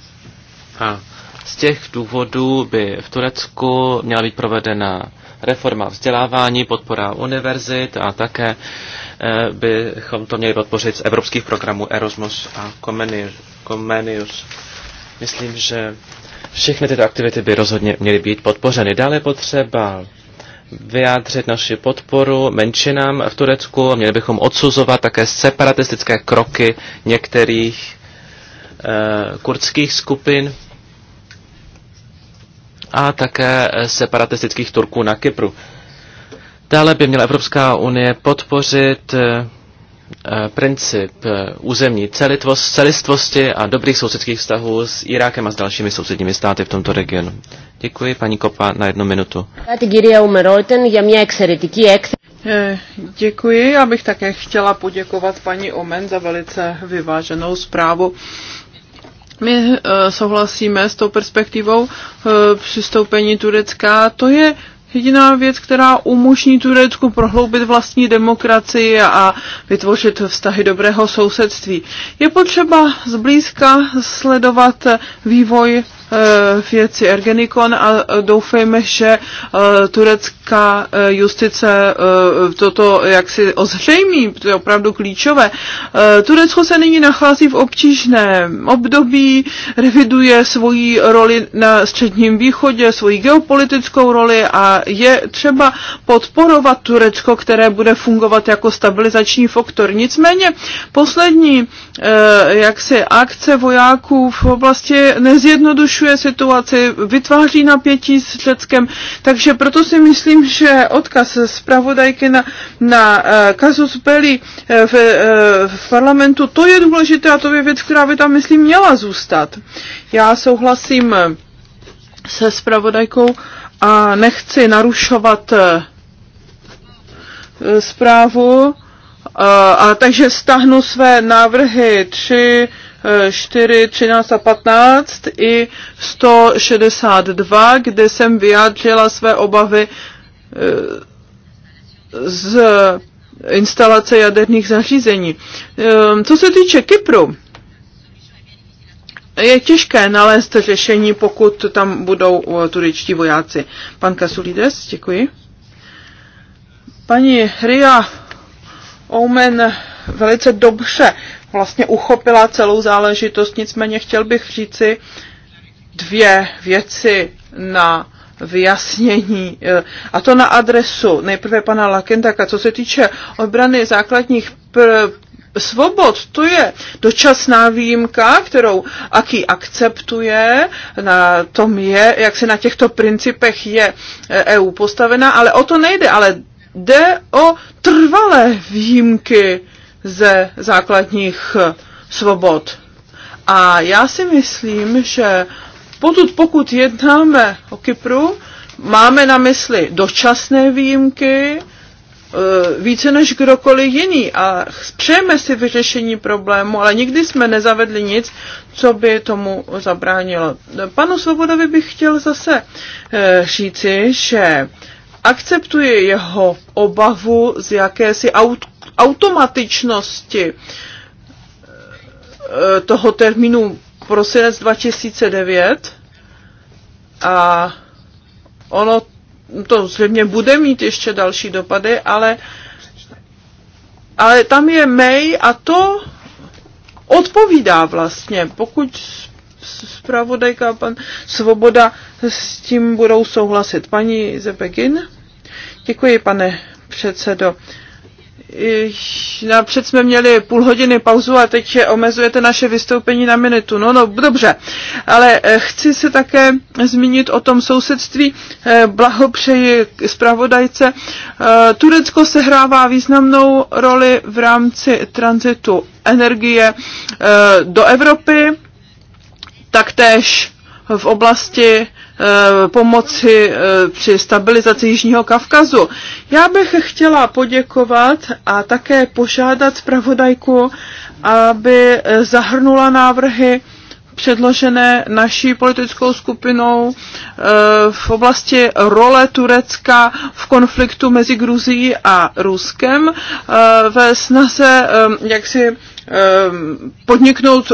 C: A z těch důvodů by v Turecku měla být provedena reforma vzdělávání, podpora univerzit a také eh, bychom to měli podpořit z evropských programů Erasmus a Comenius. Myslím, že všechny tyto aktivity by rozhodně měly být podpořeny. Dále potřeba vyjádřit naši podporu menšinám v Turecku. a Měli bychom odsuzovat také separatistické kroky některých e, kurdských skupin a také separatistických Turků na Kypru. Dále by měla Evropská unie podpořit eh, princip eh, územní celistvosti a dobrých sousedských vztahů s Irákem a s dalšími sousedními státy v tomto regionu. Děkuji, paní Kopa, na jednu minutu.
A: Děkuji,
E: abych eh, také chtěla poděkovat paní Omen za velice vyváženou zprávu. My eh, souhlasíme s tou perspektivou eh, přistoupení Turecka. To je jediná věc, která umožní Turecku prohloubit vlastní demokracii a vytvořit vztahy dobrého sousedství. Je potřeba zblízka sledovat vývoj Eh, věci Ergenikon a eh, doufejme, že eh, turecká justice toto jak si ozřejmí, to je opravdu klíčové. Turecko se nyní nachází v obtížném období, reviduje svoji roli na Středním východě, svoji geopolitickou roli a je třeba podporovat Turecko, které bude fungovat jako stabilizační faktor. Nicméně poslední jaksi akce vojáků v oblasti nezjednodušení zhoršuje situaci, vytváří napětí s Řeckem, takže proto si myslím, že odkaz zpravodajky na, na eh, kazus belli v, eh, eh, v parlamentu, to je důležité a to je věc, která by tam, myslím, měla zůstat. Já souhlasím se zpravodajkou a nechci narušovat zprávu, a, takže stahnu své návrhy 3, 4, 13 a 15 i 162, kde jsem vyjádřila své obavy e, z instalace jaderných zařízení. E, co se týče Kypru, je těžké nalézt řešení, pokud tam budou e, turičtí vojáci. Pan Kasulides, děkuji. Paní Hria Omen velice dobře vlastně uchopila celou záležitost, nicméně chtěl bych říci dvě věci na vyjasnění. E, a to na adresu nejprve pana Lakendaka, co se týče obrany základních pr- svobod, to je dočasná výjimka, kterou Aký akceptuje, na tom je, jak se na těchto principech je EU e postavena, ale o to nejde, ale jde o trvalé výjimky ze základních eh, svobod. A já si myslím, že potud, pokud jednáme o Kypru, máme na mysli dočasné výjimky, eh, více než kdokoliv jiný a přejeme si vyřešení problému, ale nikdy jsme nezavedli nic, co by tomu zabránilo. Panu Svobodovi bych chtěl zase eh, říci, že akceptuje jeho obavu z jakési aut- automatičnosti eh, toho termínu prosinec 2009 a ono to zřejmě bude mít ještě další dopady, ale, ale tam je May a to odpovídá vlastně, pokud zpravodajka pan Svoboda s tím budou souhlasit. Paní Zepegin? Děkuji, pane předsedo. Napřed jsme měli půl hodiny pauzu a teď omezujete naše vystoupení na minutu. No, no, dobře. Ale eh, chci se také zmínit o tom sousedství. Eh, blahopřeji zpravodajce. Eh, Turecko sehrává významnou roli v rámci tranzitu energie do Evropy. Taktéž v oblasti eh, pomoci eh, při stabilizaci Jižního Kavkazu. Já bych chtěla poděkovat a také požádat zpravodajku, aby eh, zahrnula návrhy předložené naší politickou skupinou v oblasti role Turecka v konfliktu mezi Gruzií a Ruskem ve snaze jak si podniknout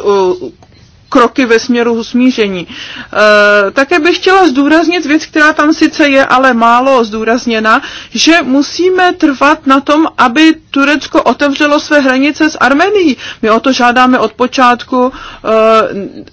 E: kroky ve směru smíření. E, také bych chtěla zdůraznit věc, která tam sice je, ale málo zdůrazněna, že musíme trvat na tom, aby Turecko otevřelo své hranice s Armenií. My o to žádáme od počátku. Eh,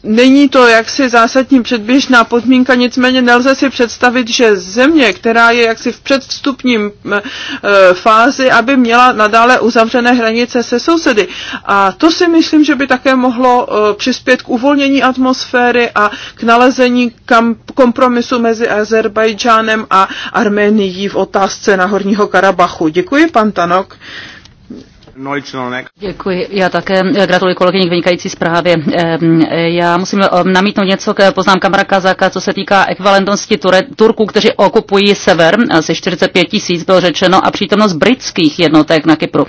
E: není to jaksi zásadní předběžná podmínka, nicméně nelze si představit, že země, která je jaksi v předvstupním eh, eh, fázi, aby měla nadále uzavřené hranice se sousedy. A to si myslím, že by také mohlo přispět k uvolnění atmosféry a k nalezení kompromisu mezi Azerbajdžánem a Armenií v otázce na Horního Karabachu. Děkuji, pan Tanok.
F: Děkuji. Já také gratuluji kolegyni k vynikající zprávě. Já musím namítnout něco k poznámkám Rakazaka, co se týká ekvivalentnosti Turků, kteří okupují sever, asi 45 tisíc bylo řečeno, a přítomnost britských jednotek na Kypru.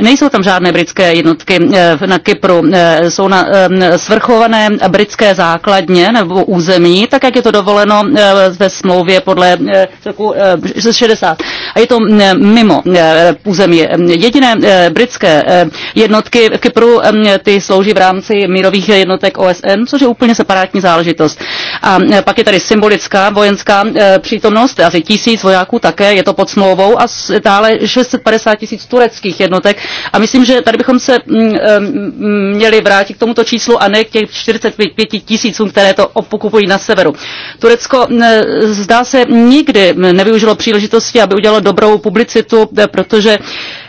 F: Nejsou tam žádné britské jednotky eh, na Kypru, eh, jsou na svrchované britské základně nebo území, tak jak je to dovoleno eh, ve smlouvě podle roku 60. A je to mimo území. Jediné britské turecké eh, jednotky v Kypru, eh, ty slouží v rámci mírových jednotek OSN, což je úplně separátní záležitost. A eh, pak je tady symbolická vojenská přítomnost, asi tisíc vojáků také, je to pod smlouvou a dále 650 tisíc tureckých jednotek. A myslím, že tady bychom se mm, mm, měli vrátit k tomuto číslu a ne k těch 45 tisícům, které to opokupují na severu. Turecko mm, zdá se nikdy nevyužilo příležitosti, aby udělalo dobrou publicitu, protože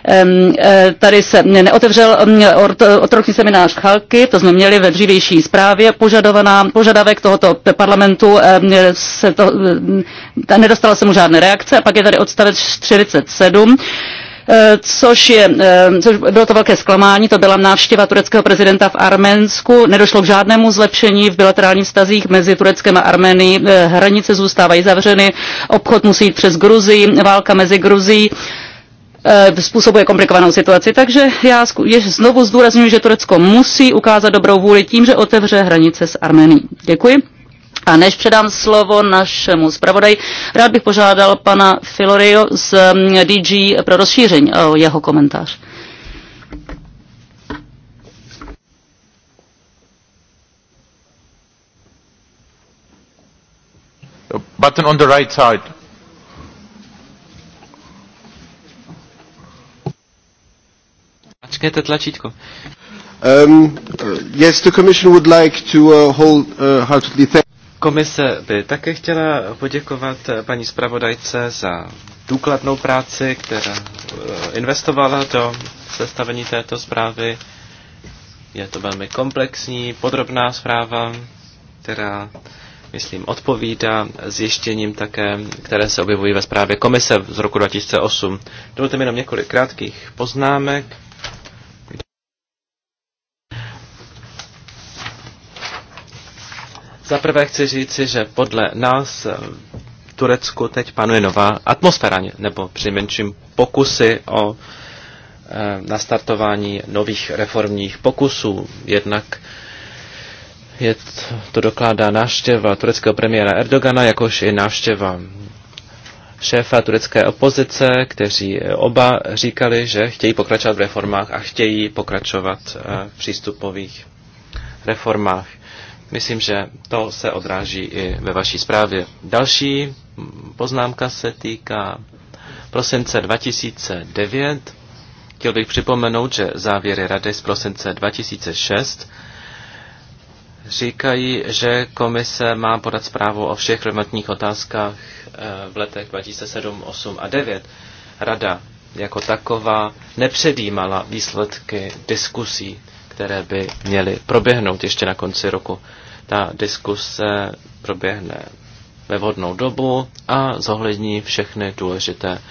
F: E, tady se neotevřel otrokní seminář Chalky, to jsme měli ve dřívější zprávě. Požadovaná, požadavek tohoto parlamentu se to, e, nedostala se mu žádné reakce. A pak je tady odstavec 47 e, což, je, což bylo to velké zklamání, to byla návštěva tureckého prezidenta v Arménsku. Nedošlo k žádnému zlepšení v bilaterálních vztazích mezi Tureckem a Arménií. Hranice zůstávají zavřeny, obchod musí jít přes Gruzii, válka mezi Gruzí Eh, způsobuje komplikovanou situaci. Takže já znovu zdůraznuju, že Turecko musí ukázat dobrou vůli tím, že otevře hranice s Armenií. Děkuji. A než předám slovo našemu zpravodaji, rád bych požádal pana Filorio z mm, DG pro rozšíření o jeho komentář.
B: button on the right side.
C: Zapněte tlačítko. Um, yes, the commission would like to uh, hold uh, heartily thank Komise by také chtěla poděkovat eh, paní zpravodajce za důkladnou práci, která eh, investovala do sestavení této zprávy. Je to velmi komplexní, podrobná zpráva, která, myslím, odpovídá zjištěním také, které se objevují ve zprávě komise z roku 2008. Dovolte mi jenom několik krátkých poznámek. Za prvé chci říci, že podle nás eh, v Turecku teď panuje nová atmosféra, nebo přinejmenším pokusy o eh, nastartování nových reformních pokusů. Jednak je to dokládá návštěva tureckého premiéra Erdogana, jakož i návštěva šéfa turecké opozice, kteří eh, oba říkali, že chtějí pokračovat v reformách a chtějí pokračovat v přístupových reformách. Myslím, že to se odráží i ve vaší zprávě. Další poznámka se týká prosince 2009. Chtěl bych připomenout, že závěry Rady z prosince 2006 říkají, že komise má podat zprávu o všech relevantních otázkách eh, v letech 2007, 8 a 9. Rada jako taková nepředjímala výsledky diskusí které by měly proběhnout ještě na konci roku. Ta diskuse proběhne ve vhodnou dobu a zohlední všechny důležité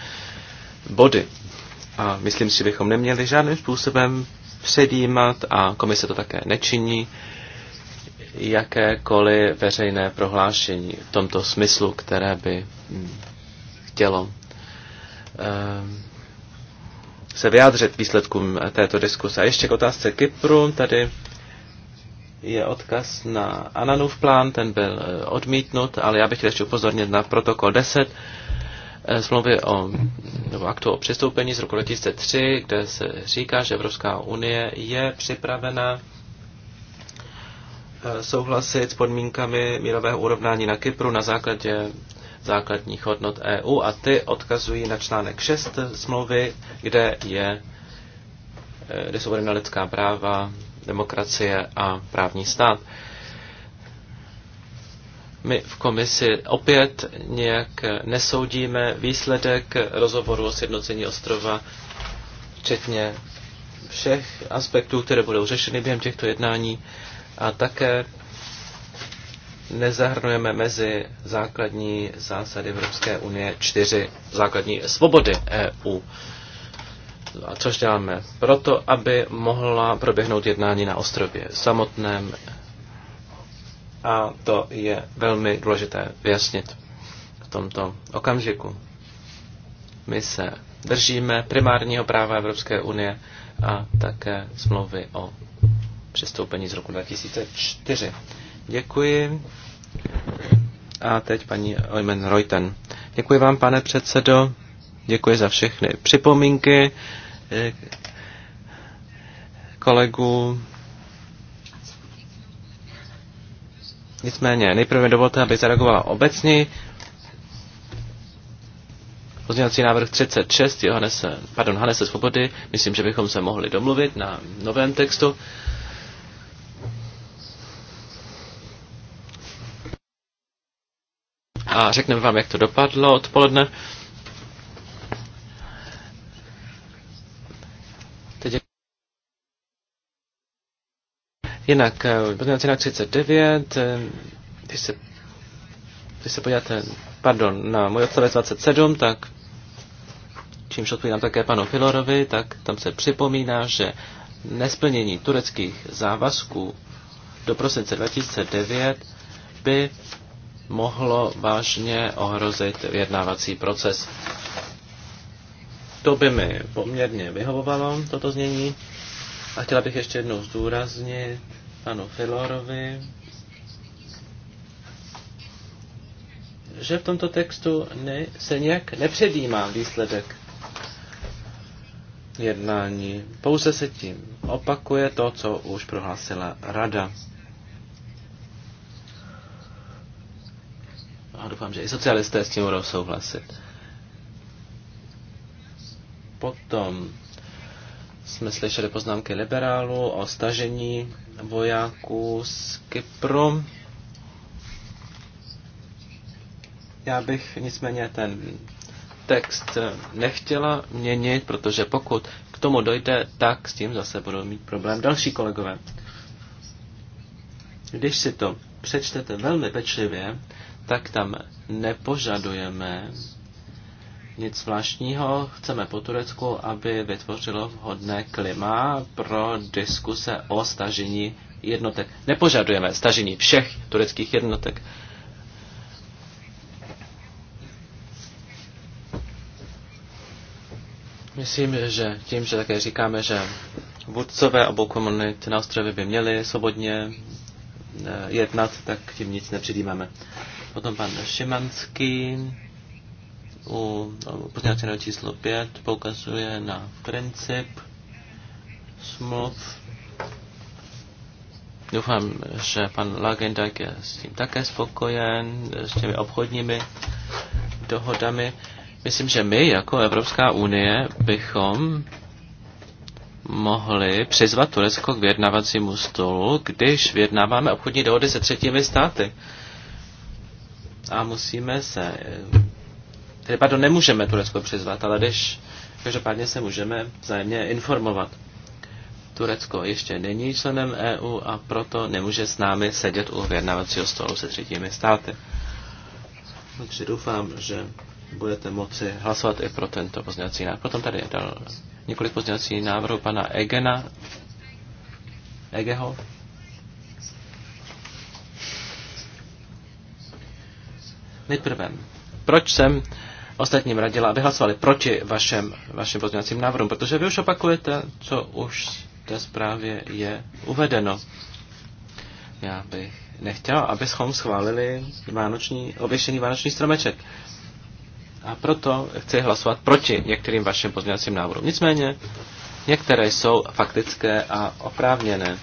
C: body. A myslím si, že bychom neměli žádným způsobem předjímat, a komise to také nečiní, jakékoliv veřejné prohlášení v tomto smyslu, které by hm, chtělo eh, se vyjádřit výsledkům této diskuse. A ještě k otázce Kypru. Tady je odkaz na Ananův plán, ten byl eh, odmítnut, ale já bych chtěl ještě upozornit na protokol 10 eh, smlouvy o, nebo aktu o přistoupení z roku 2003, kde se říká, že Evropská unie je připravena eh, souhlasit s podmínkami mírového urovnání na Kypru na základě základních hodnot EU a ty odkazují na článek 6 smlouvy, kde je eh, kde jsou na lidská práva, demokracie a právní stát. My v komisi opět nějak nesoudíme výsledek rozhovoru o sjednocení ostrova, včetně všech aspektů, které budou řešeny během těchto jednání a také nezahrnujeme mezi základní zásady Evropské unie čtyři základní svobody EU. A což děláme? Proto, aby mohla proběhnout jednání na ostrově samotném. A to je velmi důležité vyjasnit v tomto okamžiku. My se držíme primárního práva Evropské unie a také smlouvy o přistoupení z roku 2004. Děkuji. A teď paní Ojmen Reuten. Děkuji vám, pane předsedo. Děkuji za všechny připomínky eh, kolegů. Nicméně, nejprve dovolte, abych zareagovala obecně. Pozměňovací návrh 36 Johannes, pardon, Hanese Svobody, myslím, že bychom se mohli domluvit na novém textu. a řekneme vám, jak to dopadlo odpoledne. Teď Jinak, eh, pozměňovací na 39, eh, když se, když se podíváte, pardon, na můj odstavec 27, tak čímž odpovídám také panu Filorovi, tak tam se připomíná, že nesplnění tureckých závazků do prosince 2009 by mohlo vážně ohrozit vyjednávací proces. To by mi poměrně vyhovovalo, toto znění. A chtěla bych ještě jednou zdůraznit panu Filorovi, že v tomto textu ne, se nějak nepředjímá výsledek jednání. Pouze se tím opakuje to, co už prohlásila rada. a doufám, že i socialisté s tím budou souhlasit. Potom jsme slyšeli poznámky liberálu o stažení vojáků z Kypru. Já bych nicméně ten text nechtěla měnit, protože pokud k tomu dojde, tak s tím zase budou mít problém další kolegové. Když si to přečtete velmi pečlivě, tak tam nepožadujeme nic zvláštního. Chceme po Turecku, aby vytvořilo vhodné klima pro diskuse o stažení jednotek. Nepožadujeme stažení všech tureckých jednotek. Myslím, že tím, že také říkáme, že vůdcové obou komunit na ostrově by měli svobodně eh, jednat, tak tím nic nepřidímáme. Potom pan Šimanský u pozměňovacího číslo 5 poukazuje na princip smluv. Doufám, že pan Lagendijk je s tím také spokojen, s těmi obchodními dohodami. Myslím, že my jako Evropská unie bychom mohli přizvat Turecko k vyjednavacímu stolu, když vyjednáváme obchodní dohody se třetími státy a musíme se, eh, tedy pardon, nemůžeme Turecko přizvat, ale když každopádně se můžeme vzájemně informovat. Turecko ještě není členem EU a proto nemůže s námi sedět u vyjednávacího stolu se třetími státy. Takže doufám, že budete moci hlasovat i pro tento pozměňovací návrh. Potom tady je dal několik pozměňovacích návrhů pana Egena, Egeho, Nejprve, proč jsem ostatním radila, aby hlasovali proti vašem, vašim pozměňovacím návrhům, protože vy už opakujete, co už v té zprávě je uvedeno. Já bych nechtěla, abychom schválili vánoční, oběšený vánoční stromeček. A proto chci hlasovat proti některým vašim pozměňovacím návrhům. Nicméně, některé jsou faktické a oprávněné.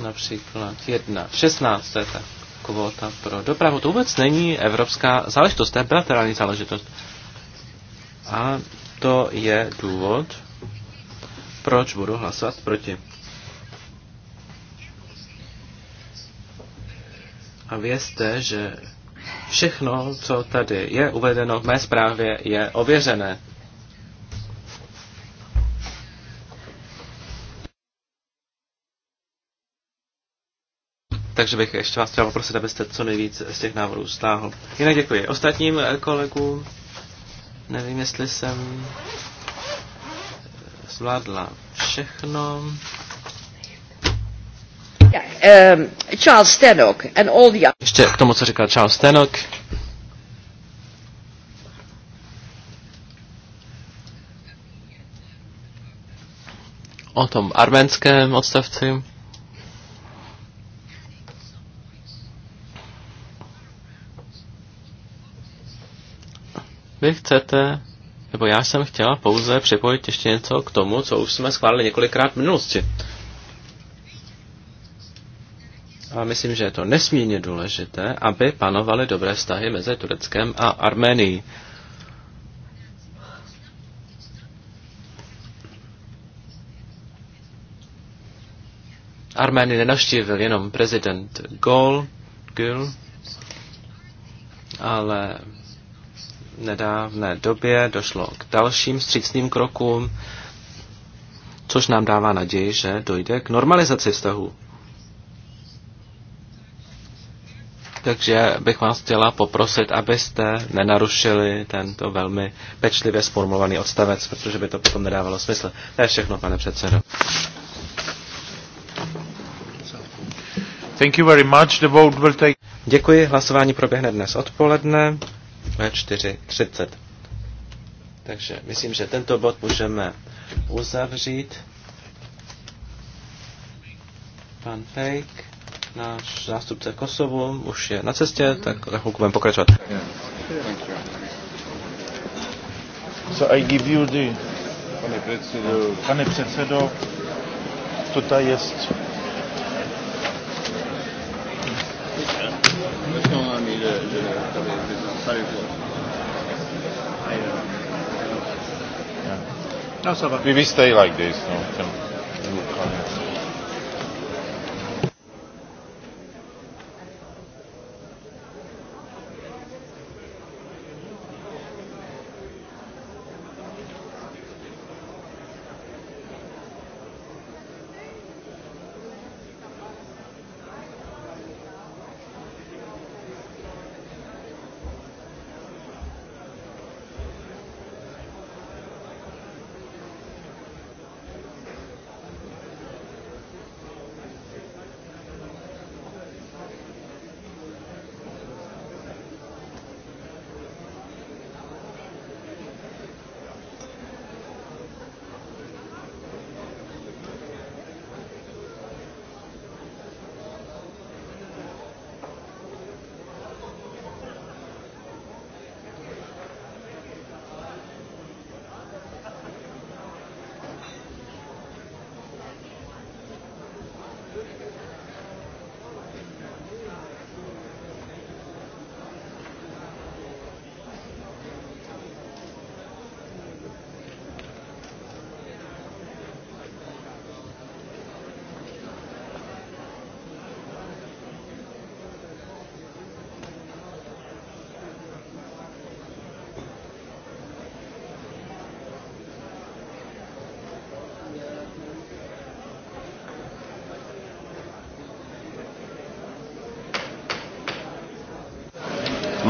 C: například jedna 16. je ta kvota pro dopravu. To vůbec není evropská záležitost, to je bilaterální záležitost. A to je důvod, proč budu hlasovat proti. A vězte, že všechno, co tady je uvedeno v mé zprávě, je ověřené. Takže bych ještě vás chtěl poprosit, abyste co nejvíc z těch návrhů stáhl. Jinak děkuji ostatním eh, kolegům. Nevím, jestli jsem eh, zvládla všechno.
A: Um, Charles Stenock and all the Ještě k tomu, co říkal
C: Charles Stenock. O tom arménském odstavci. Vy chcete, nebo já jsem chtěla pouze připojit ještě něco k tomu, co už jsme schválili několikrát v minulosti. A myslím, že je to nesmírně důležité, aby panovaly dobré vztahy mezi Tureckem a Arménií. Armény nenaštívil jenom prezident Gol, Gül, ale nedávné době došlo k dalším střícným krokům, což nám dává naději, že dojde k normalizaci vztahu. Takže bych vás chtěla poprosit, abyste nenarušili tento velmi pečlivě sformulovaný odstavec, protože by to potom nedávalo smysl. To je všechno, pane předsedo. Thank you very much. The vote will take... Děkuji, hlasování proběhne dnes odpoledne ve 4.30. Takže myslím, že tento bod můžeme uzavřít. Pan Fejk, náš zástupce Kosovu, už je na cestě, tak za chvilku budeme pokračovat. So
D: I give you the... Pane předsedo, pane předsedo to jest National Army de, No, so we, we stay like this. No, can,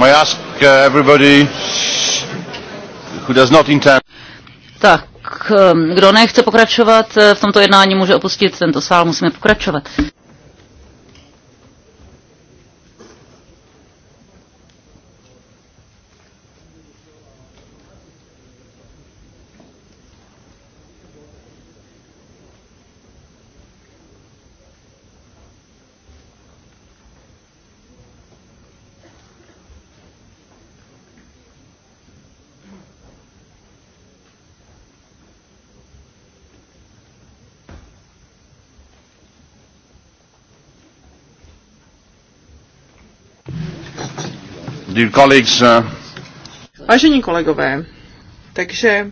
D: May ask uh, everybody who does not intend...
F: Tak, um, kdo nechce pokračovat eh, v tomto jednání, může opustit tento sál, musíme pokračovat.
D: Uh,
E: Vážení kolegové, takže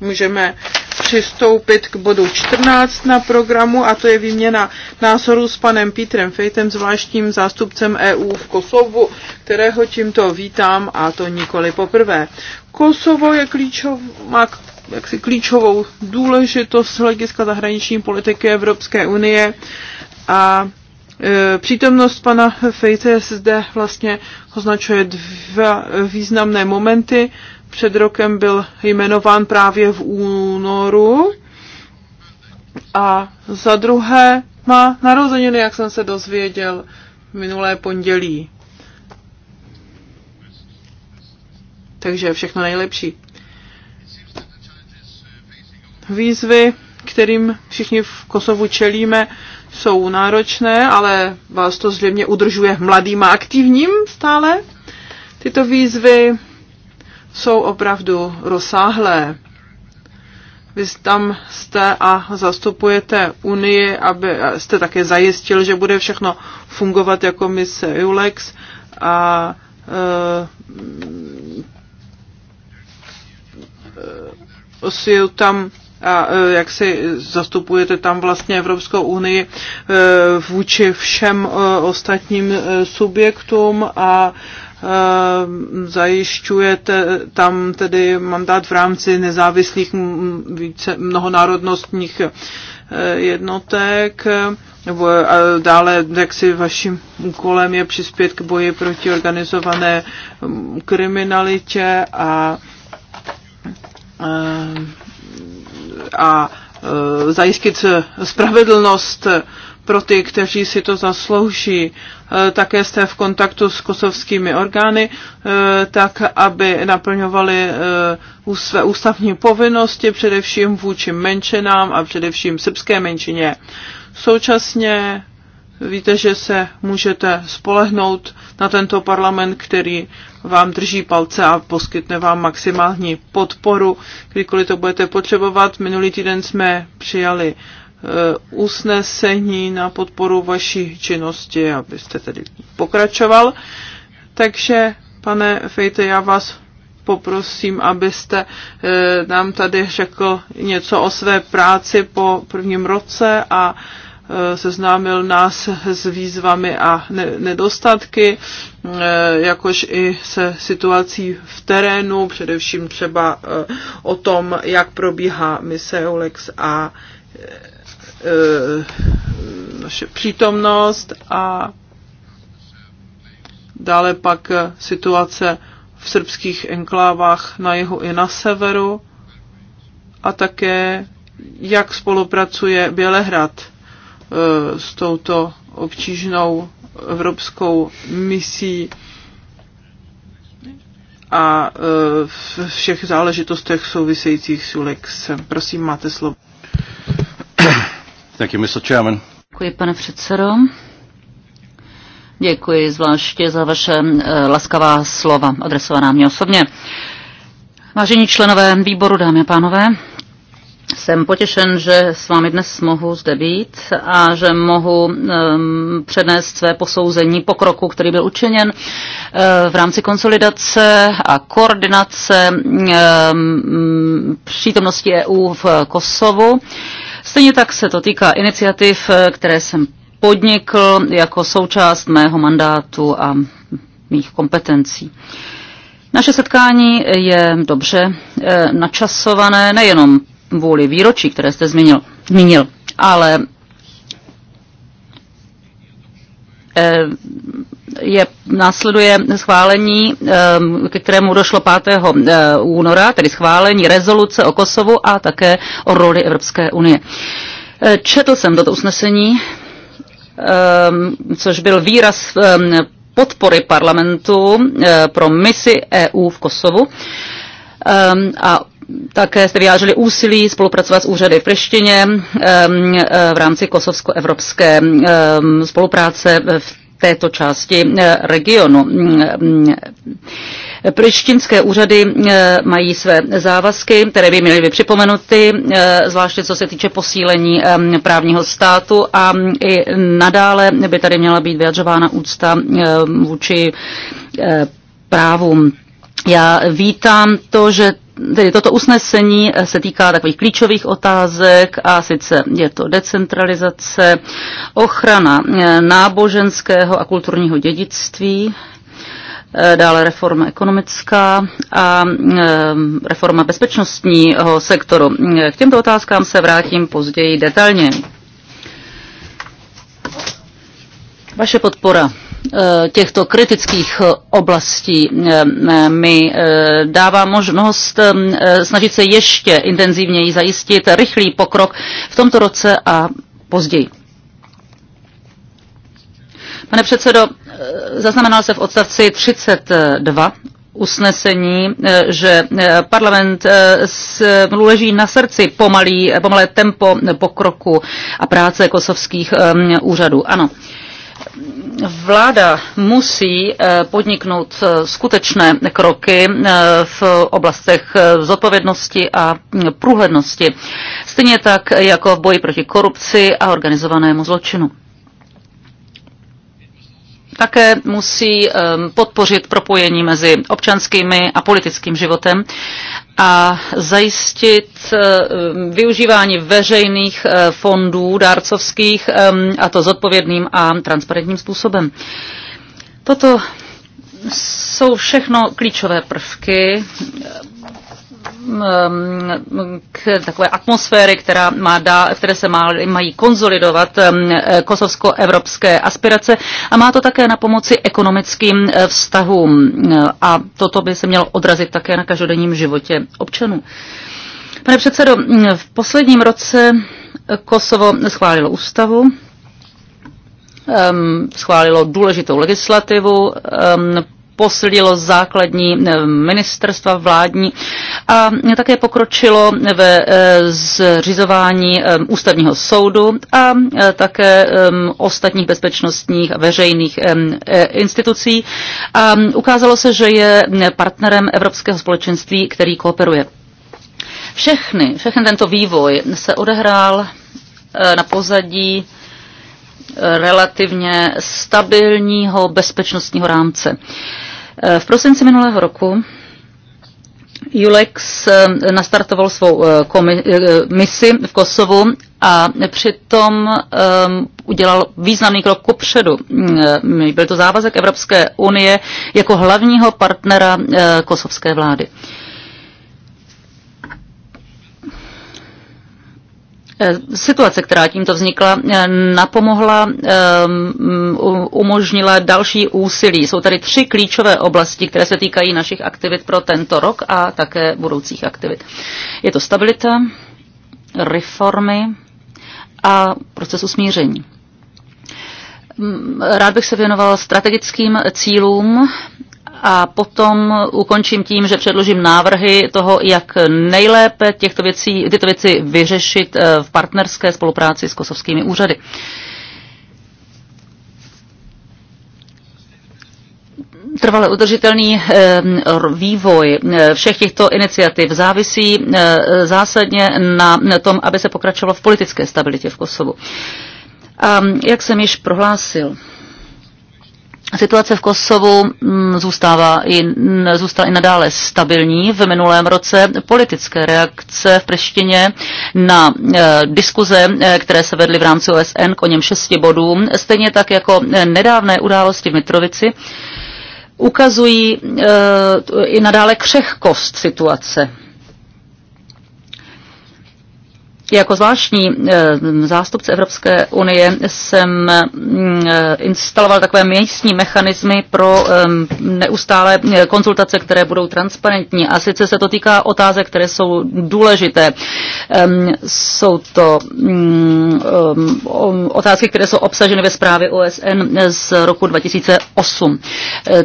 E: můžeme přistoupit k bodu 14 na programu a to je výměna názorů s panem Petrem Fejtem, zvláštním zástupcem EU v Kosovu, kterého tímto vítám a to nikoli poprvé. Kosovo je klíčov, má jaksi klíčovou důležitost z hlediska zahraniční politiky Evropské unie a E, přítomnost pana Fejce zde vlastně označuje dva významné momenty. Před rokem byl jmenován právě v únoru a za druhé má narozeniny, jak jsem se dozvěděl minulé pondělí. Takže všechno nejlepší. Výzvy, kterým všichni v Kosovu čelíme, jsou náročné, ale vás to zřejmě udržuje mladým a aktivním stále. Tyto výzvy jsou opravdu rozsáhlé. Vy tam jste a zastupujete Unii, aby jste také zajistil, že bude všechno fungovat jako mise EULEX a uh, uh, jsou tam a e, jak si zastupujete tam vlastně Evropskou unii e, vůči všem e, ostatním subjektům a zajišťujete tam tedy mandát v rámci nezávislých více mnohonárodnostních jednotek. Nebo dále, jak si vaším úkolem je přispět k boji proti organizované kriminalitě a, a a e, zajistit spravedlnost pro ty, kteří si to zaslouží. E, také jste v kontaktu s kosovskými orgány, e, tak aby naplňovali své ústavní povinnosti, především vůči menšinám a především srbské menšině. Současně víte, že se můžete spolehnout na tento parlament, který vám drží palce a poskytne vám maximální podporu, kdykoliv to budete potřebovat. Minulý týden jsme přijali eh, usnesení na podporu vaší činnosti, abyste tedy pokračoval. Takže, pane Fejte, já vás poprosím, abyste eh, nám tady řekl něco o své práci po prvním roce a Eh, seznámil nás s výzvami a nedostatky, eh, jakož i se situací v terénu, především třeba eh, o tom, jak probíhá mise EULEX a naše přítomnost a dále pak situace v srbských enklávách na jihu i na severu a také jak spolupracuje Bělehrad Eh, s touto obtížnou evropskou misí a eh, v všech záležitostech souvisejících s ulexem. Prosím, máte slovo.
C: Thank you, Mr. Chairman.
F: Děkuji, pane předsedo. Děkuji zvláště za vaše eh, laskavá slova adresovaná mě osobně. Vážení členové výboru, dámy a pánové, jsem potěšen, že s vámi dnes mohu zde být a že mohu um, přednést své posouzení pokroku, který byl učiněn uh, v rámci konsolidace a koordinace um, přítomnosti EU v Kosovu. Stejně tak se to týká iniciativ, eh, které jsem podnikl jako součást mého mandátu a mých kompetencí. Naše setkání je dobře eh, načasované nejenom vůli výročí, které jste zmínil, zmínil ale eh, je, následuje schválení, eh, ke kterému došlo 5. Eh, února, tedy schválení rezoluce o Kosovu a také o roli Evropské unie. Četl jsem toto usnesení, což byl výraz podpory parlamentu pro misi EU v Kosovu a také jste vyjádřili úsilí spolupracovat s úřady v Prištině eh, v rámci kosovsko-evropské spolupráce v této části eh, regionu. Eh, Prištinské úřady mají své závazky, které by měly být připomenuty, zvláště co se týče posílení právního státu a i nadále by tady měla být vyjadřována úcta vůči právům. Já vítám to, že tedy toto usnesení eh, se týká takových klíčových otázek a sice je to decentralizace, ochrana eh, náboženského a kulturního dědictví, eh, dále reforma ekonomická a reforma bezpečnostního sektoru. K těmto otázkám se vrátím později detailně. Vaše podpora Eh, těchto kritických eh, oblastí eh, mi dává možnost snažit se ještě intenzivněji zajistit rychlý pokrok v tomto roce a později. Pane předsedo, zaznamenal se v odstavci 32 usnesení, že parlament leží na srdci pomalý, pomalé tempo pokroku a práce kosovských úřadů. Ano vláda musí eh, podniknout eh, skutečné kroky eh, v oblastech zodpovědnosti a hm, průhlednosti, stejně tak jako v boji proti korupci a organizovanému zločinu také musí ehm, podpořit propojení mezi občanskými a politickým životem a zajistit ehm, využívání veřejných eh, fondů dárcovských ehm, a to zodpovědným a transparentním způsobem. Toto jsou všechno klíčové prvky Um, k takové atmosféry, která má dá, v které se má, mají konzolidovat um, kosovsko-evropské aspirace a má to také na pomoci ekonomickým eh, vztahům a toto by se mělo odrazit také na každodenním životě občanů. Pane předsedo, v posledním roce Kosovo schválilo ústavu, um, schválilo důležitou legislativu posililo základní eh, ministerstva vládní a také pokročilo ve eh, zřizování eh, ústavního soudu a také ostatních bezpečnostních a veřejných institucí. A ukázalo se, že je partnerem Evropského společenství, který kooperuje. Všechny, všechny tento vývoj se odehrál na pozadí relativně stabilního bezpečnostního rámce. Eh, v prosinci minulého roku Julex eh, nastartoval svou eh, misi v Kosovu a přitom udělal významný krok ku předu. Mm, byl to závazek Evropské unie jako hlavního partnera kosovské vlády. Eh, situace, která tímto vznikla, eh, napomohla, eh, um, umožnila další úsilí. Jsou tady tři klíčové oblasti, které se týkají našich aktivit pro tento rok a také budoucích aktivit. Je to stabilita, reformy a procesu smíření. Mm, rád bych se věnoval strategickým cílům a potom ukončím tím, že předložím návrhy toho, jak nejlépe těchto věcí, tyto věci vyřešit eh, v partnerské spolupráci s kosovskými úřady. trvale udržitelný eh, vývoj eh, všech těchto iniciativ závisí zásadně na tom, aby se pokračovalo v politické stabilitě v Kosovu. A jak jsem již prohlásil, Situace v Kosovu mm, zůstává i, zůstala i nadále stabilní. V minulém roce politické reakce v Preštině na e, diskuze, e, které se vedly v rámci OSN k o něm šesti bodům, stejně tak jako e, nedávné události v Mitrovici, ukazují e, i nadále křehkost situace jako zvláštní eh, zástupce Evropské unie jsem mm, eh, instaloval takové místní mechanismy pro neustále eh, konzultace, které budou transparentní. A sice se to týká otázek, které jsou důležité. Jsou to mm, otázky, které jsou obsaženy ve zprávě OSN z roku 2008.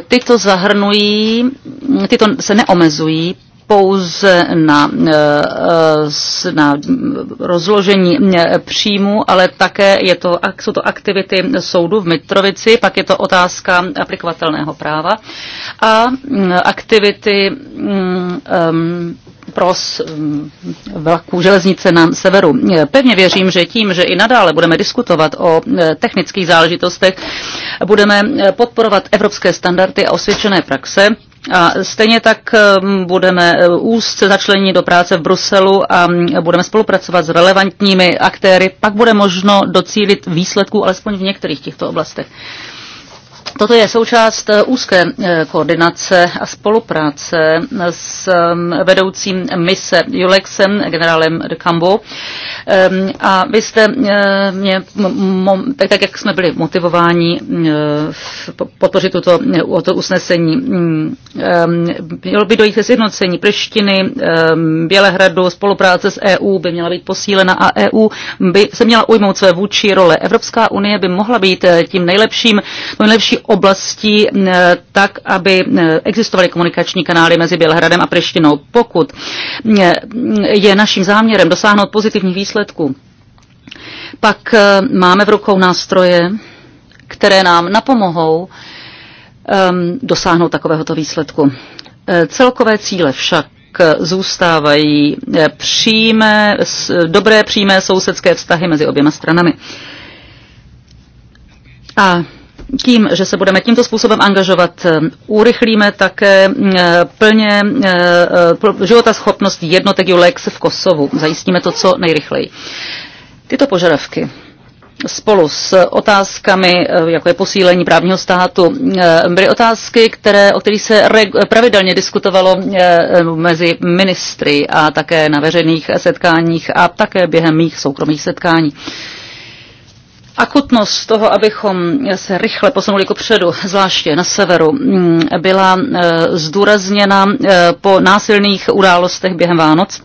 F: Tyto zahrnují, mm, tyto se neomezují pouze na, eh, na rozložení eh, příjmu, ale také je to, jsou to aktivity soudu v Mitrovici, pak je to otázka aplikovatelného práva a mm, aktivity um, mm, mm, pros vlaků železnice na severu. Eh, pevně věřím, že tím, že i nadále budeme diskutovat o technických záležitostech, budeme podporovat evropské standardy a osvědčené praxe a stejně tak um, budeme uh, úzce začleněni do práce v Bruselu a um, budeme spolupracovat s relevantními aktéry, pak bude možno docílit výsledků alespoň v některých těchto oblastech. Toto je součást eh, úzké eh, koordinace a spolupráce eh, s mm, vedoucím mise Julexem, generálem de Cambo. Ehm, a vy jste mě, tak jak jsme byli motivováni podpořit tuto, to usnesení, mm, ehm, mělo by dojít ke sjednocení Prištiny, ehm, Bělehradu, spolupráce s EU by měla být posílena a EU by se měla ujmout své vůči role. Evropská unie by mohla být tím nejlepším, nejlepší oblastí eh, tak, aby eh, existovaly komunikační kanály mezi Bělhradem a Prištinou. Pokud eh, je naším záměrem dosáhnout pozitivních výsledků, pak máme v rukou nástroje, které nám napomohou ehm, dosáhnout takovéhoto výsledku. Celkové cíle však zůstávají přímé, dobré přímé sousedské vztahy mezi oběma stranami. A tím, že se budeme tímto způsobem angažovat, eh, urychlíme také eh, plně eh, životaschopnost jednotek ULEX v Kosovu. Zajistíme to co nejrychleji. Tyto požadavky spolu s otázkami, jako je posílení právního státu, byly otázky, které, o kterých se pravidelně diskutovalo mezi ministry a také na veřejných setkáních a také během mých soukromých setkání. Akutnost toho, abychom se rychle posunuli jako předu, zvláště na severu, byla eh, zdůrazněna eh, po násilných událostech během Vánoc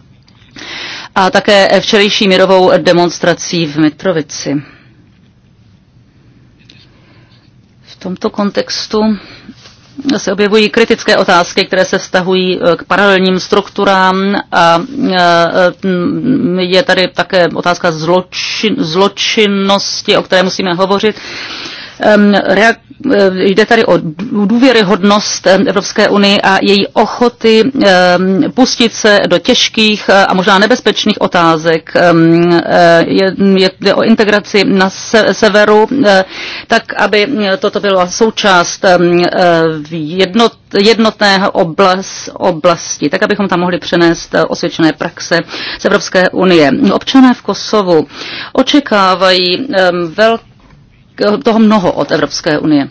F: a také včerejší mirovou demonstrací v Mitrovici. V tomto kontextu se objevují kritické otázky, které se vztahují eh, k paralelním strukturám a eh, je tady také otázka zločin, zločinnosti, o které musíme hovořit. Ehm, eh, jde tady o důvěryhodnost ehm, Evropské unie a její ochoty ehm, pustit se do těžkých eh, a možná nebezpečných otázek. Eh, jde o integraci na severu, tak aby toto byla součást jednot, jednotné oblast, oblasti, tak abychom tam mohli přenést osvědčené praxe z Evropské unie. Občané v Kosovu očekávají velké toho mnoho od Evropské unie.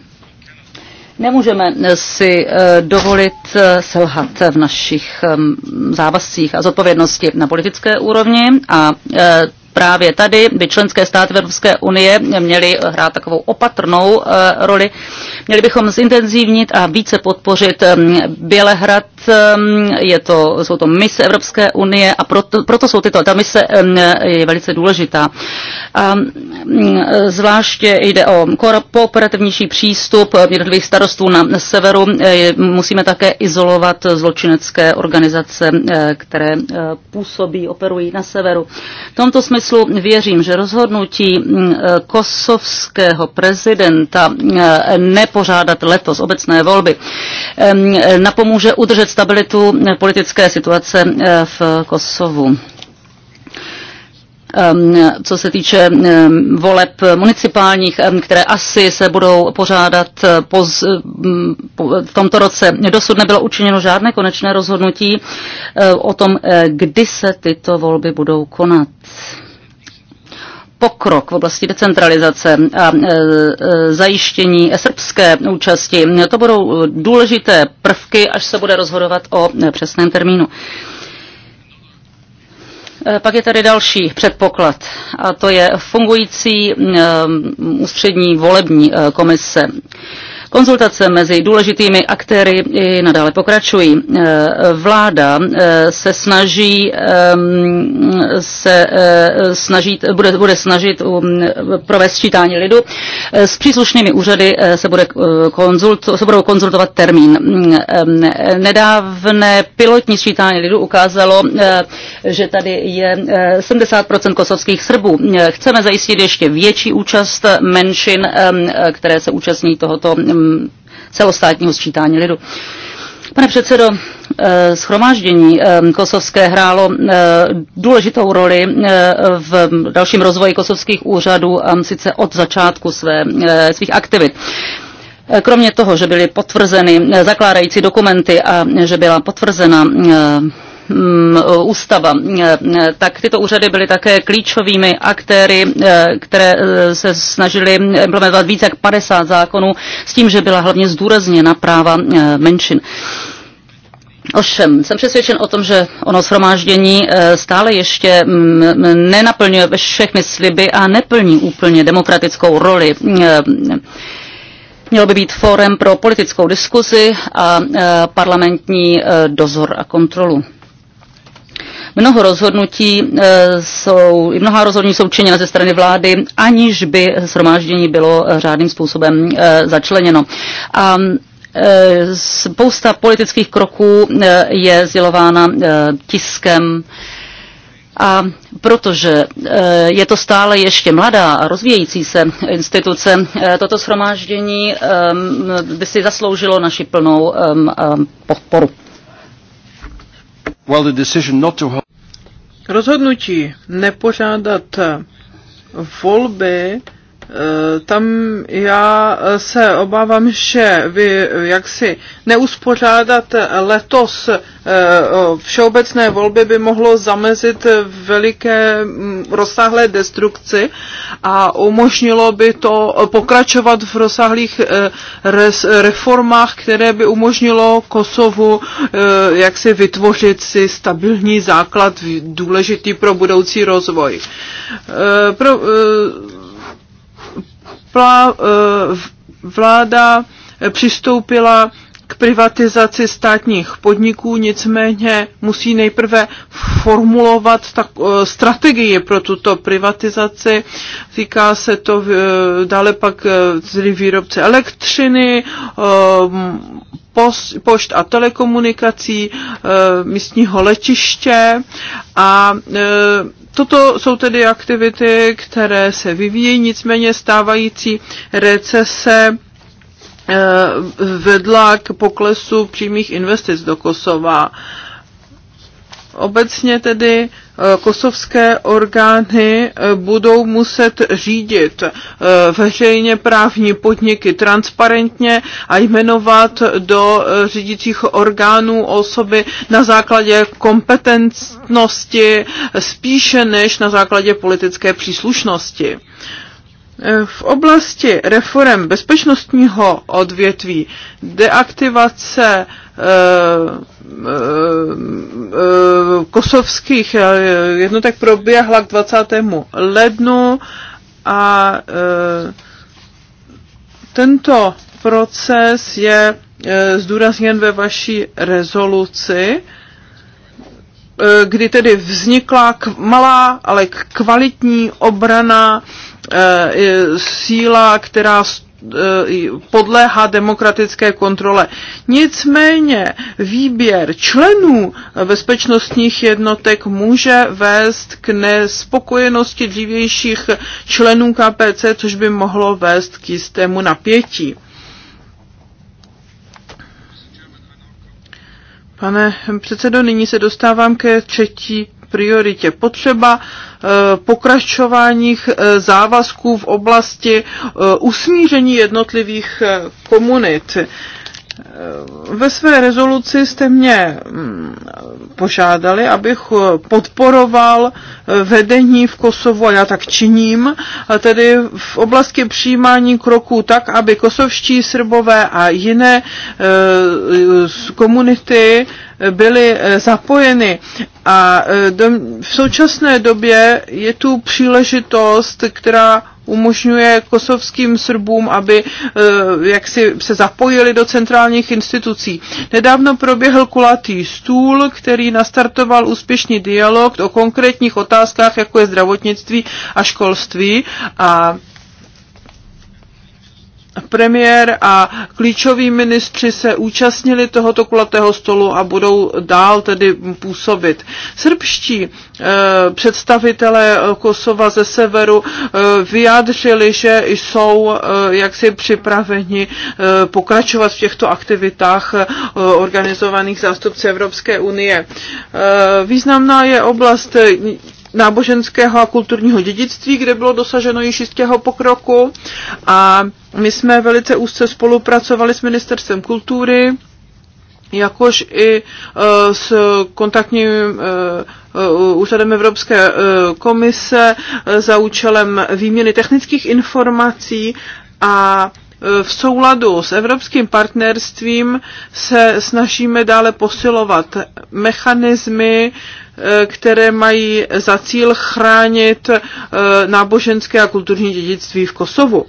F: Nemůžeme si eh, dovolit eh, selhat v našich ehm, závazcích a zodpovědnosti na politické úrovni a eh, právě tady by členské státy Evropské unie měly hrát takovou opatrnou roli. Měli bychom zintenzívnit a více podpořit ehm, Bělehrad Ehm, je to, jsou to mise Evropské unie a proto, proto jsou tyto, ta mise ehm, je velice důležitá. A ehm, zvláště jde o kooperativnější přístup jednotlivých starostů na severu. Eh, musíme také izolovat zločinecké organizace, eh, které eh, působí, operují na severu. V tomto smyslu věřím, že rozhodnutí mm, kosovského prezidenta nepořádat letos obecné volby napomůže udržet stabilitu politické situace eh, v Kosovu ehm, co se týče ehm, voleb municipálních, ehm, které asi se budou pořádat eh, poz, mm, v tomto roce. Dosud nebylo učiněno žádné konečné rozhodnutí eh, o tom, kdy se tyto volby budou konat pokrok v oblasti decentralizace a e, e, zajištění srbské účasti. To budou důležité prvky, až se bude rozhodovat o e, přesném termínu. Pak je tady další předpoklad a to je fungující ústřední volební komise. Konzultace mezi důležitými aktéry i nadále pokračují. Eh, vláda eh, se snaží ehm, se eh, snažit, bude, bude snažit um, provést čítání lidu. S příslušnými úřady se, bude konzult, se budou konzultovat termín. Ehm, nedávné pilotní čítání lidu ukázalo, že tady je 70% kosovských Srbů. Chceme zajistit ještě větší účast menšin, ehm, které se účastní tohoto celostátního sčítání lidu. Pane předsedo, eh, schromáždění eh, kosovské hrálo eh, důležitou roli v dalším rozvoji kosovských úřadů, a sice od začátku své, svých aktivit. Kromě toho, že byly potvrzeny zakládající dokumenty a že byla potvrzena Mm, ústava, tak tyto úřady byly také klíčovými aktéry, eh, které eh, se snažili implementovat více jak 50 zákonů s tím, že byla hlavně zdůrazněna práva eh, menšin. Ovšem, jsem přesvědčen o tom, že ono shromáždění stále ještě mm, mm, nenaplňuje všechny sliby a neplní úplně demokratickou roli mělo by být fórem pro politickou diskuzi a parlamentní dozor a kontrolu. Mnoho rozhodnutí eh, jsou, mnoha rozhodnutí jsou činěna ze strany vlády, aniž by shromáždění bylo eh, řádným způsobem eh, začleněno. A spousta politických kroků je sdělována tiskem, a protože je to stále ještě mladá a rozvíjející se instituce, toto shromáždění by si zasloužilo naši plnou podporu. Well, the decision not to
E: Rozhodnutí nepořádat volby Eh, tam já eh, se obávám, že vy jaksi neuspořádat eh, letos všeobecné volby by mohlo zamezit veliké mm, rozsáhlé destrukci a umožnilo by to pokračovat v rozsáhlých reformách, které by umožnilo Kosovu jaksi vytvořit si stabilní základ důležitý pro budoucí rozvoj. Pro, Eh, vláda přistoupila k privatizaci státních podniků, nicméně musí nejprve formulovat tak, eh, strategii pro tuto privatizaci. Týká se to eh, dále pak výrobce elektřiny, pošt a telekomunikací, eh, místního letiště a eh, Toto jsou tedy aktivity, které se vyvíjí, nicméně stávající recese eh, vedla k poklesu přímých investic do Kosova. Obecně tedy Eh, kosovské orgány eh, budou muset řídit eh, veřejně právní podniky transparentně a jmenovat do řídících orgánů osoby na základě kompetentnosti spíše než na základě politické příslušnosti. V oblasti reform bezpečnostního odvětví deaktivace Eh, eh, eh, kosovských jednotek proběhla k 20. lednu a tento proces je zdůrazněn ve vaší rezoluci, kdy tedy vznikla malá, ale kvalitní obrana síla, která Eh, podléhá demokratické kontrole. Nicméně výběr členů bezpečnostních jednotek může vést k nespokojenosti dřívějších členů KPC, což by mohlo vést k jistému napětí. Pane předsedo, nyní se dostávám ke třetí prioritě potřeba eh, pokračování eh, závazků v oblasti eh, usmíření jednotlivých komunit. Eh, ve své rezoluci jste mě mm, požádali, abych eh, podporoval eh, vedení v Kosovu a já tak činím, a tedy v oblasti přijímání kroků tak, aby kosovští srbové a jiné komunity byly zapojeny. A v současné době je tu příležitost, která umožňuje kosovským Srbům, aby eh, jaksi se zapojili do centrálních institucí. Nedávno proběhl kulatý stůl, který nastartoval úspěšný dialog o konkrétních otázkách, jako je zdravotnictví a školství. A premiér a klíčoví ministři se účastnili tohoto kulatého stolu a budou dál tedy působit. Srbští e, představitelé Kosova ze severu e, vyjádřili, že jsou e, jaksi připraveni e, pokračovat v těchto aktivitách e, organizovaných zástupci Evropské unie. E, významná je oblast náboženského a kulturního dědictví, kde bylo dosaženo již jistého pokroku a my jsme velice úzce spolupracovali s Ministerstvem kultury, jakož i e, s kontaktním e, e, úřadem Evropské komise za účelem výměny technických informací a v souladu s evropským partnerstvím se snažíme dále posilovat mechanismy, eh, které mají za cíl chránit eh, náboženské a kulturní dědictví v Kosovu.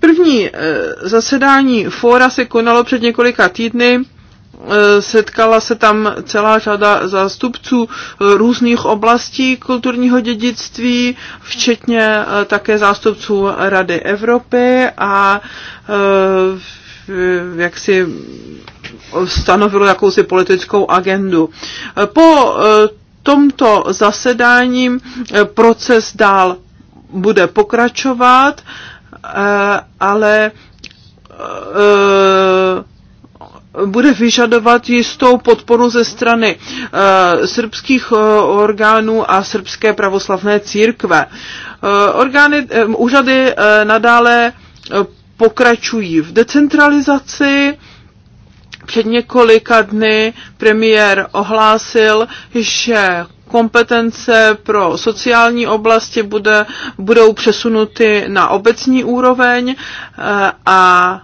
E: První eh, zasedání fóra se konalo před několika týdny Eh, setkala se tam celá řada zástupců eh, různých oblastí kulturního dědictví, včetně eh, také zástupců Rady Evropy a jak si stanovilo jakousi politickou agendu. Po tomto zasedání proces dál bude pokračovat, ale bude vyžadovat jistou podporu ze strany e, srbských e, orgánů a srbské pravoslavné církve. E, orgány, e, úřady e, nadále e, pokračují v decentralizaci. Před několika dny premiér ohlásil, že kompetence pro sociální oblasti bude, budou přesunuty na obecní úroveň a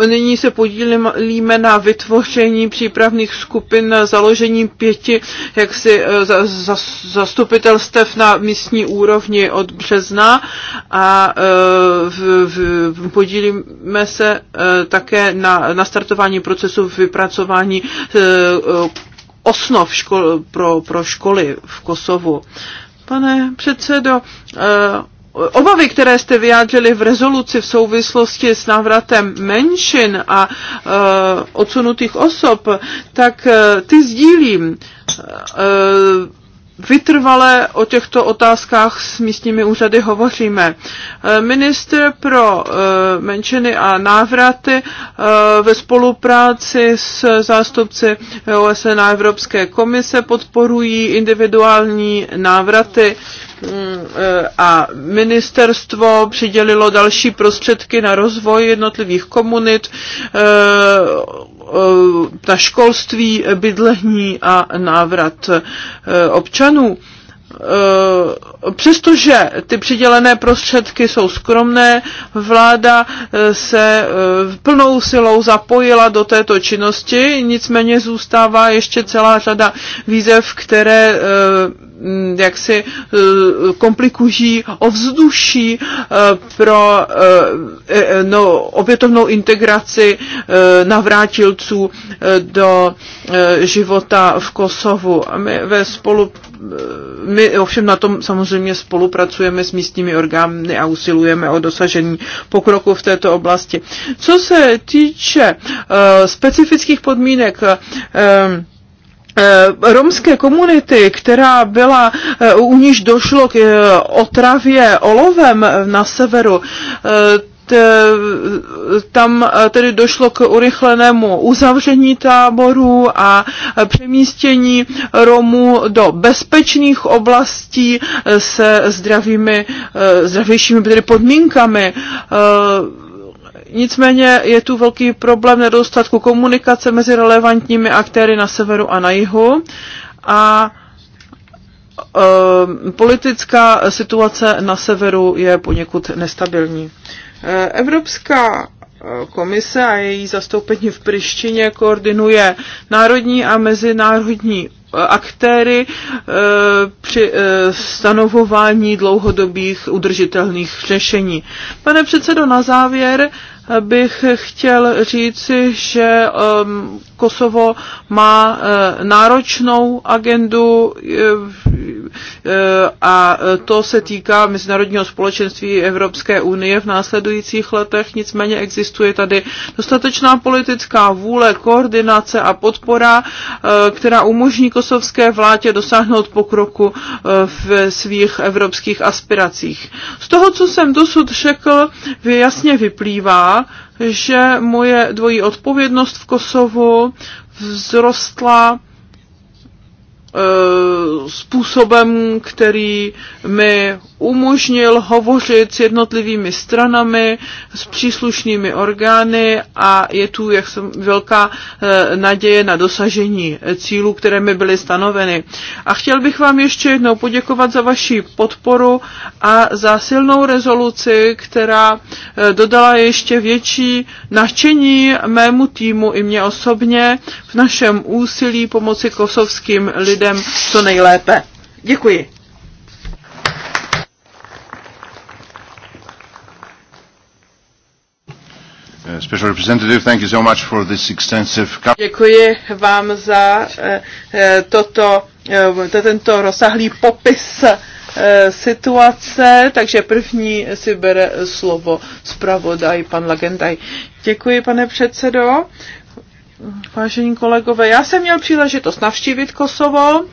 E: Eh, nyní se podílíme na vytvoření přípravných skupin na založení pěti jaksi eh, zastupitelstev na místní úrovni od března a eh, podílíme se také na, na startování procesu vypracování osnov škol, pro, pro školy v Kosovu. Pane předsedo, obavy, které jste vyjádřili v rezoluci v souvislosti s návratem menšin a uh, odsunutých osob, tak e, ty sdílím. Uh, vytrvale o těchto otázkách s místními úřady hovoříme. Minister pro menšiny a návraty ve spolupráci s zástupci OSN a Evropské komise podporují individuální návraty a ministerstvo přidělilo další prostředky na rozvoj jednotlivých komunit, e, e, na školství, bydlení a návrat e, občanů. Eh, přestože ty přidělené prostředky jsou skromné, vláda eh, se eh, plnou silou zapojila do této činnosti, nicméně zůstává ještě celá řada výzev, které jak si komplikují ovzduší pro no, obětovnou integraci navrátilců do života v Kosovu. a My ve spolu my ovšem na tom samozřejmě spolupracujeme s místními orgány a usilujeme o dosažení pokroku v této oblasti. Co se týče eh, specifických podmínek, eh, eh, romské komunity, která byla, u níž došlo k otravě olovem na severu, Eh, tam eh, tedy došlo k urychlenému uzavření táborů a přemístění Romů do bezpečných oblastí eh, se zdravými, zdravějšími tedy podmínkami. Nicméně je tu velký problém nedostatku komunikace mezi relevantními aktéry na severu a na jihu a politická situace na severu je poněkud nestabilní. Evropská eh, komise a její zastoupení v Prištině koordinuje národní a mezinárodní eh, aktéry eh, při stanovování dlouhodobých udržitelných řešení. Pane předsedo, na závěr bych chtěl říci, že um, Kosovo má eh, náročnou agendu eh, eh, a to se týká mezinárodního společenství Evropské unie v následujících letech. Nicméně existuje tady dostatečná politická vůle, koordinace a podpora, která umožní kosovské vládě dosáhnout pokroku v svých evropských aspiracích. Z toho, co jsem dosud řekl, jasně vyplývá, že moje dvojí odpovědnost v Kosovu vzrostla eh, způsobem, který mi umožnil hovořit s jednotlivými stranami, s příslušnými orgány a je tu jak jsem, velká e, naděje na dosažení eh, cílů, které mi byly stanoveny. A chtěl bych vám ještě jednou poděkovat za vaši podporu a za silnou rezoluci, která e, dodala ještě větší nadšení mému týmu i mě osobně v našem úsilí pomoci kosovským lidem co nejlépe. Děkuji.
D: Uh, special Representative, thank you so much for this extensive...
E: Děkuji vám za eh, eh, toto, eh, tento rozsáhlý popis situace, takže první si bere slovo zpravodaj pan Lagendaj. Děkuji, pane předsedo. Vážení kolegové, já jsem měl příležitost navštívit Kosovo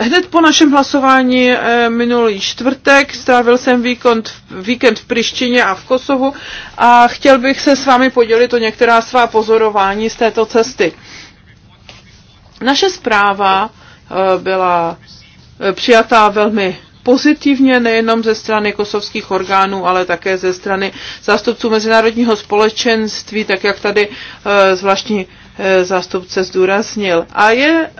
E: Hned po našem hlasování eh, minulý čtvrtek strávil jsem víkend, víkend v Prištině a v Kosovu a chtěl bych se s vámi podělit o některá svá pozorování z této cesty. Naše zpráva eh, byla eh, přijatá velmi pozitivně nejenom ze strany kosovských orgánů, ale také ze strany zástupců mezinárodního společenství, tak jak tady zvláštní zástupce zdůraznil. A je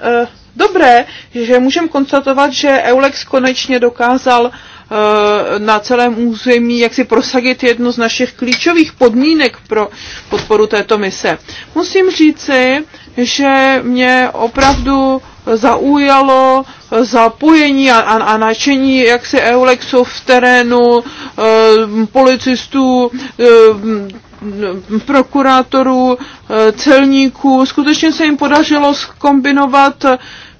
E: dobré, že můžeme konstatovat, že Eulex konečně dokázal eh, na celém území, jak si prosadit jednu z našich klíčových podmínek pro podporu této mise. Musím říci, že mě opravdu zaujalo zapojení a, a, a načení jaksi Eulexu v terénu, e, policistů, e, prokurátorů, celníků. Skutečně se jim podařilo skombinovat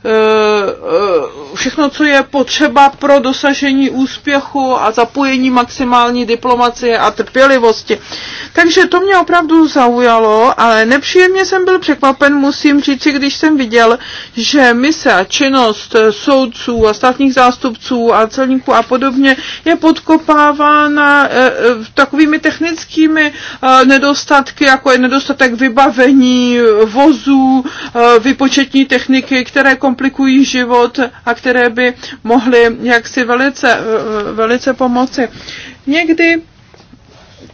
E: Eh, eh, všechno, co je potřeba pro dosažení úspěchu a zapojení maximální diplomacie a trpělivosti. Takže to mě opravdu zaujalo, ale nepříjemně jsem byl překvapen, musím říci, když jsem viděl, že mise a činnost soudců a státních zástupců a celníků a podobně je podkopávána eh, takovými technickými nedostatky, jako je nedostatek vybavení, vozů, vypočetní techniky, které komplikují život a které by mohly jaksi velice, velice pomoci. Někdy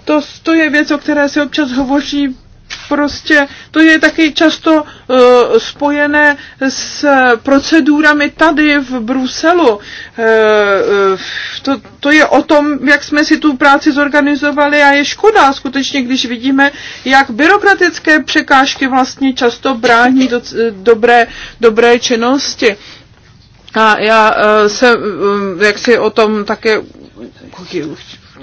E: to, to je věc, o které se občas hovoří prostě to je taky často uh, spojené s procedurami tady v Bruselu. Uh, uh, to, to je o tom, jak jsme si tu práci zorganizovali a je škoda skutečně, když vidíme, jak byrokratické překážky vlastně často brání do, dobré, dobré činnosti. A já uh, se, um, jak si o tom také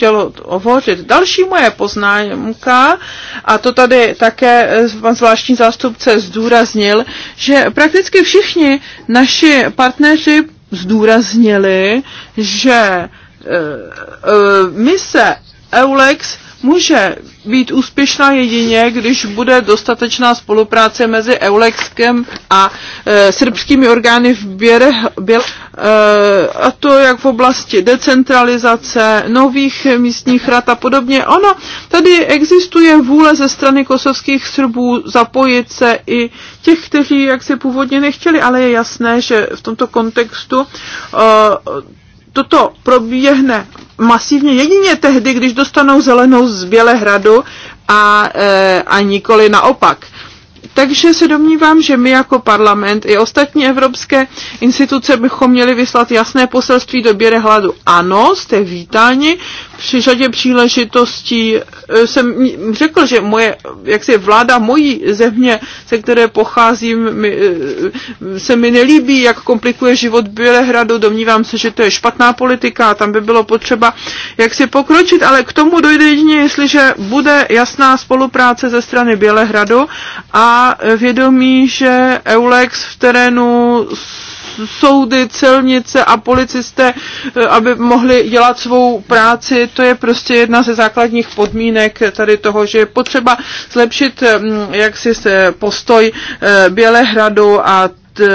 E: chtěl hovořit. Další moje poznámka, a to tady také pan zvláštní zástupce zdůraznil, že prakticky všichni naši partneři zdůraznili, že uh, uh, mise EULEX může být úspěšná jedině, když bude dostatečná spolupráce mezi Eulexkem a e, srbskými orgány v Běre, Běl, e, a to jak v oblasti decentralizace, nových místních rad a podobně. Ono, tady existuje vůle ze strany kosovských Srbů zapojit se i těch, kteří jak se původně nechtěli, ale je jasné, že v tomto kontextu e, toto proběhne masivně jedině tehdy, když dostanou zelenou z Bělehradu a, e, a nikoli naopak. Takže se domnívám, že my jako parlament i ostatní evropské instituce bychom měli vyslat jasné poselství do Bělehradu. Ano, jste vítáni, při řadě příležitostí e, jsem řekl, že moje, jak se vláda mojí země, se které pocházím, mi, e, se mi nelíbí, jak komplikuje život Bělehradu, domnívám se, že to je špatná politika, tam by bylo potřeba jak si pokročit, ale k tomu dojde jedině, jestliže bude jasná spolupráce ze strany Bělehradu a vědomí, že EULEX v terénu soudy, celnice a policisté, eh, aby mohli dělat svou práci. To je prostě jedna ze základních podmínek tady toho, že je potřeba zlepšit mm, jak si postoj eh, Bělehradu a Eh,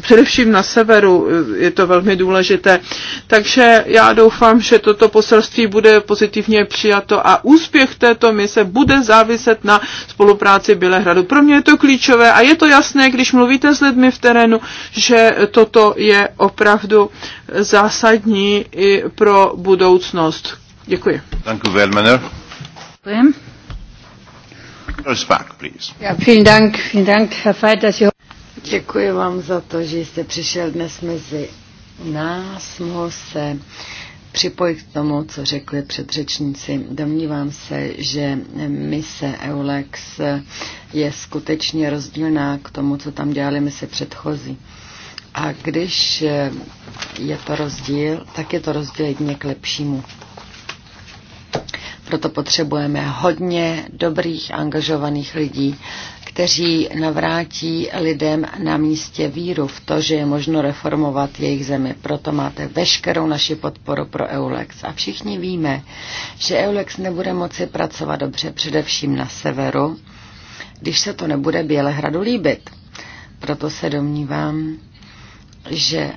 E: především na severu eh, je to velmi důležité. Takže já doufám, že toto poselství bude pozitivně přijato a úspěch této mise bude záviset na spolupráci Bělehradu. Pro mě je to klíčové a je to jasné, když mluvíte s lidmi v terénu, že toto je opravdu zásadní i pro budoucnost. Děkuji. Děkuji. Pak,
A: ja, vielen Dank, vielen Dank, Herr Veit, dass Sie Děkuji vám za to, že jste přišel dnes mezi nás. Mohl se připojit k tomu, co řekli předřečníci. Domnívám se, že mise EULEX je skutečně rozdílná k tomu, co tam dělali mise předchozí. A když je to rozdíl, tak je to rozdíl jedně k lepšímu. Proto potřebujeme hodně dobrých, angažovaných lidí, kteří navrátí lidem na místě víru v to, že je možno reformovat jejich zemi. Proto máte veškerou naši podporu pro EULEX. A všichni víme, že EULEX nebude moci pracovat dobře především na severu, když se to nebude Bělehradu líbit. Proto se domnívám, že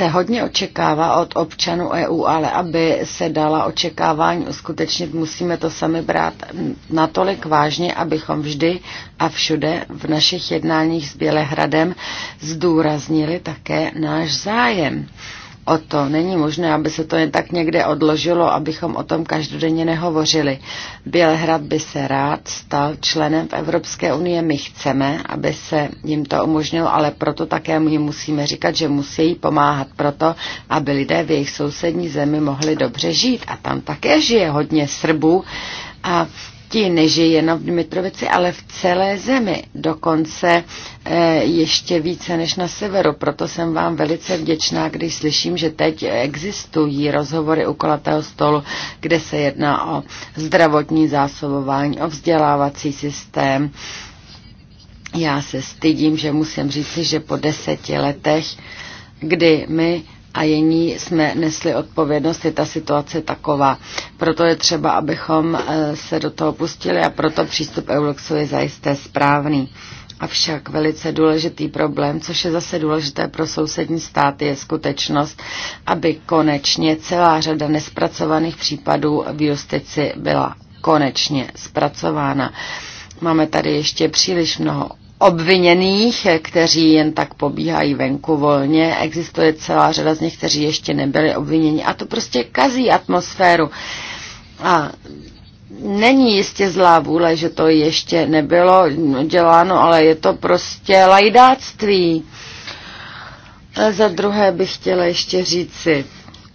A: se hodně očekává od občanů EU, ale aby se dala očekávání uskutečnit, musíme to sami brát natolik vážně, abychom vždy a všude v našich jednáních s Bělehradem zdůraznili také náš zájem o to. Není možné, aby se to jen tak někde odložilo, abychom o tom každodenně nehovořili. Bělehrad by se rád stal členem v Evropské unie. My chceme, aby se jim to umožnilo, ale proto také my musíme říkat, že musí pomáhat proto, aby lidé v jejich sousední zemi mohli dobře žít. A tam také žije hodně Srbů. A v ti nežije jenom v Dmitrovici, ale v celé zemi, dokonce eh, ještě více než na severu. Proto jsem vám velice vděčná, když slyším, že teď existují rozhovory u kolatého stolu, kde se jedná o zdravotní zásobování, o vzdělávací systém. Já se stydím, že musím říci, že po deseti letech, kdy my a jení jsme nesli odpovědnost, je ta situace taková. Proto je třeba, abychom eh, se do toho pustili a proto přístup Euloxu je zajisté správný. Avšak velice důležitý problém, což je zase důležité pro sousední státy, je skutečnost, aby konečně celá řada nespracovaných případů v justici byla konečně zpracována. Máme tady ještě příliš mnoho obviněných, kteří jen tak pobíhají venku volně. Existuje celá řada z nich, kteří ještě nebyli obviněni. A to prostě kazí atmosféru. A není jistě zlá vůle, že to ještě nebylo děláno, ale je to prostě lajdáctví. A za druhé bych chtěla ještě říci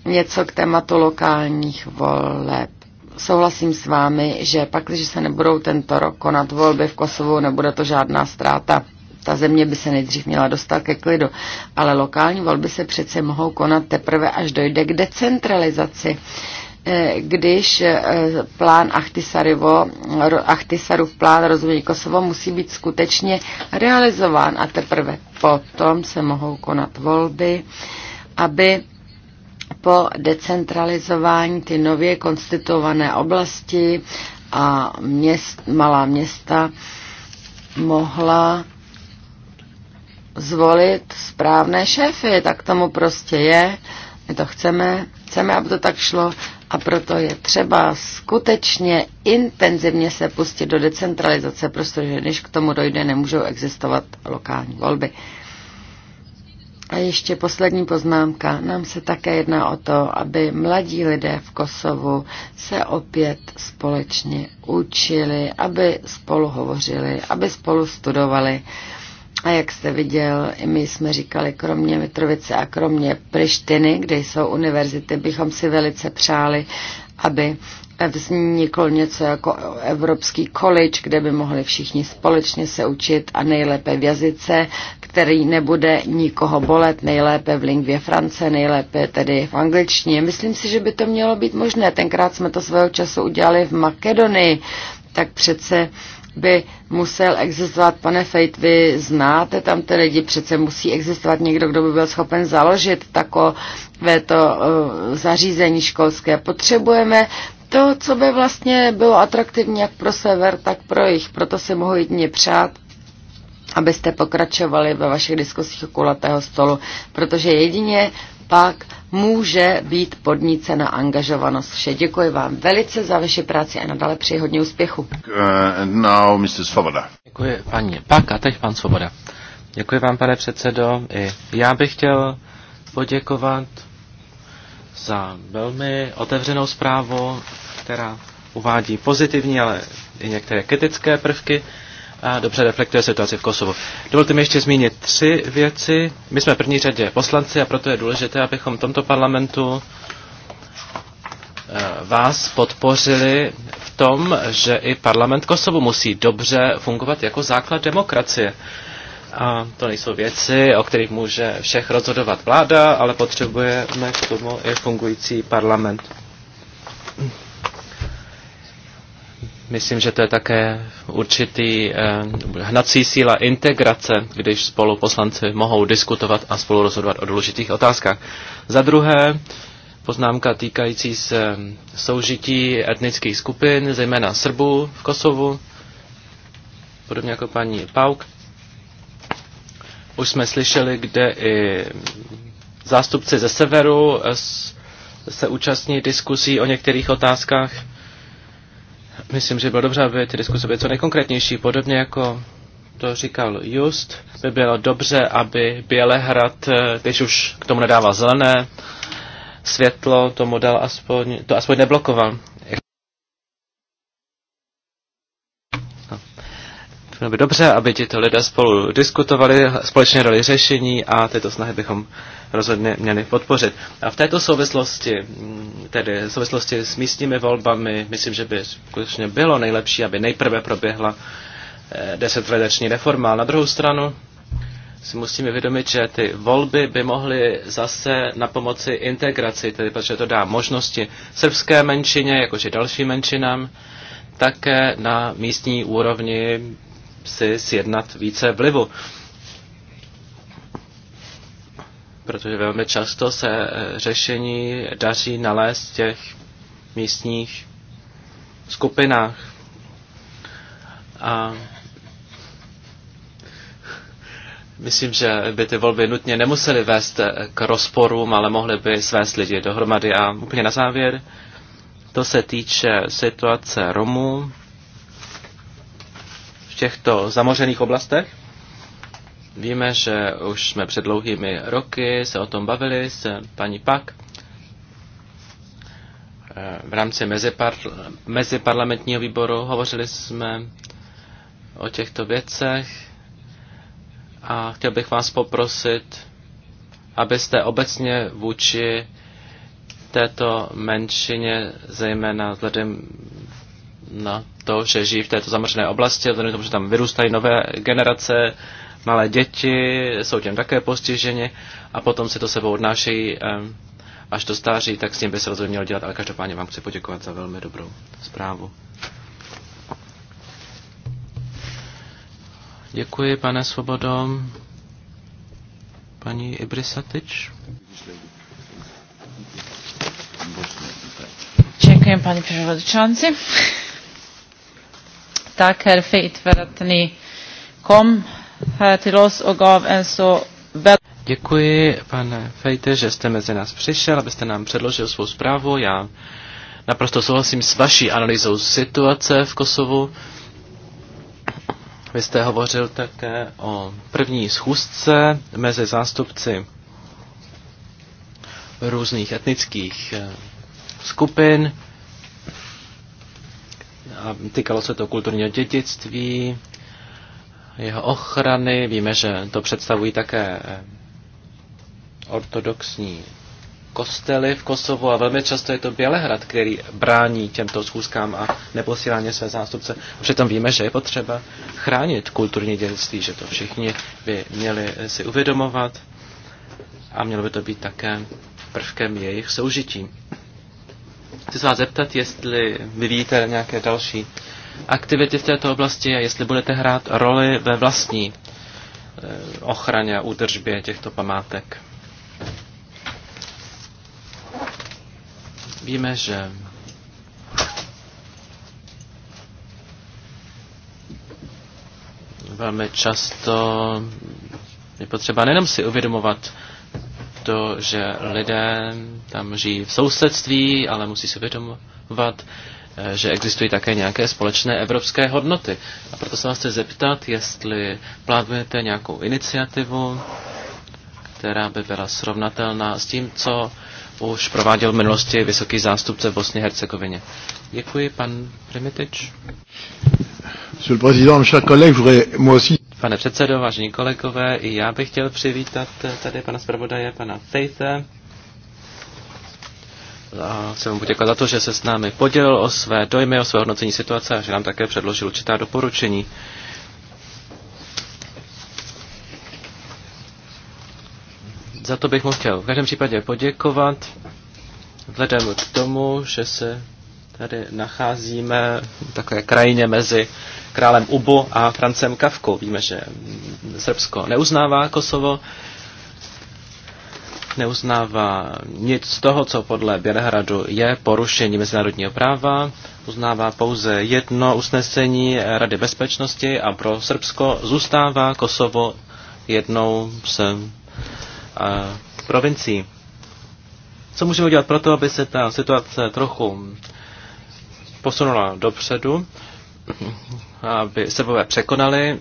A: něco k tématu lokálních voleb souhlasím s vámi, že pak, když se nebudou tento rok konat volby v Kosovu, nebude to žádná ztráta. Ta země by se nejdřív měla dostat ke klidu, ale lokální volby se přece mohou konat teprve, až dojde k decentralizaci eh, když eh, plán Achtisarivo, Achtisarův plán rozvoje Kosovo musí být skutečně realizován a teprve potom se mohou konat volby, aby po decentralizování ty nově konstituované oblasti a měst, malá města mohla zvolit správné šéfy. Tak tomu prostě je. My to chceme, chceme, aby to tak šlo a proto je třeba skutečně intenzivně se pustit do decentralizace, protože když k tomu dojde, nemůžou existovat lokální volby. A ještě poslední poznámka. Nám se také jedná o to, aby mladí lidé v Kosovu se opět společně učili, aby spolu hovořili, aby spolu studovali. A jak jste viděl, i my jsme říkali, kromě Mitrovice a kromě Prištiny, kde jsou univerzity, bychom si velice přáli, aby vzniklo něco jako Evropský college, kde by mohli všichni společně se učit a nejlépe v jazyce, který nebude nikoho bolet, nejlépe v lingvě France, nejlépe tedy v angličtině. Myslím si, že by to mělo být možné. Tenkrát jsme to svého času udělali v Makedonii, tak přece by musel existovat, pane Fejt, vy znáte tam ty lidi, přece musí existovat někdo, kdo by byl schopen založit takové to eh, zařízení školské. Potřebujeme to, co by vlastně bylo atraktivní jak pro sever, tak pro jich. Proto si mohu jedině přát, abyste pokračovali ve vašich diskusích o kulatého stolu, protože jedině pak může být podnícena angažovanost vše. Děkuji vám velice za vaši práci a nadále přeji hodně úspěchu. Uh,
C: now, Mr. Svoboda. Děkuji, paní. Pak a teď pan Svoboda. Děkuji vám, pane předsedo. I já bych chtěl poděkovat za velmi otevřenou zprávu která uvádí pozitivní, ale i některé kritické prvky a dobře reflektuje situaci v Kosovu. Dovolte mi ještě zmínit tři věci. My jsme v první řadě poslanci a proto je důležité, abychom v tomto parlamentu eh, vás podpořili v tom, že i parlament Kosovu musí dobře fungovat jako základ demokracie. A to nejsou věci, o kterých může všech rozhodovat vláda, ale potřebujeme k tomu i fungující parlament. Myslím, že to je také určitý eh, hnací síla integrace, když spolu poslanci mohou diskutovat a spolu rozhodovat o důležitých otázkách. Za druhé, poznámka týkající se soužití etnických skupin, zejména Srbů v Kosovu, podobně jako paní Pauk. Už jsme slyšeli, kde i zástupci ze severu eh, se účastní diskusí o některých otázkách Myslím, že bylo dobře, aby ty diskuse byly co nejkonkrétnější, podobně jako to říkal Just, by bylo dobře, aby Bělehrad, eh, když už k tomu nedával zelené světlo, tomu dal aspoň, to aspoň neblokoval. Bylo by dobře, aby tito lidé spolu diskutovali, společně dali řešení a tyto snahy bychom rozhodně měli podpořit. A v této souvislosti, mm, tedy v souvislosti s místními volbami, myslím, že by skutečně bylo nejlepší, aby nejprve proběhla eh, desetledeční reforma. A na druhou stranu si musíme vědomit, že ty volby by mohly zase na pomoci integraci, tedy protože to dá možnosti srbské menšině, jakože dalším menšinám, také na místní úrovni si sjednat více vlivu. Protože velmi často se eh, řešení daří nalézt v těch místních skupinách. A Myslím, že by ty volby nutně nemusely vést eh, k rozporům, ale mohly by svést lidi dohromady. A úplně na závěr, to se týče situace Romů v těchto zamořených oblastech. Víme, že už jsme před dlouhými roky se o tom bavili s paní Pak eh, v rámci meziparl- meziparlamentního výboru. Hovořili jsme o těchto věcech a chtěl bych vás poprosit, abyste obecně vůči této menšině, zejména vzhledem na to, že žijí v této zamřené oblasti, vzhledem tomu, že tam vyrůstají nové generace, malé děti, jsou těm také postiženi a potom si to sebou odnášejí až do stáří, tak s tím by se rozhodně mělo dělat, ale každopádně vám chci poděkovat za velmi dobrou zprávu. Děkuji, pane Svobodo. Paní Ibrisatič.
F: Děkuji, panie przewodniczący. Tack herr Fejt för att ni kom här till oss och gav en så
C: väl... Děkuji, pane Fejte, že jste mezi nás přišel, abyste nám předložil svou zprávu. Já naprosto souhlasím s vaší analýzou situace v Kosovu. Vy jste hovořil také o první schůzce mezi zástupci různých etnických eh, skupin a týkalo se to kulturního dědictví, jeho ochrany. Víme, že to představují také eh, ortodoxní kostely v Kosovu a velmi často je to Bělehrad, který brání těmto schůzkám a neposílání své zástupce. Přitom víme, že je potřeba chránit kulturní dědictví, že to všichni by měli eh, si uvědomovat a mělo by to být také prvkem jejich soužití. Chci se vás zeptat, jestli víte nějaké další aktivity v této oblasti a jestli budete hrát roli ve vlastní eh, ochraně a údržbě těchto památek. Víme, že velmi často je potřeba nejenom si uvědomovat to, že lidé tam žijí v sousedství, ale musí se vědomovat, eh, že existují také nějaké společné evropské hodnoty. A proto se vás chci zeptat, jestli plánujete nějakou iniciativu, která by byla srovnatelná s tím, co už prováděl v minulosti vysoký zástupce v Bosně Hercegovině. Děkuji, pan Primitič.
D: Monsieur le Président, chers collègues, je voudrais moi aussi
C: Pane předsedo, vážení kolegové, i já bych chtěl přivítat tady pana zpravodaje, pana Fejte. A chci mu poděkovat za to, že se s námi podělil o své dojmy, o své hodnocení situace a že nám také předložil určitá doporučení. Za to bych mu chtěl v každém případě poděkovat, vzhledem k tomu, že se tady nacházíme v takové krajině mezi králem Ubu a Francem Kavkou. Víme, že Srbsko neuznává Kosovo, neuznává nic z toho, co podle Bělehradu je porušení mezinárodního práva, uznává pouze jedno usnesení Rady bezpečnosti a pro Srbsko zůstává Kosovo jednou z uh, provincií. Co můžeme udělat to aby se ta situace trochu posunula dopředu, aby Srbové překonali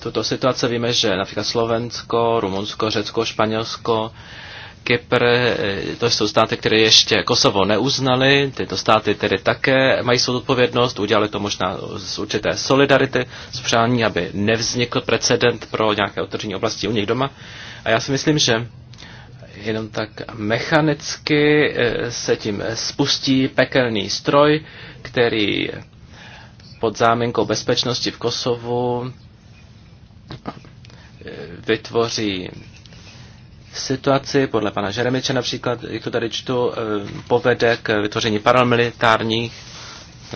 C: tuto situaci. Víme, že například Slovensko, Rumunsko, Řecko, Španělsko, Kypr, to jsou státy, které ještě Kosovo neuznali, tyto státy tedy také mají svou odpovědnost, udělali to možná z určité solidarity, z přání, aby nevznikl precedent pro nějaké otevření oblasti u nich doma. A já si myslím, že jenom tak mechanicky eh, se tím spustí pekelný stroj, který pod záminkou bezpečnosti v Kosovu eh, vytvoří situaci, podle pana Žeremiče například, jak to tady čtu, eh, povede k vytvoření paramilitárních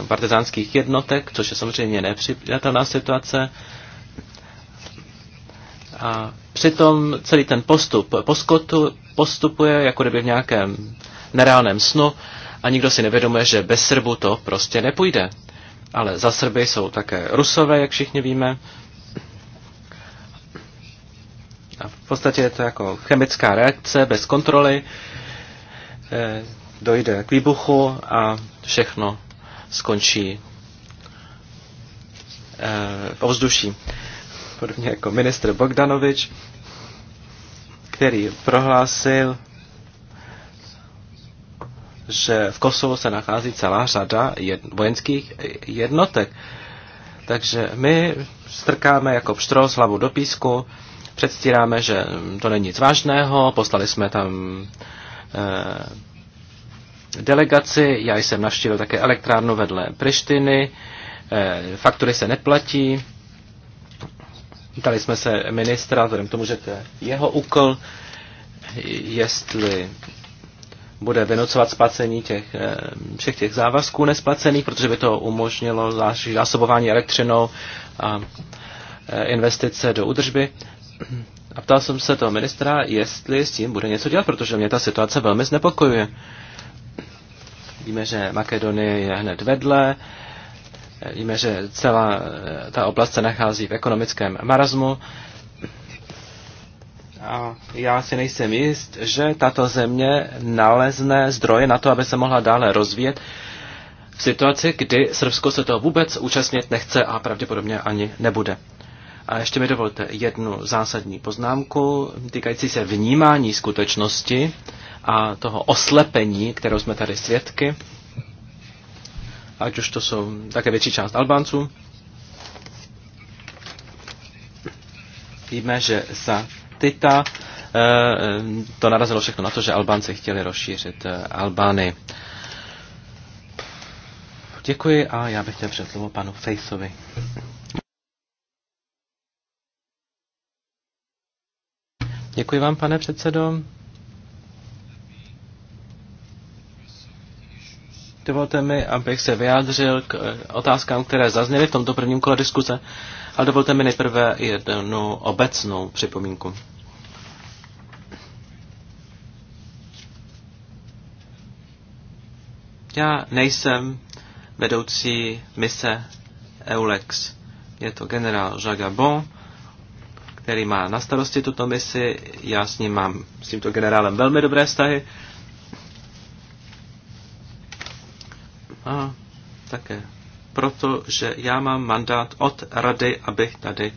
C: partizánských jednotek, což je samozřejmě nepřijatelná situace. A přitom celý ten postup poskotu, postupuje, jako kdyby v nějakém nereálném snu a nikdo si nevědomuje, že bez Srbu to prostě nepůjde. Ale za Srby jsou také Rusové, jak všichni víme. A v podstatě je to jako chemická reakce bez kontroly. E, dojde k výbuchu a všechno skončí e, eh, v ovzduší. E, podobně jako ministr Bogdanovič, který prohlásil, že v Kosovu se nachází celá řada jed, vojenských jednotek. Takže my strkáme jako z hlavu do písku, předstíráme, že to není nic vážného, poslali jsme tam eh, delegaci, já jsem navštívil také elektrárnu vedle Prištiny, eh, faktury se neplatí, Ptali jsme se ministra, vzhledem k tomu, že to je jeho úkol, jestli bude vynocovat splacení těch, eh, všech těch závazků nesplacených, protože by to umožnilo zásobování elektřinou a eh, investice do údržby. A ptal jsem se toho ministra, jestli s tím bude něco dělat, protože mě ta situace velmi znepokojuje. Víme, že Makedonie je hned vedle, Víme, že celá eh, ta oblast se nachází v ekonomickém marazmu. A já si nejsem jist, že tato země nalezne zdroje na to, aby se mohla dále rozvíjet v situaci, kdy Srbsko se toho vůbec účastnit nechce a pravděpodobně ani nebude. A ještě mi dovolte jednu zásadní poznámku týkající se vnímání skutečnosti a toho oslepení, kterou jsme tady svědky ať už to jsou také větší část Albánců. Víme, že za Tita eh, to narazilo všechno na to, že Albánci chtěli rozšířit eh, Albány. Děkuji a já bych chtěl před slovo panu Fejsovi. Děkuji vám, pane předsedo. Dovolte mi, abych se vyjádřil k eh, otázkám, které zazněly v tomto prvním kole diskuze, ale dovolte mi nejprve jednu obecnou připomínku. Já nejsem vedoucí mise EULEX. Je to generál Jagabon, který má na starosti tuto misi. Já s ním mám, s tímto generálem velmi dobré vztahy a také proto, že já mám mandát od rady, abych tady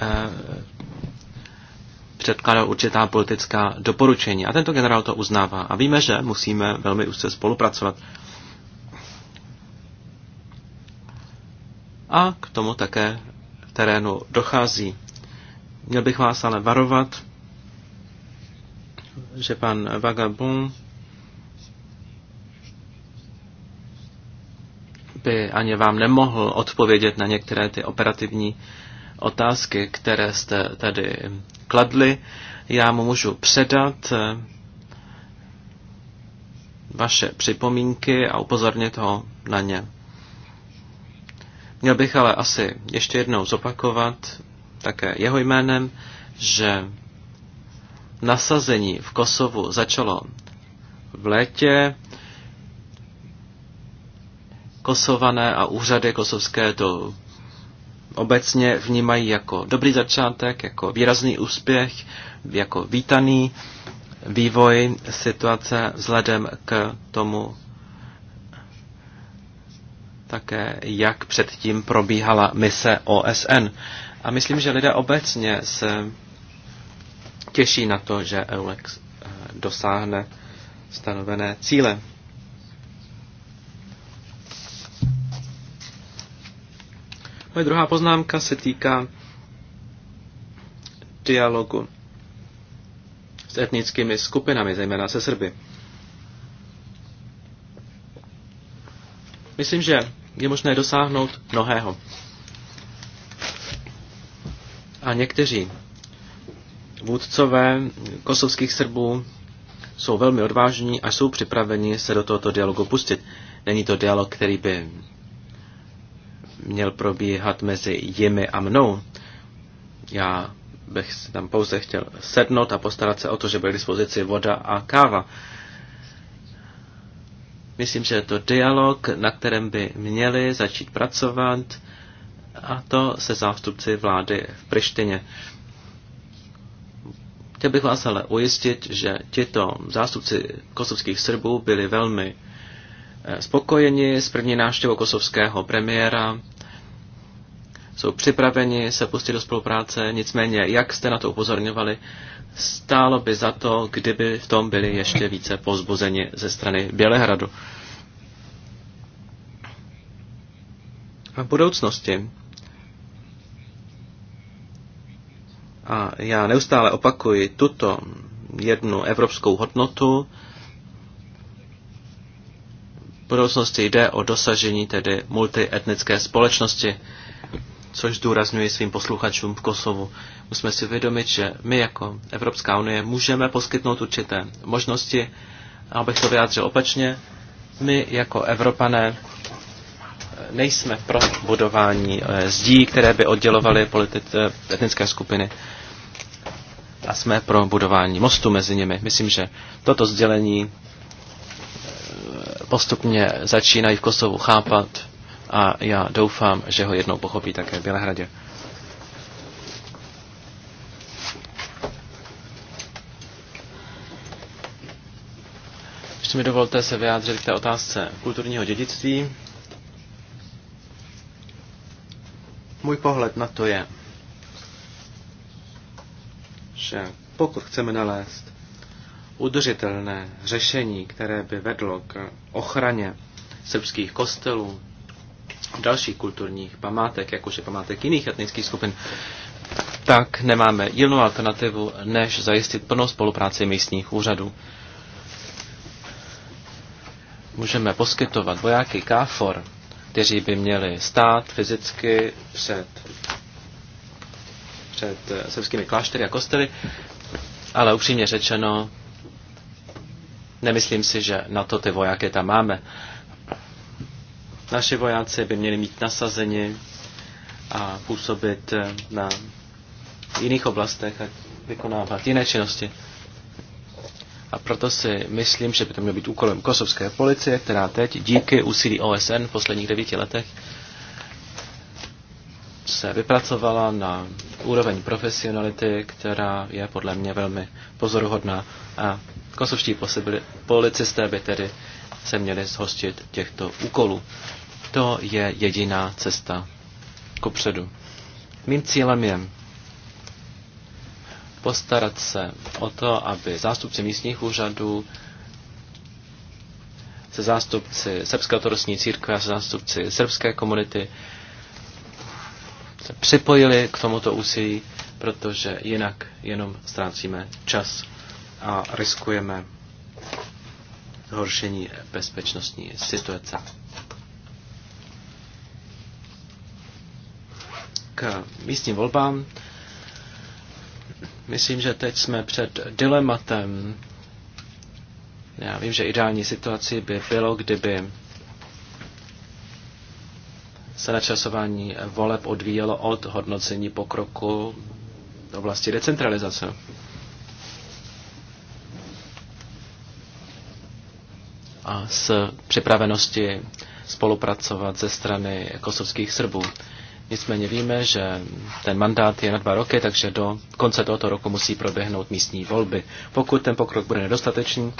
C: eh, předkládal určitá politická doporučení. A tento generál to uznává. A víme, že musíme velmi úzce spolupracovat. A k tomu také v terénu dochází. Měl bych vás ale varovat, že pan Vagabond by ani vám nemohl odpovědět na některé ty operativní otázky, které jste tady kladli. Já mu můžu předat eh, vaše připomínky a upozornit ho na ně. Měl bych ale asi ještě jednou zopakovat také jeho jménem, že nasazení v Kosovu začalo v létě Kosované a úřady kosovské to obecně vnímají jako dobrý začátek, jako výrazný úspěch, jako vítaný vývoj situace vzhledem k tomu také, jak předtím probíhala mise OSN. A myslím, že lidé obecně se těší na to, že EULEX eh, dosáhne stanovené cíle. Moje druhá poznámka se týká dialogu s etnickými skupinami, zejména se Srby. Myslím, že je možné dosáhnout mnohého. A někteří vůdcové kosovských Srbů jsou velmi odvážní a jsou připraveni se do tohoto dialogu pustit. Není to dialog, který by měl probíhat mezi jimi a mnou. Já bych se tam pouze chtěl sednout a postarat se o to, že byly k dispozici voda a káva. Myslím, že je to dialog, na kterém by měli začít pracovat, a to se zástupci vlády v Prištině. Chtěl bych vás ale ujistit, že tito zástupci kosovských Srbů byli velmi eh, spokojeni s první návštěvou kosovského premiéra jsou připraveni se pustit do spolupráce, nicméně, jak jste na to upozorňovali, stálo by za to, kdyby v tom byli ještě více pozbuzeni ze strany Bělehradu. A v budoucnosti. A já neustále opakuji tuto jednu evropskou hodnotu. V budoucnosti jde o dosažení tedy multietnické společnosti což důrazňuji svým posluchačům v Kosovu. Musíme si vědomit, že my jako Evropská unie můžeme poskytnout určité možnosti, abych to vyjádřil opačně, my jako Evropané nejsme pro budování eh, zdí, které by oddělovaly politi- eh, etnické skupiny a jsme pro budování mostu mezi nimi. Myslím, že toto sdělení eh, postupně začínají v Kosovu chápat a já doufám, že ho jednou pochopí také v Bělehradě. Ještě mi dovolte se vyjádřit k té otázce kulturního dědictví. Můj pohled na to je, že pokud chceme nalézt udržitelné řešení, které by vedlo k ochraně srbských kostelů, dalších kulturních památek, jakože památek jiných etnických skupin, tak nemáme jinou alternativu, než zajistit plnou spolupráci místních úřadů. Můžeme poskytovat vojáky KFOR, kteří by měli stát fyzicky před, před eh, srbskými kláštery a kostely, ale upřímně řečeno, nemyslím si, že na to ty vojáky tam máme naše vojáci by měli mít nasazeně a působit eh, na jiných oblastech a vykonávat jiné činnosti. A proto si myslím, že by to mělo být úkolem kosovské policie, která teď díky úsilí OSN v posledních devíti letech se vypracovala na úroveň profesionality, která je podle mě velmi pozoruhodná. A kosovští policisté by tedy se měli zhostit těchto úkolů. To je jediná cesta kopředu. Mým cílem je postarat se o to, aby zástupci místních úřadů se zástupci Srbské autorostní církve a se zástupci srbské komunity se připojili k tomuto úsilí, protože jinak jenom ztrácíme čas a riskujeme zhoršení bezpečnostní situace k místním volbám. Myslím, že teď jsme před dilematem. Já vím, že ideální situaci by bylo, kdyby se načasování voleb odvíjelo od hodnocení pokroku v oblasti decentralizace. A s připravenosti spolupracovat ze strany kosovských Srbů. Nicméně víme, že ten mandát je na dva roky, takže do konce tohoto roku musí proběhnout místní volby. Pokud ten pokrok bude nedostatečný,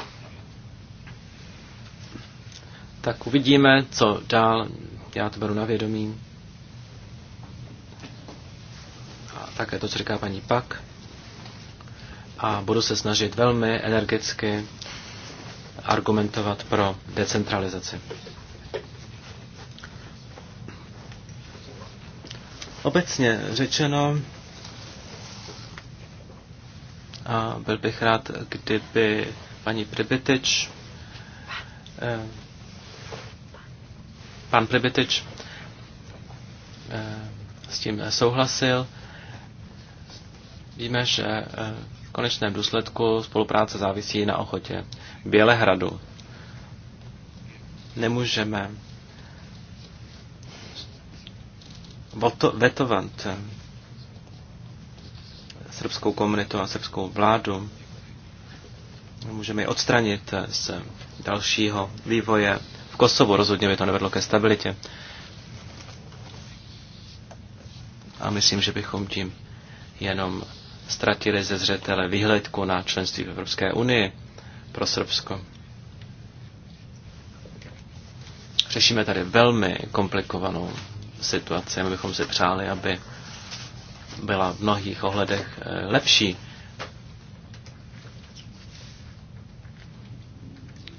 C: tak uvidíme, co dál. Já to beru na vědomí. A také to, co říká paní Pak. A budu se snažit velmi energicky argumentovat pro decentralizaci. Obecně řečeno, a byl bych rád, kdyby paní Pribitič, eh, pan Pribitič eh, s tím souhlasil. Víme, že eh, v konečném důsledku spolupráce závisí na ochotě Bělehradu. Nemůžeme vetovat srbskou komunitu a srbskou vládu. Můžeme ji odstranit z dalšího vývoje v Kosovu. Rozhodně by to nevedlo ke stabilitě. A myslím, že bychom tím jenom ztratili ze zřetele výhledku na členství v Evropské unii pro Srbsko. Řešíme tady velmi komplikovanou situaci. My bychom si přáli, aby byla v mnohých ohledech eh, lepší.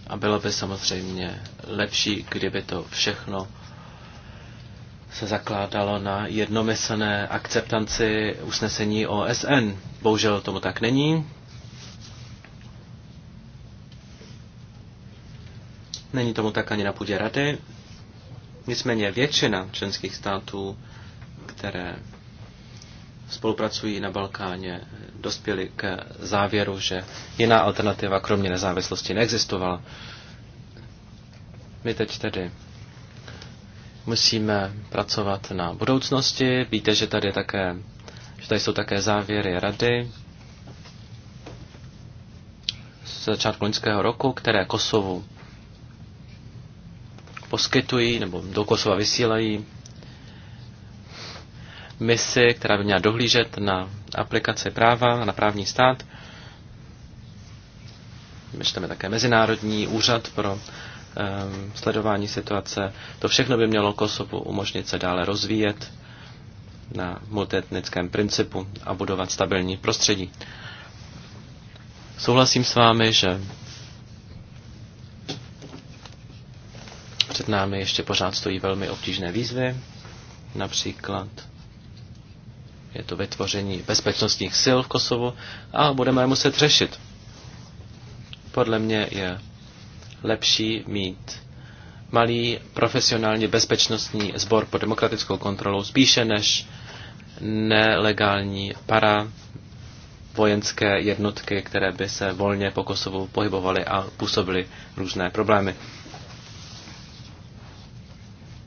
C: A bylo by samozřejmě lepší, kdyby to všechno se zakládalo na jednomyslné akceptanci usnesení OSN. Bohužel tomu tak není. Není tomu tak ani na půdě rady. Nicméně většina členských států, které spolupracují na Balkáně, dospěly k závěru, že jiná alternativa kromě nezávislosti neexistovala. My teď tedy musíme pracovat na budoucnosti. Víte, že tady, také, že tady jsou také závěry rady z začátku loňského roku, které Kosovu poskytují nebo do Kosova vysílají misi, která by měla dohlížet na aplikace práva a na právní stát. My také Mezinárodní úřad pro um, sledování situace. To všechno by mělo Kosovu umožnit se dále rozvíjet na multietnickém principu a budovat stabilní prostředí. Souhlasím s vámi, že Před námi ještě pořád stojí velmi obtížné výzvy, například je to vytvoření bezpečnostních sil v Kosovu a budeme je muset řešit. Podle mě je lepší mít malý profesionálně bezpečnostní sbor pod demokratickou kontrolou spíše než nelegální para vojenské jednotky, které by se volně po Kosovu pohybovaly a působily různé problémy.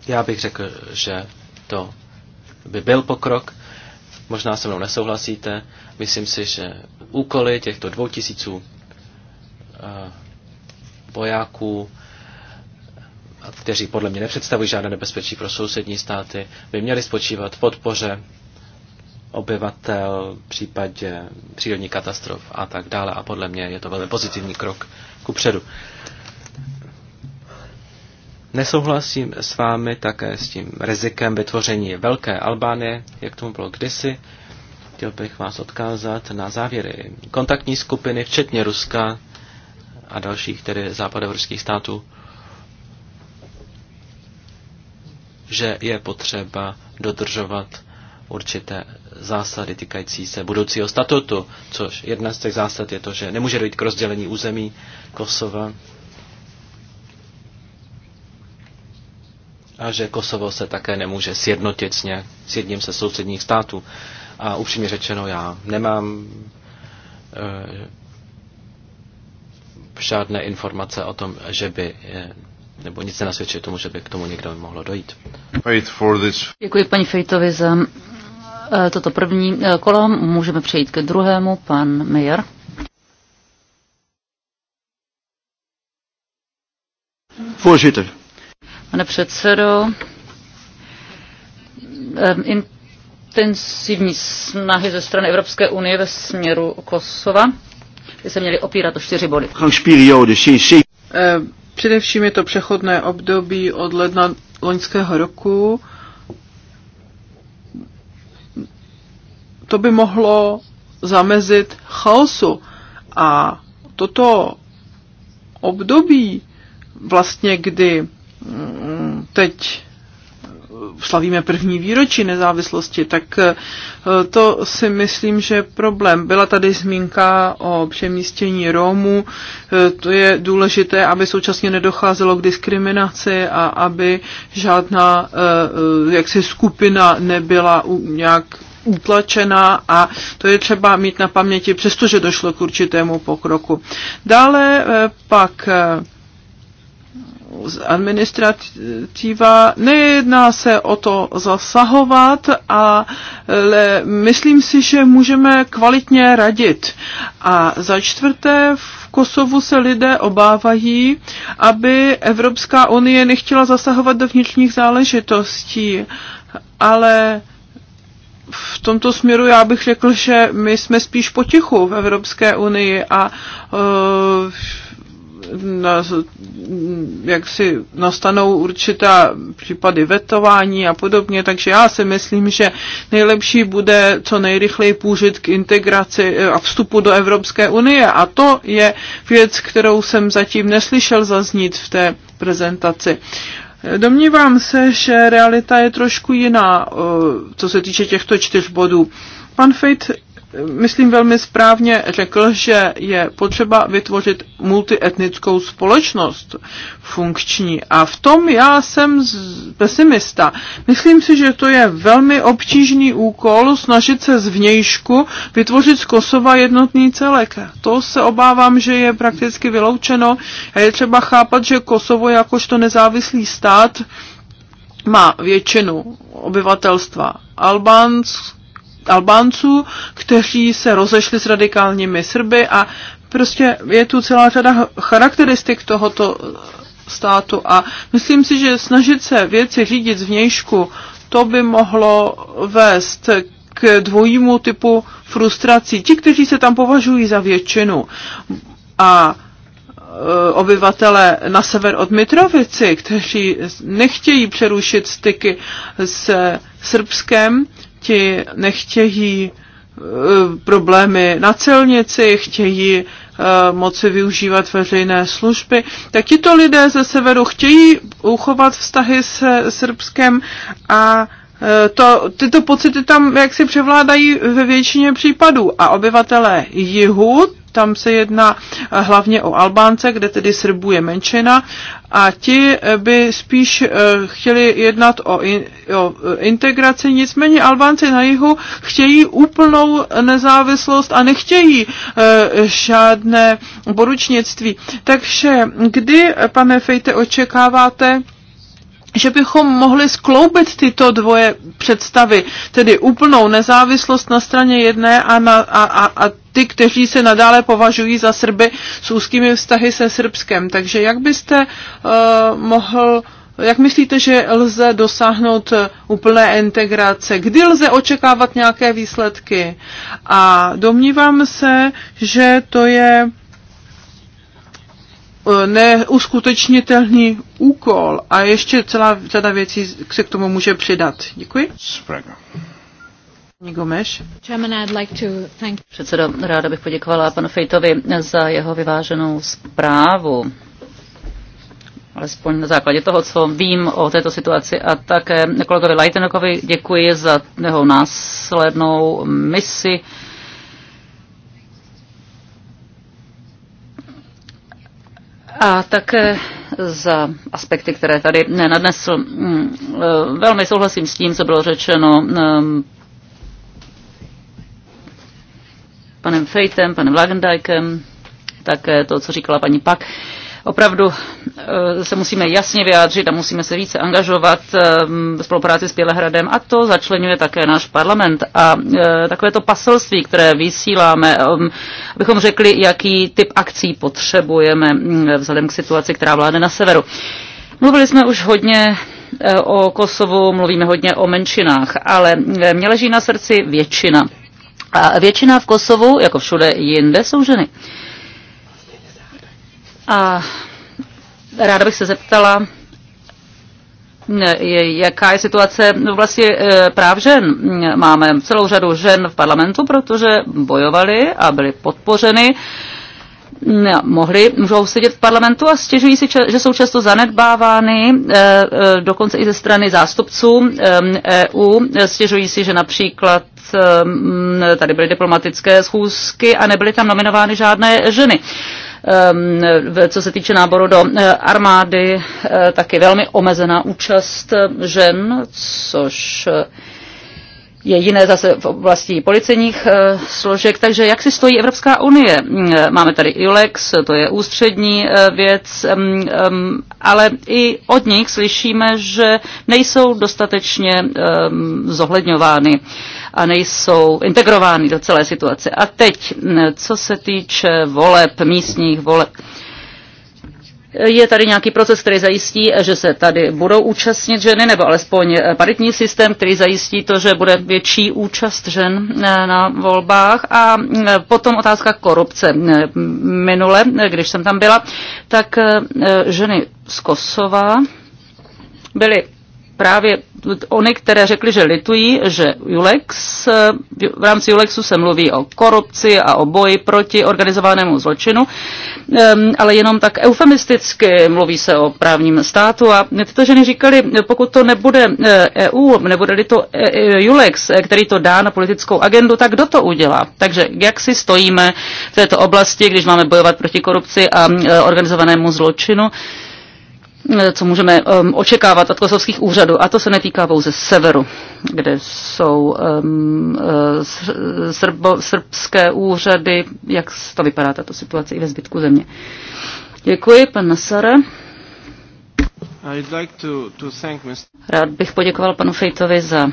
C: Já bych řekl, že to by byl pokrok. Možná se mnou nesouhlasíte. Myslím si, že úkoly těchto dvou tisíců eh, vojáků, kteří podle mě nepředstavují žádné nebezpečí pro sousední státy, by měly spočívat v podpoře obyvatel v případě přírodní katastrof a tak dále. A podle mě je to velmi pozitivní krok ku předu. Nesouhlasím s vámi také s tím rizikem vytvoření Velké Albánie, jak tomu bylo kdysi. Chtěl bych vás odkázat na závěry kontaktní skupiny, včetně Ruska a dalších tedy západoevropských států, že je potřeba dodržovat určité zásady týkající se budoucího statutu, což jedna z těch zásad je to, že nemůže dojít k rozdělení území Kosova a že Kosovo se také nemůže sjednotit s, nějak, s jedním ze sousedních států. A upřímně řečeno, já nemám e, žádné informace o tom, že by, e, nebo nic nenasvědčuje tomu, že by k tomu někdo mohlo dojít.
F: Děkuji paní Fejtovi za e, toto první kolo. Můžeme přejít ke druhému, pan Mejer. Voorzitter, Pane předsedo, intenzivní snahy ze strany Evropské unie ve směru Kosova by se měly opírat o čtyři body. Eh, především je to přechodné období od ledna loňského
E: roku. To by mohlo zamezit chaosu. A toto období, vlastně kdy mm, teď slavíme první výročí nezávislosti, tak eh, to si myslím, že je problém. Byla tady zmínka o přemístění Rómů, eh, to je důležité, aby současně nedocházelo k diskriminaci a aby žádná eh, jaksi skupina nebyla nějak utlačená a to je třeba mít na paměti, přestože došlo k určitému pokroku. Dále pak administrativa. Nejedná se o to zasahovat, ale myslím si, že můžeme kvalitně radit. A za čtvrté, v Kosovu se lidé obávají, aby Evropská unie nechtěla zasahovat do vnitřních záležitostí, ale v tomto směru já bych řekl, že my jsme spíš potichu v Evropské unii a uh, na, jak si nastanou určitá případy vetování a podobně, takže já si myslím, že nejlepší bude co nejrychleji půžit k integraci eh, a vstupu do Evropské unie a to je věc, kterou jsem zatím neslyšel zaznít v té prezentaci. Domnívám se, že realita je trošku jiná, eh, co se týče těchto čtyř bodů. Pan Fejt myslím, velmi správně řekl, že je potřeba vytvořit multietnickou společnost funkční. A v tom já jsem pesimista. Myslím si, že to je velmi obtížný úkol snažit se zvnějšku vytvořit z Kosova jednotný celek. To se obávám, že je prakticky vyloučeno a je třeba chápat, že Kosovo jakožto nezávislý stát má většinu obyvatelstva Albánsk, Albánců, kteří se rozešli s radikálními Srby a prostě je tu celá řada charakteristik tohoto státu a myslím si, že snažit se věci řídit zvnějšku, to by mohlo vést k dvojímu typu frustrací. Ti, kteří se tam považují za většinu a e, obyvatele na sever od Mitrovici, kteří nechtějí přerušit styky s Srbskem, ti nechtějí e, problémy na celnici, chtějí e, moci využívat veřejné služby. Tak tito lidé ze severu chtějí uchovat vztahy s Srbskem a e, to, tyto pocity tam jaksi převládají ve většině případů a obyvatelé jihu tam se jedná eh, hlavně o Albánce, kde tedy Srbů je menšina, a ti eh, by spíš eh, chtěli jednat o, in, o integraci, nicméně Albánci na jihu chtějí úplnou nezávislost a nechtějí žádné boručnictví. Takže kdy, pane Fejte, očekáváte, že bychom mohli skloubit tyto dvoje představy, tedy úplnou nezávislost na straně jedné a, na, a, a, a ty, kteří se nadále považují za Srby s úzkými vztahy se Srbskem. Takže jak byste uh, mohl, jak myslíte, že lze dosáhnout úplné integrace? Kdy lze očekávat nějaké výsledky? A domnívám se, že to je E, neuskutečnitelný úkol a ještě celá řada věcí se k tomu může přidat. Děkuji. Spraga.
F: Předsedo, ráda bych poděkovala panu Fejtovi za jeho vyváženou zprávu alespoň na základě toho, co vím o této situaci. A také kolegovi Lajtenokovi děkuji za jeho následnou misi a také za aspekty, které tady nadnesl. Mm, eh, velmi souhlasím s tím, co bylo řečeno ehm, panem Fejtem, panem Lagendijkem, také to, co říkala paní Pak. Opravdu eh, se musíme jasně vyjádřit a musíme se více angažovat eh, v spolupráci s Bělehradem a to začlenuje také náš parlament. A eh, takové to paselství, které vysíláme, abychom řekli, jaký typ akcí potřebujeme mm, vzhledem k situaci, která vládne na severu. Mluvili jsme už hodně o Kosovu, mluvíme hodně o menšinách, ale mě leží na srdci většina. A většina v Kosovu, jako všude jinde, jsou ženy. Uh, a ráda bych se zeptala, jaká je situace no vlastně e, práv žen. Máme celou řadu žen v parlamentu, protože bojovali a byly podpořeny mohli, můžou sedět v parlamentu a stěžují si, že jsou často zanedbávány, e, e, dokonce i ze strany zástupců EU. Stěžují si, že například tady byly diplomatické schůzky a nebyly tam nominovány žádné ženy. Ehm, co se týče náboru do eh, armády, eh, taky velmi omezená účast žen, což eh, je jiné zase v oblasti policejních složek. Takže jak si stojí Evropská unie? Mm, máme tady ILEX, to je ústřední věc, mm, mm, ale i od nich slyšíme, že nejsou dostatečně ehm, zohledňovány a nejsou integrovány do celé situace. A teď, co se týče voleb, místních voleb. Je tady nějaký proces, který zajistí, že se tady budou účastnit ženy, nebo alespoň paritní systém, který zajistí to, že bude větší účast žen e, na volbách. A e, potom otázka korupce. E, minule, když jsem tam byla, tak ženy z Kosova byly právě ony, které řekly, že litují, že Julex, v rámci Julexu se mluví o korupci a o boji proti organizovanému zločinu, ale jenom tak eufemisticky mluví se o právním státu a tyto ženy říkali, pokud to nebude EU, e nebude-li to e, e, Julex, který to dá na politickou agendu, tak kdo to udělá? Takže jak si stojíme v této oblasti, když máme bojovat proti korupci a organizovanému zločinu? co můžeme um, očekávat od kosovských úřadů. A to se netýká pouze severu, kde jsou um, eh, srbo, srbské úřady. Jak to vypadá tato situace i ve zbytku země? Děkuji, pan Nasara. Rád bych poděkoval panu Fejtovi za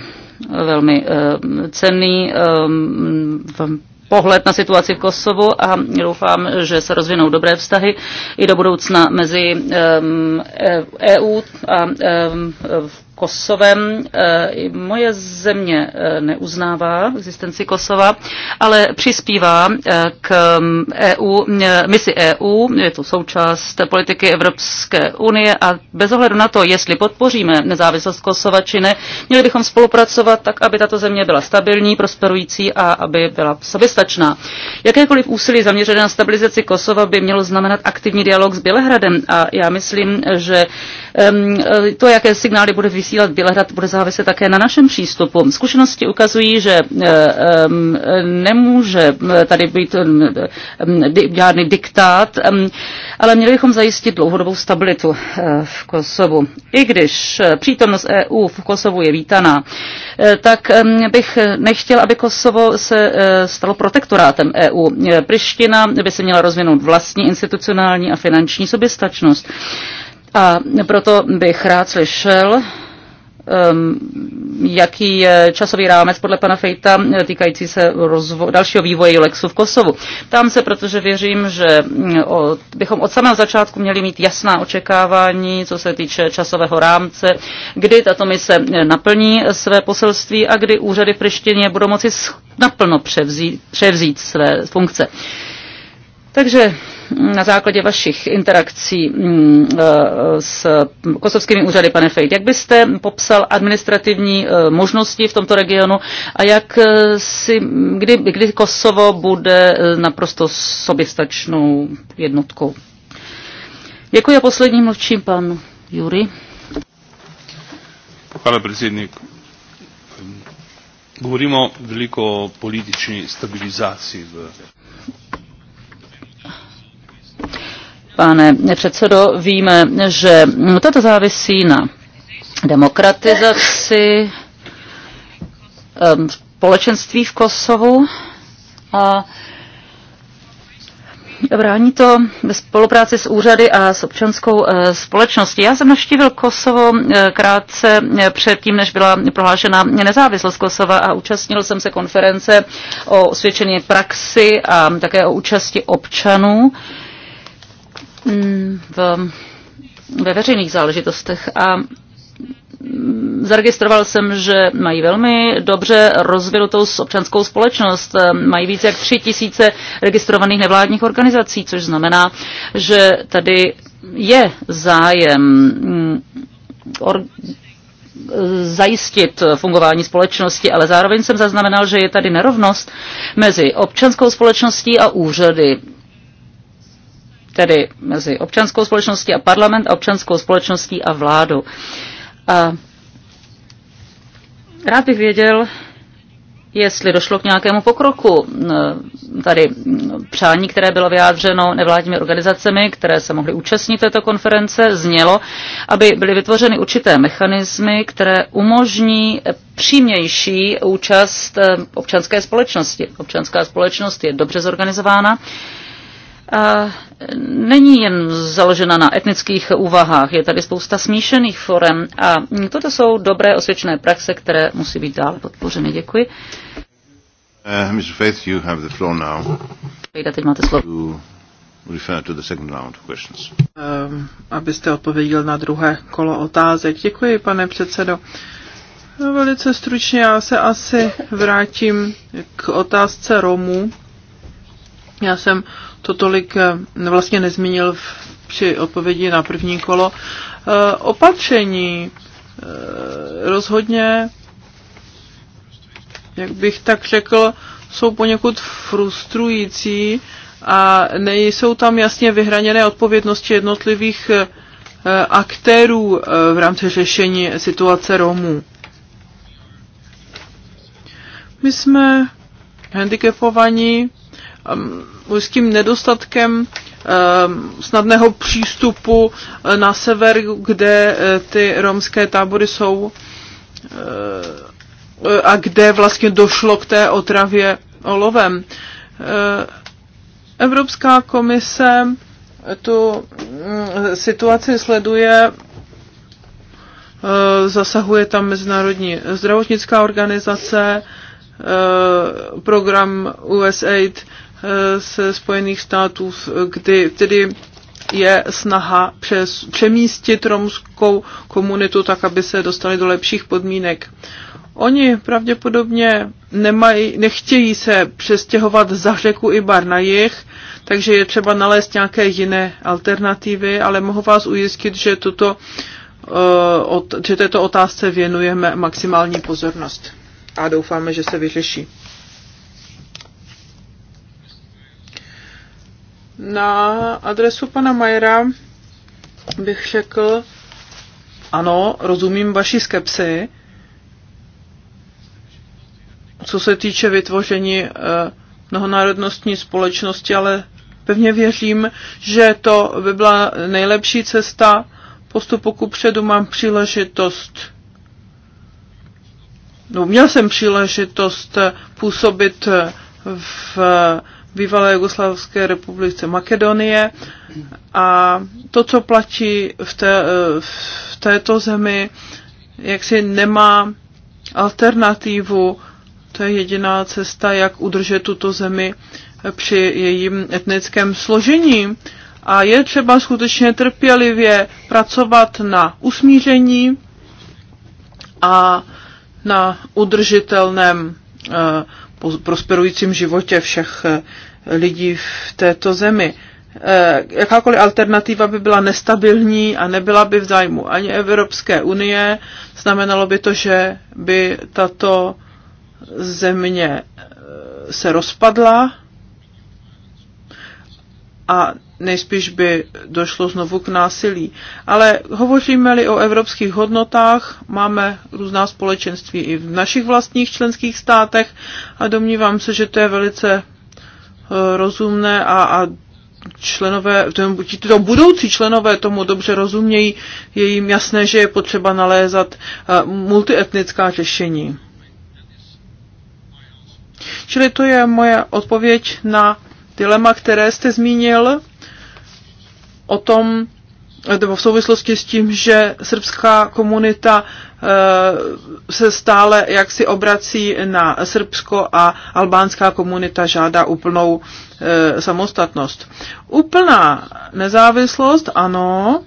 F: velmi eh, cenný eh, pohled na situaci v Kosovu a doufám, že se rozvinou dobré vztahy i do budoucna mezi EU e a Kosovem. Eh, moje země eh, neuznává existenci Kosova, ale přispívá eh, k mm, EU, misi EU, je to součást politiky Evropské unie a bez ohledu na to, jestli podpoříme nezávislost Kosova či ne, měli bychom spolupracovat tak, aby tato země byla stabilní, prosperující a aby byla soběstačná. Jakékoliv úsilí zaměřené na stabilizaci Kosova by mělo znamenat aktivní dialog s Bělehradem a já myslím, že to, jaké signály bude vys- vysílat Bělehrad bude záviset také na našem přístupu. Zkušenosti ukazují, že eh, nemůže eh, tady být žádný diktát, ale měli bychom zajistit dlouhodobou stabilitu eh, v Kosovu. I když přítomnost EU v Kosovu je vítaná, tak bych nechtěl, aby Kosovo se stalo protektorátem EU. Priština by se měla rozvinout vlastní institucionální a finanční soběstačnost. A proto bych rád slyšel Ehm, jaký je časový rámec podle pana Fejta eh, týkající se rozvo- dalšího vývoje Lexu v Kosovu. Tam se, protože věřím, že mm, od, bychom od samého začátku měli mít jasná očekávání, co se týče časového rámce, kdy tato mise eh, naplní své poselství a kdy úřady v Prištině budou moci naplno převzít, převzít své funkce. Takže na základě vašich interakcí mm, e, s kosovskými úřady, pane Fejt, jak byste popsal administrativní e, možnosti v tomto regionu a jak e, si, kdy, kdy Kosovo bude naprosto soběstačnou jednotkou? Děkuji a poslední mluvčím pan Jury.
E: Pane predsednik. Govorimo veliko o politični
D: stabilizaciji
B: v
F: Pane předsedo, víme, že toto závisí na demokratizaci společenství v Kosovu a Brání to ve spolupráci s úřady a s občanskou eh, společností. Já jsem navštívil Kosovo eh, krátce eh, předtím, než byla prohlášena nezávislost Kosova a účastnil jsem se konference o osvědčení praxi a také o účasti občanů. Mm, v, ve veřejných záležitostech a zaregistroval jsem, že mají velmi dobře rozvinutou občanskou společnost. Mají více jak tři tisíce registrovaných nevládních organizací, což znamená, že tady je zájem mm, zajistit fungování společnosti, ale zároveň jsem zaznamenal, že je tady nerovnost mezi občanskou společností a úřady tedy mezi občanskou společností a parlament občanskou společností a vládu. A rád bych věděl, jestli došlo k nějakému pokroku tady přání, které bylo vyjádřeno nevládními organizacemi, které se mohly účastnit této konference, znělo, aby byly vytvořeny určité mechanismy, které umožní přímější účast e, občanské společnosti. Občanská společnost je dobře zorganizována není jen založena na etnických úvahách, je tady spousta smíšených forem a toto jsou dobré osvědčené praxe, které musí být dále podpořeny. Děkuji.
B: Uh, Mr. Faith, you
D: have the floor now. slovo. To um,
E: abyste odpověděl na druhé kolo otázek. Děkuji, pane předsedo. No, velice stručně já se asi vrátím k otázce Romů. Já jsem to tolik eh, vlastně nezmínil v, při odpovědi na první kolo. Eh, opatření eh, rozhodně, jak bych tak řekl, jsou poněkud frustrující a nejsou tam jasně vyhraněné odpovědnosti jednotlivých aktérů v rámci řešení situace Romů. My jsme handicapovaní Um, s tím nedostatkem um, snadného přístupu uh, na sever, kde uh, ty romské tábory jsou uh, a kde vlastně došlo k té otravě olovem. Evropská komise tu mm, situaci sleduje, zasahuje tam Mezinárodní zdravotnická organizace, program USAID ze eh, Spojených států, kdy tedy je snaha přes, přemístit romskou komunitu tak, aby se dostali do lepších podmínek. Oni pravděpodobně nemají, nechtějí se přestěhovat za řeku Ibar na jich, takže je třeba nalézt nějaké jiné alternativy, ale mohu vás ujistit, že, tuto, eh, že této otázce věnujeme maximální pozornost a doufáme, že se vyřeší. Na adresu pana Majera bych řekl, ano, rozumím vaší skepsy, co se týče vytvoření eh, mnohonárodnostní společnosti, ale pevně věřím, že to by byla nejlepší cesta postupu ku předu. Mám příležitost, no měl jsem příležitost působit v bývalé Jugoslavské republice Makedonie a to, co platí v, té, v této zemi, jaksi nemá alternativu, to je jediná cesta, jak udržet tuto zemi při jejím etnickém složení. A je třeba skutečně trpělivě pracovat na usmíření a na udržitelném eh, prosperujícím životě všech eh, lidí v této zemi. Eh, jakákoliv alternativa by byla nestabilní a nebyla by v zájmu ani Evropské unie. Znamenalo by to, že by tato země eh, se rozpadla a nejspíš by došlo znovu k násilí. Ale hovoříme-li o evropských hodnotách, máme různá společenství i v našich vlastních členských státech a domnívám se, že to je velice Eh, rozumné a, a členové, to budoucí členové tomu dobře rozumějí, je jim jasné, že je potřeba nalézat eh, multietnická řešení. Čili to je moje odpověď na dilema, které jste zmínil o tom, nebo v souvislosti s tím, že srbská komunita Eh, se stále jaksi obrací na Srbsko a albánská komunita žádá úplnou eh, samostatnost. Úplná nezávislost, ano,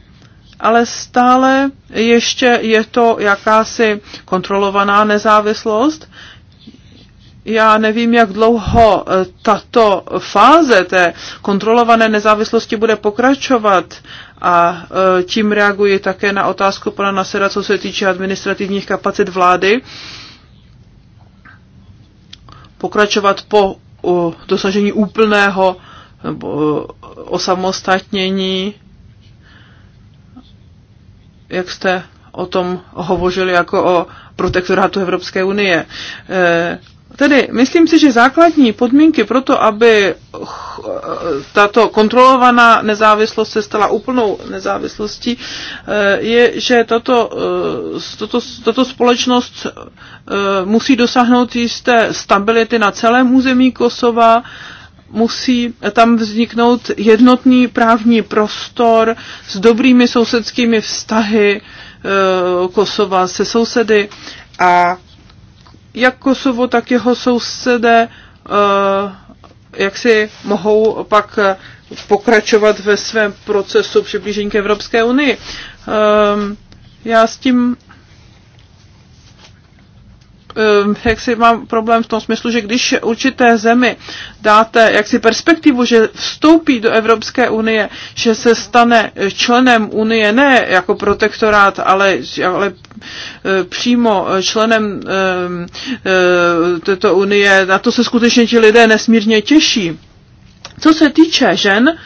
E: ale stále ještě je to jakási kontrolovaná nezávislost. Já nevím, jak dlouho eh, tato fáze té kontrolované nezávislosti bude pokračovat, a e, tím reaguji také na otázku pana Nasera, co se týče administrativních kapacit vlády. Pokračovat po dosažení úplného nebo e, osamostatnění, jak jste o tom hovořili jako o protektorátu Evropské unie. E, Tedy myslím si, že základní podmínky pro to, aby tato kontrolovaná nezávislost se stala úplnou nezávislostí, eh, je, že tato, eh, tato, tato společnost eh, musí dosáhnout jisté stability na celém území Kosova, musí tam vzniknout jednotný právní prostor s dobrými sousedskými vztahy Kosova se sousedy a jak Kosovo, tak jeho sousedé eh, jak si mohou pak eh, pokračovat ve svém procesu přiblížení k Evropské unii. Ehm, já s tím ehm, jak si mám problém v tom smyslu, že když určité zemi dáte jak si perspektivu, že vstoupí do Evropské unie, že se stane členem unie ne jako protektorát, ale, ale Eh, přímo eh, členem eh, této unie, na to se skutečně ti lidé nesmírně těší. Co se týče žen,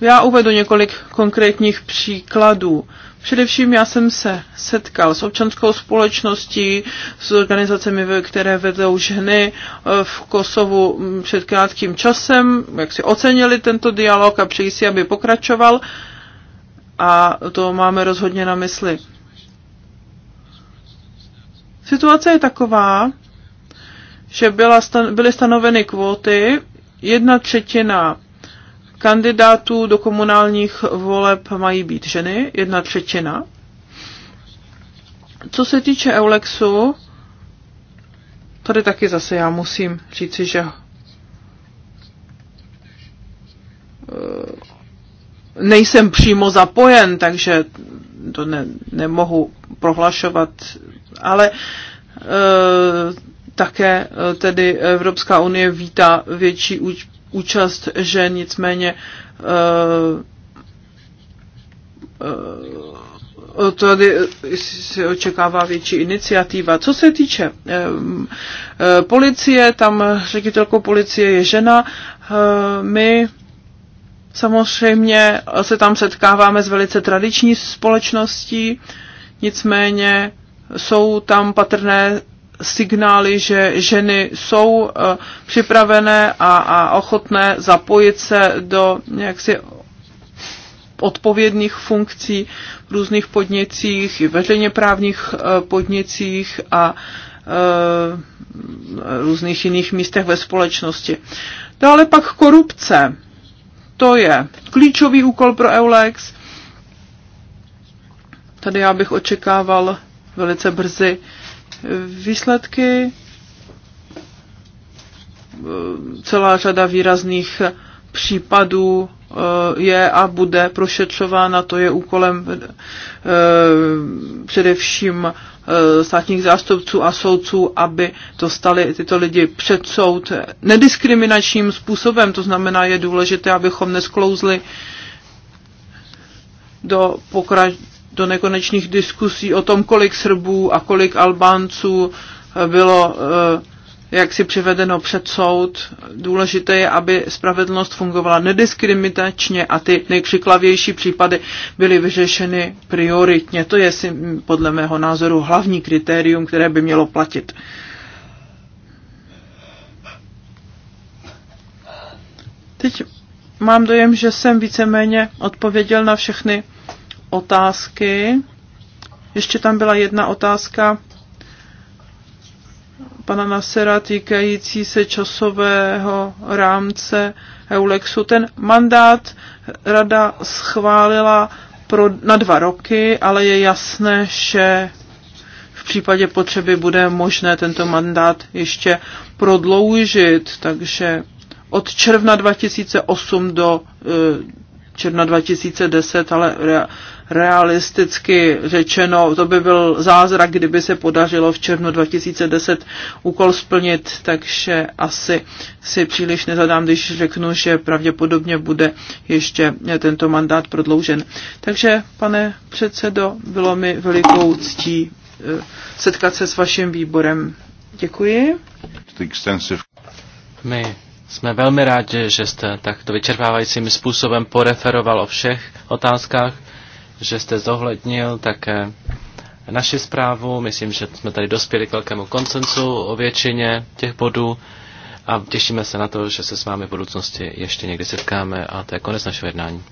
E: já uvedu několik konkrétních příkladů. Především já jsem se setkal s občanskou společností, s organizacemi, které vedou ženy v Kosovu mm, před krátkým časem, jak si ocenili tento dialog a přeji si, aby pokračoval a to máme rozhodně na mysli. Situace je taková, že byla, byly stanoveny kvóty, jedna třetina kandidátů do komunálních voleb mají být ženy, jedna třetina. Co se týče Eulexu, tady taky zase já musím říci, že nejsem přímo zapojen, takže to ne, nemohu prohlašovat, ale e, také e, tedy Evropská unie vítá větší úč, účast žen, nicméně e, e, tady se očekává větší iniciativa. Co se týče e, e, policie, tam ředitelkou policie je žena. My Samozřejmě se tam setkáváme s velice tradiční společností, nicméně jsou tam patrné signály, že ženy jsou eh, připravené a, a ochotné zapojit se do nějaksi odpovědných funkcí v různých podnicích, i veřejně právních eh, podnicích a eh, různých jiných místech ve společnosti. Dále pak korupce. To je klíčový úkol pro EULEX. Tady já bych očekával velice brzy výsledky. Celá řada výrazných případů eh, je a bude prošetřována, to je úkolem eh, především Eh, státních zástupců a soudců, aby dostali tyto lidi před soud nediskriminačním způsobem. To znamená, je důležité, abychom nesklouzli do pokrač do nekonečných diskusí o tom, kolik Srbů a kolik Albánců bylo eh, jak si přivedeno před soud. Důležité je, aby spravedlnost fungovala nediskriminačně a ty nejkřiklavější případy byly vyřešeny prioritně. To je si, mm, podle mého názoru hlavní kritérium, které by mělo platit. Teď mám dojem, že jsem víceméně odpověděl na všechny otázky. Ještě tam byla jedna otázka pana Nasera týkající se časového rámce Eulexu. Ten mandát rada schválila pro, na dva roky, ale je jasné, že v případě potřeby bude možné tento mandát ještě prodloužit, takže od června 2008 do eh, června 2010, ale realisticky řečeno, to by byl zázrak, kdyby se podařilo v červnu 2010 úkol splnit, takže asi si příliš nezadám, když řeknu, že pravděpodobně bude ještě tento mandát prodloužen. Takže, pane předsedo, bylo mi velikou ctí eh, setkat se s vaším výborem. Děkuji.
C: My jsme velmi rádi, že jste takto vyčerpávajícím způsobem poreferoval o všech otázkách, že jste zohlednil také naši zprávu. Myslím, že jsme tady dospěli k velkému koncensu o většině těch bodů a těšíme se na to, že se s vámi v budoucnosti ještě někdy setkáme a to je konec našeho jednání.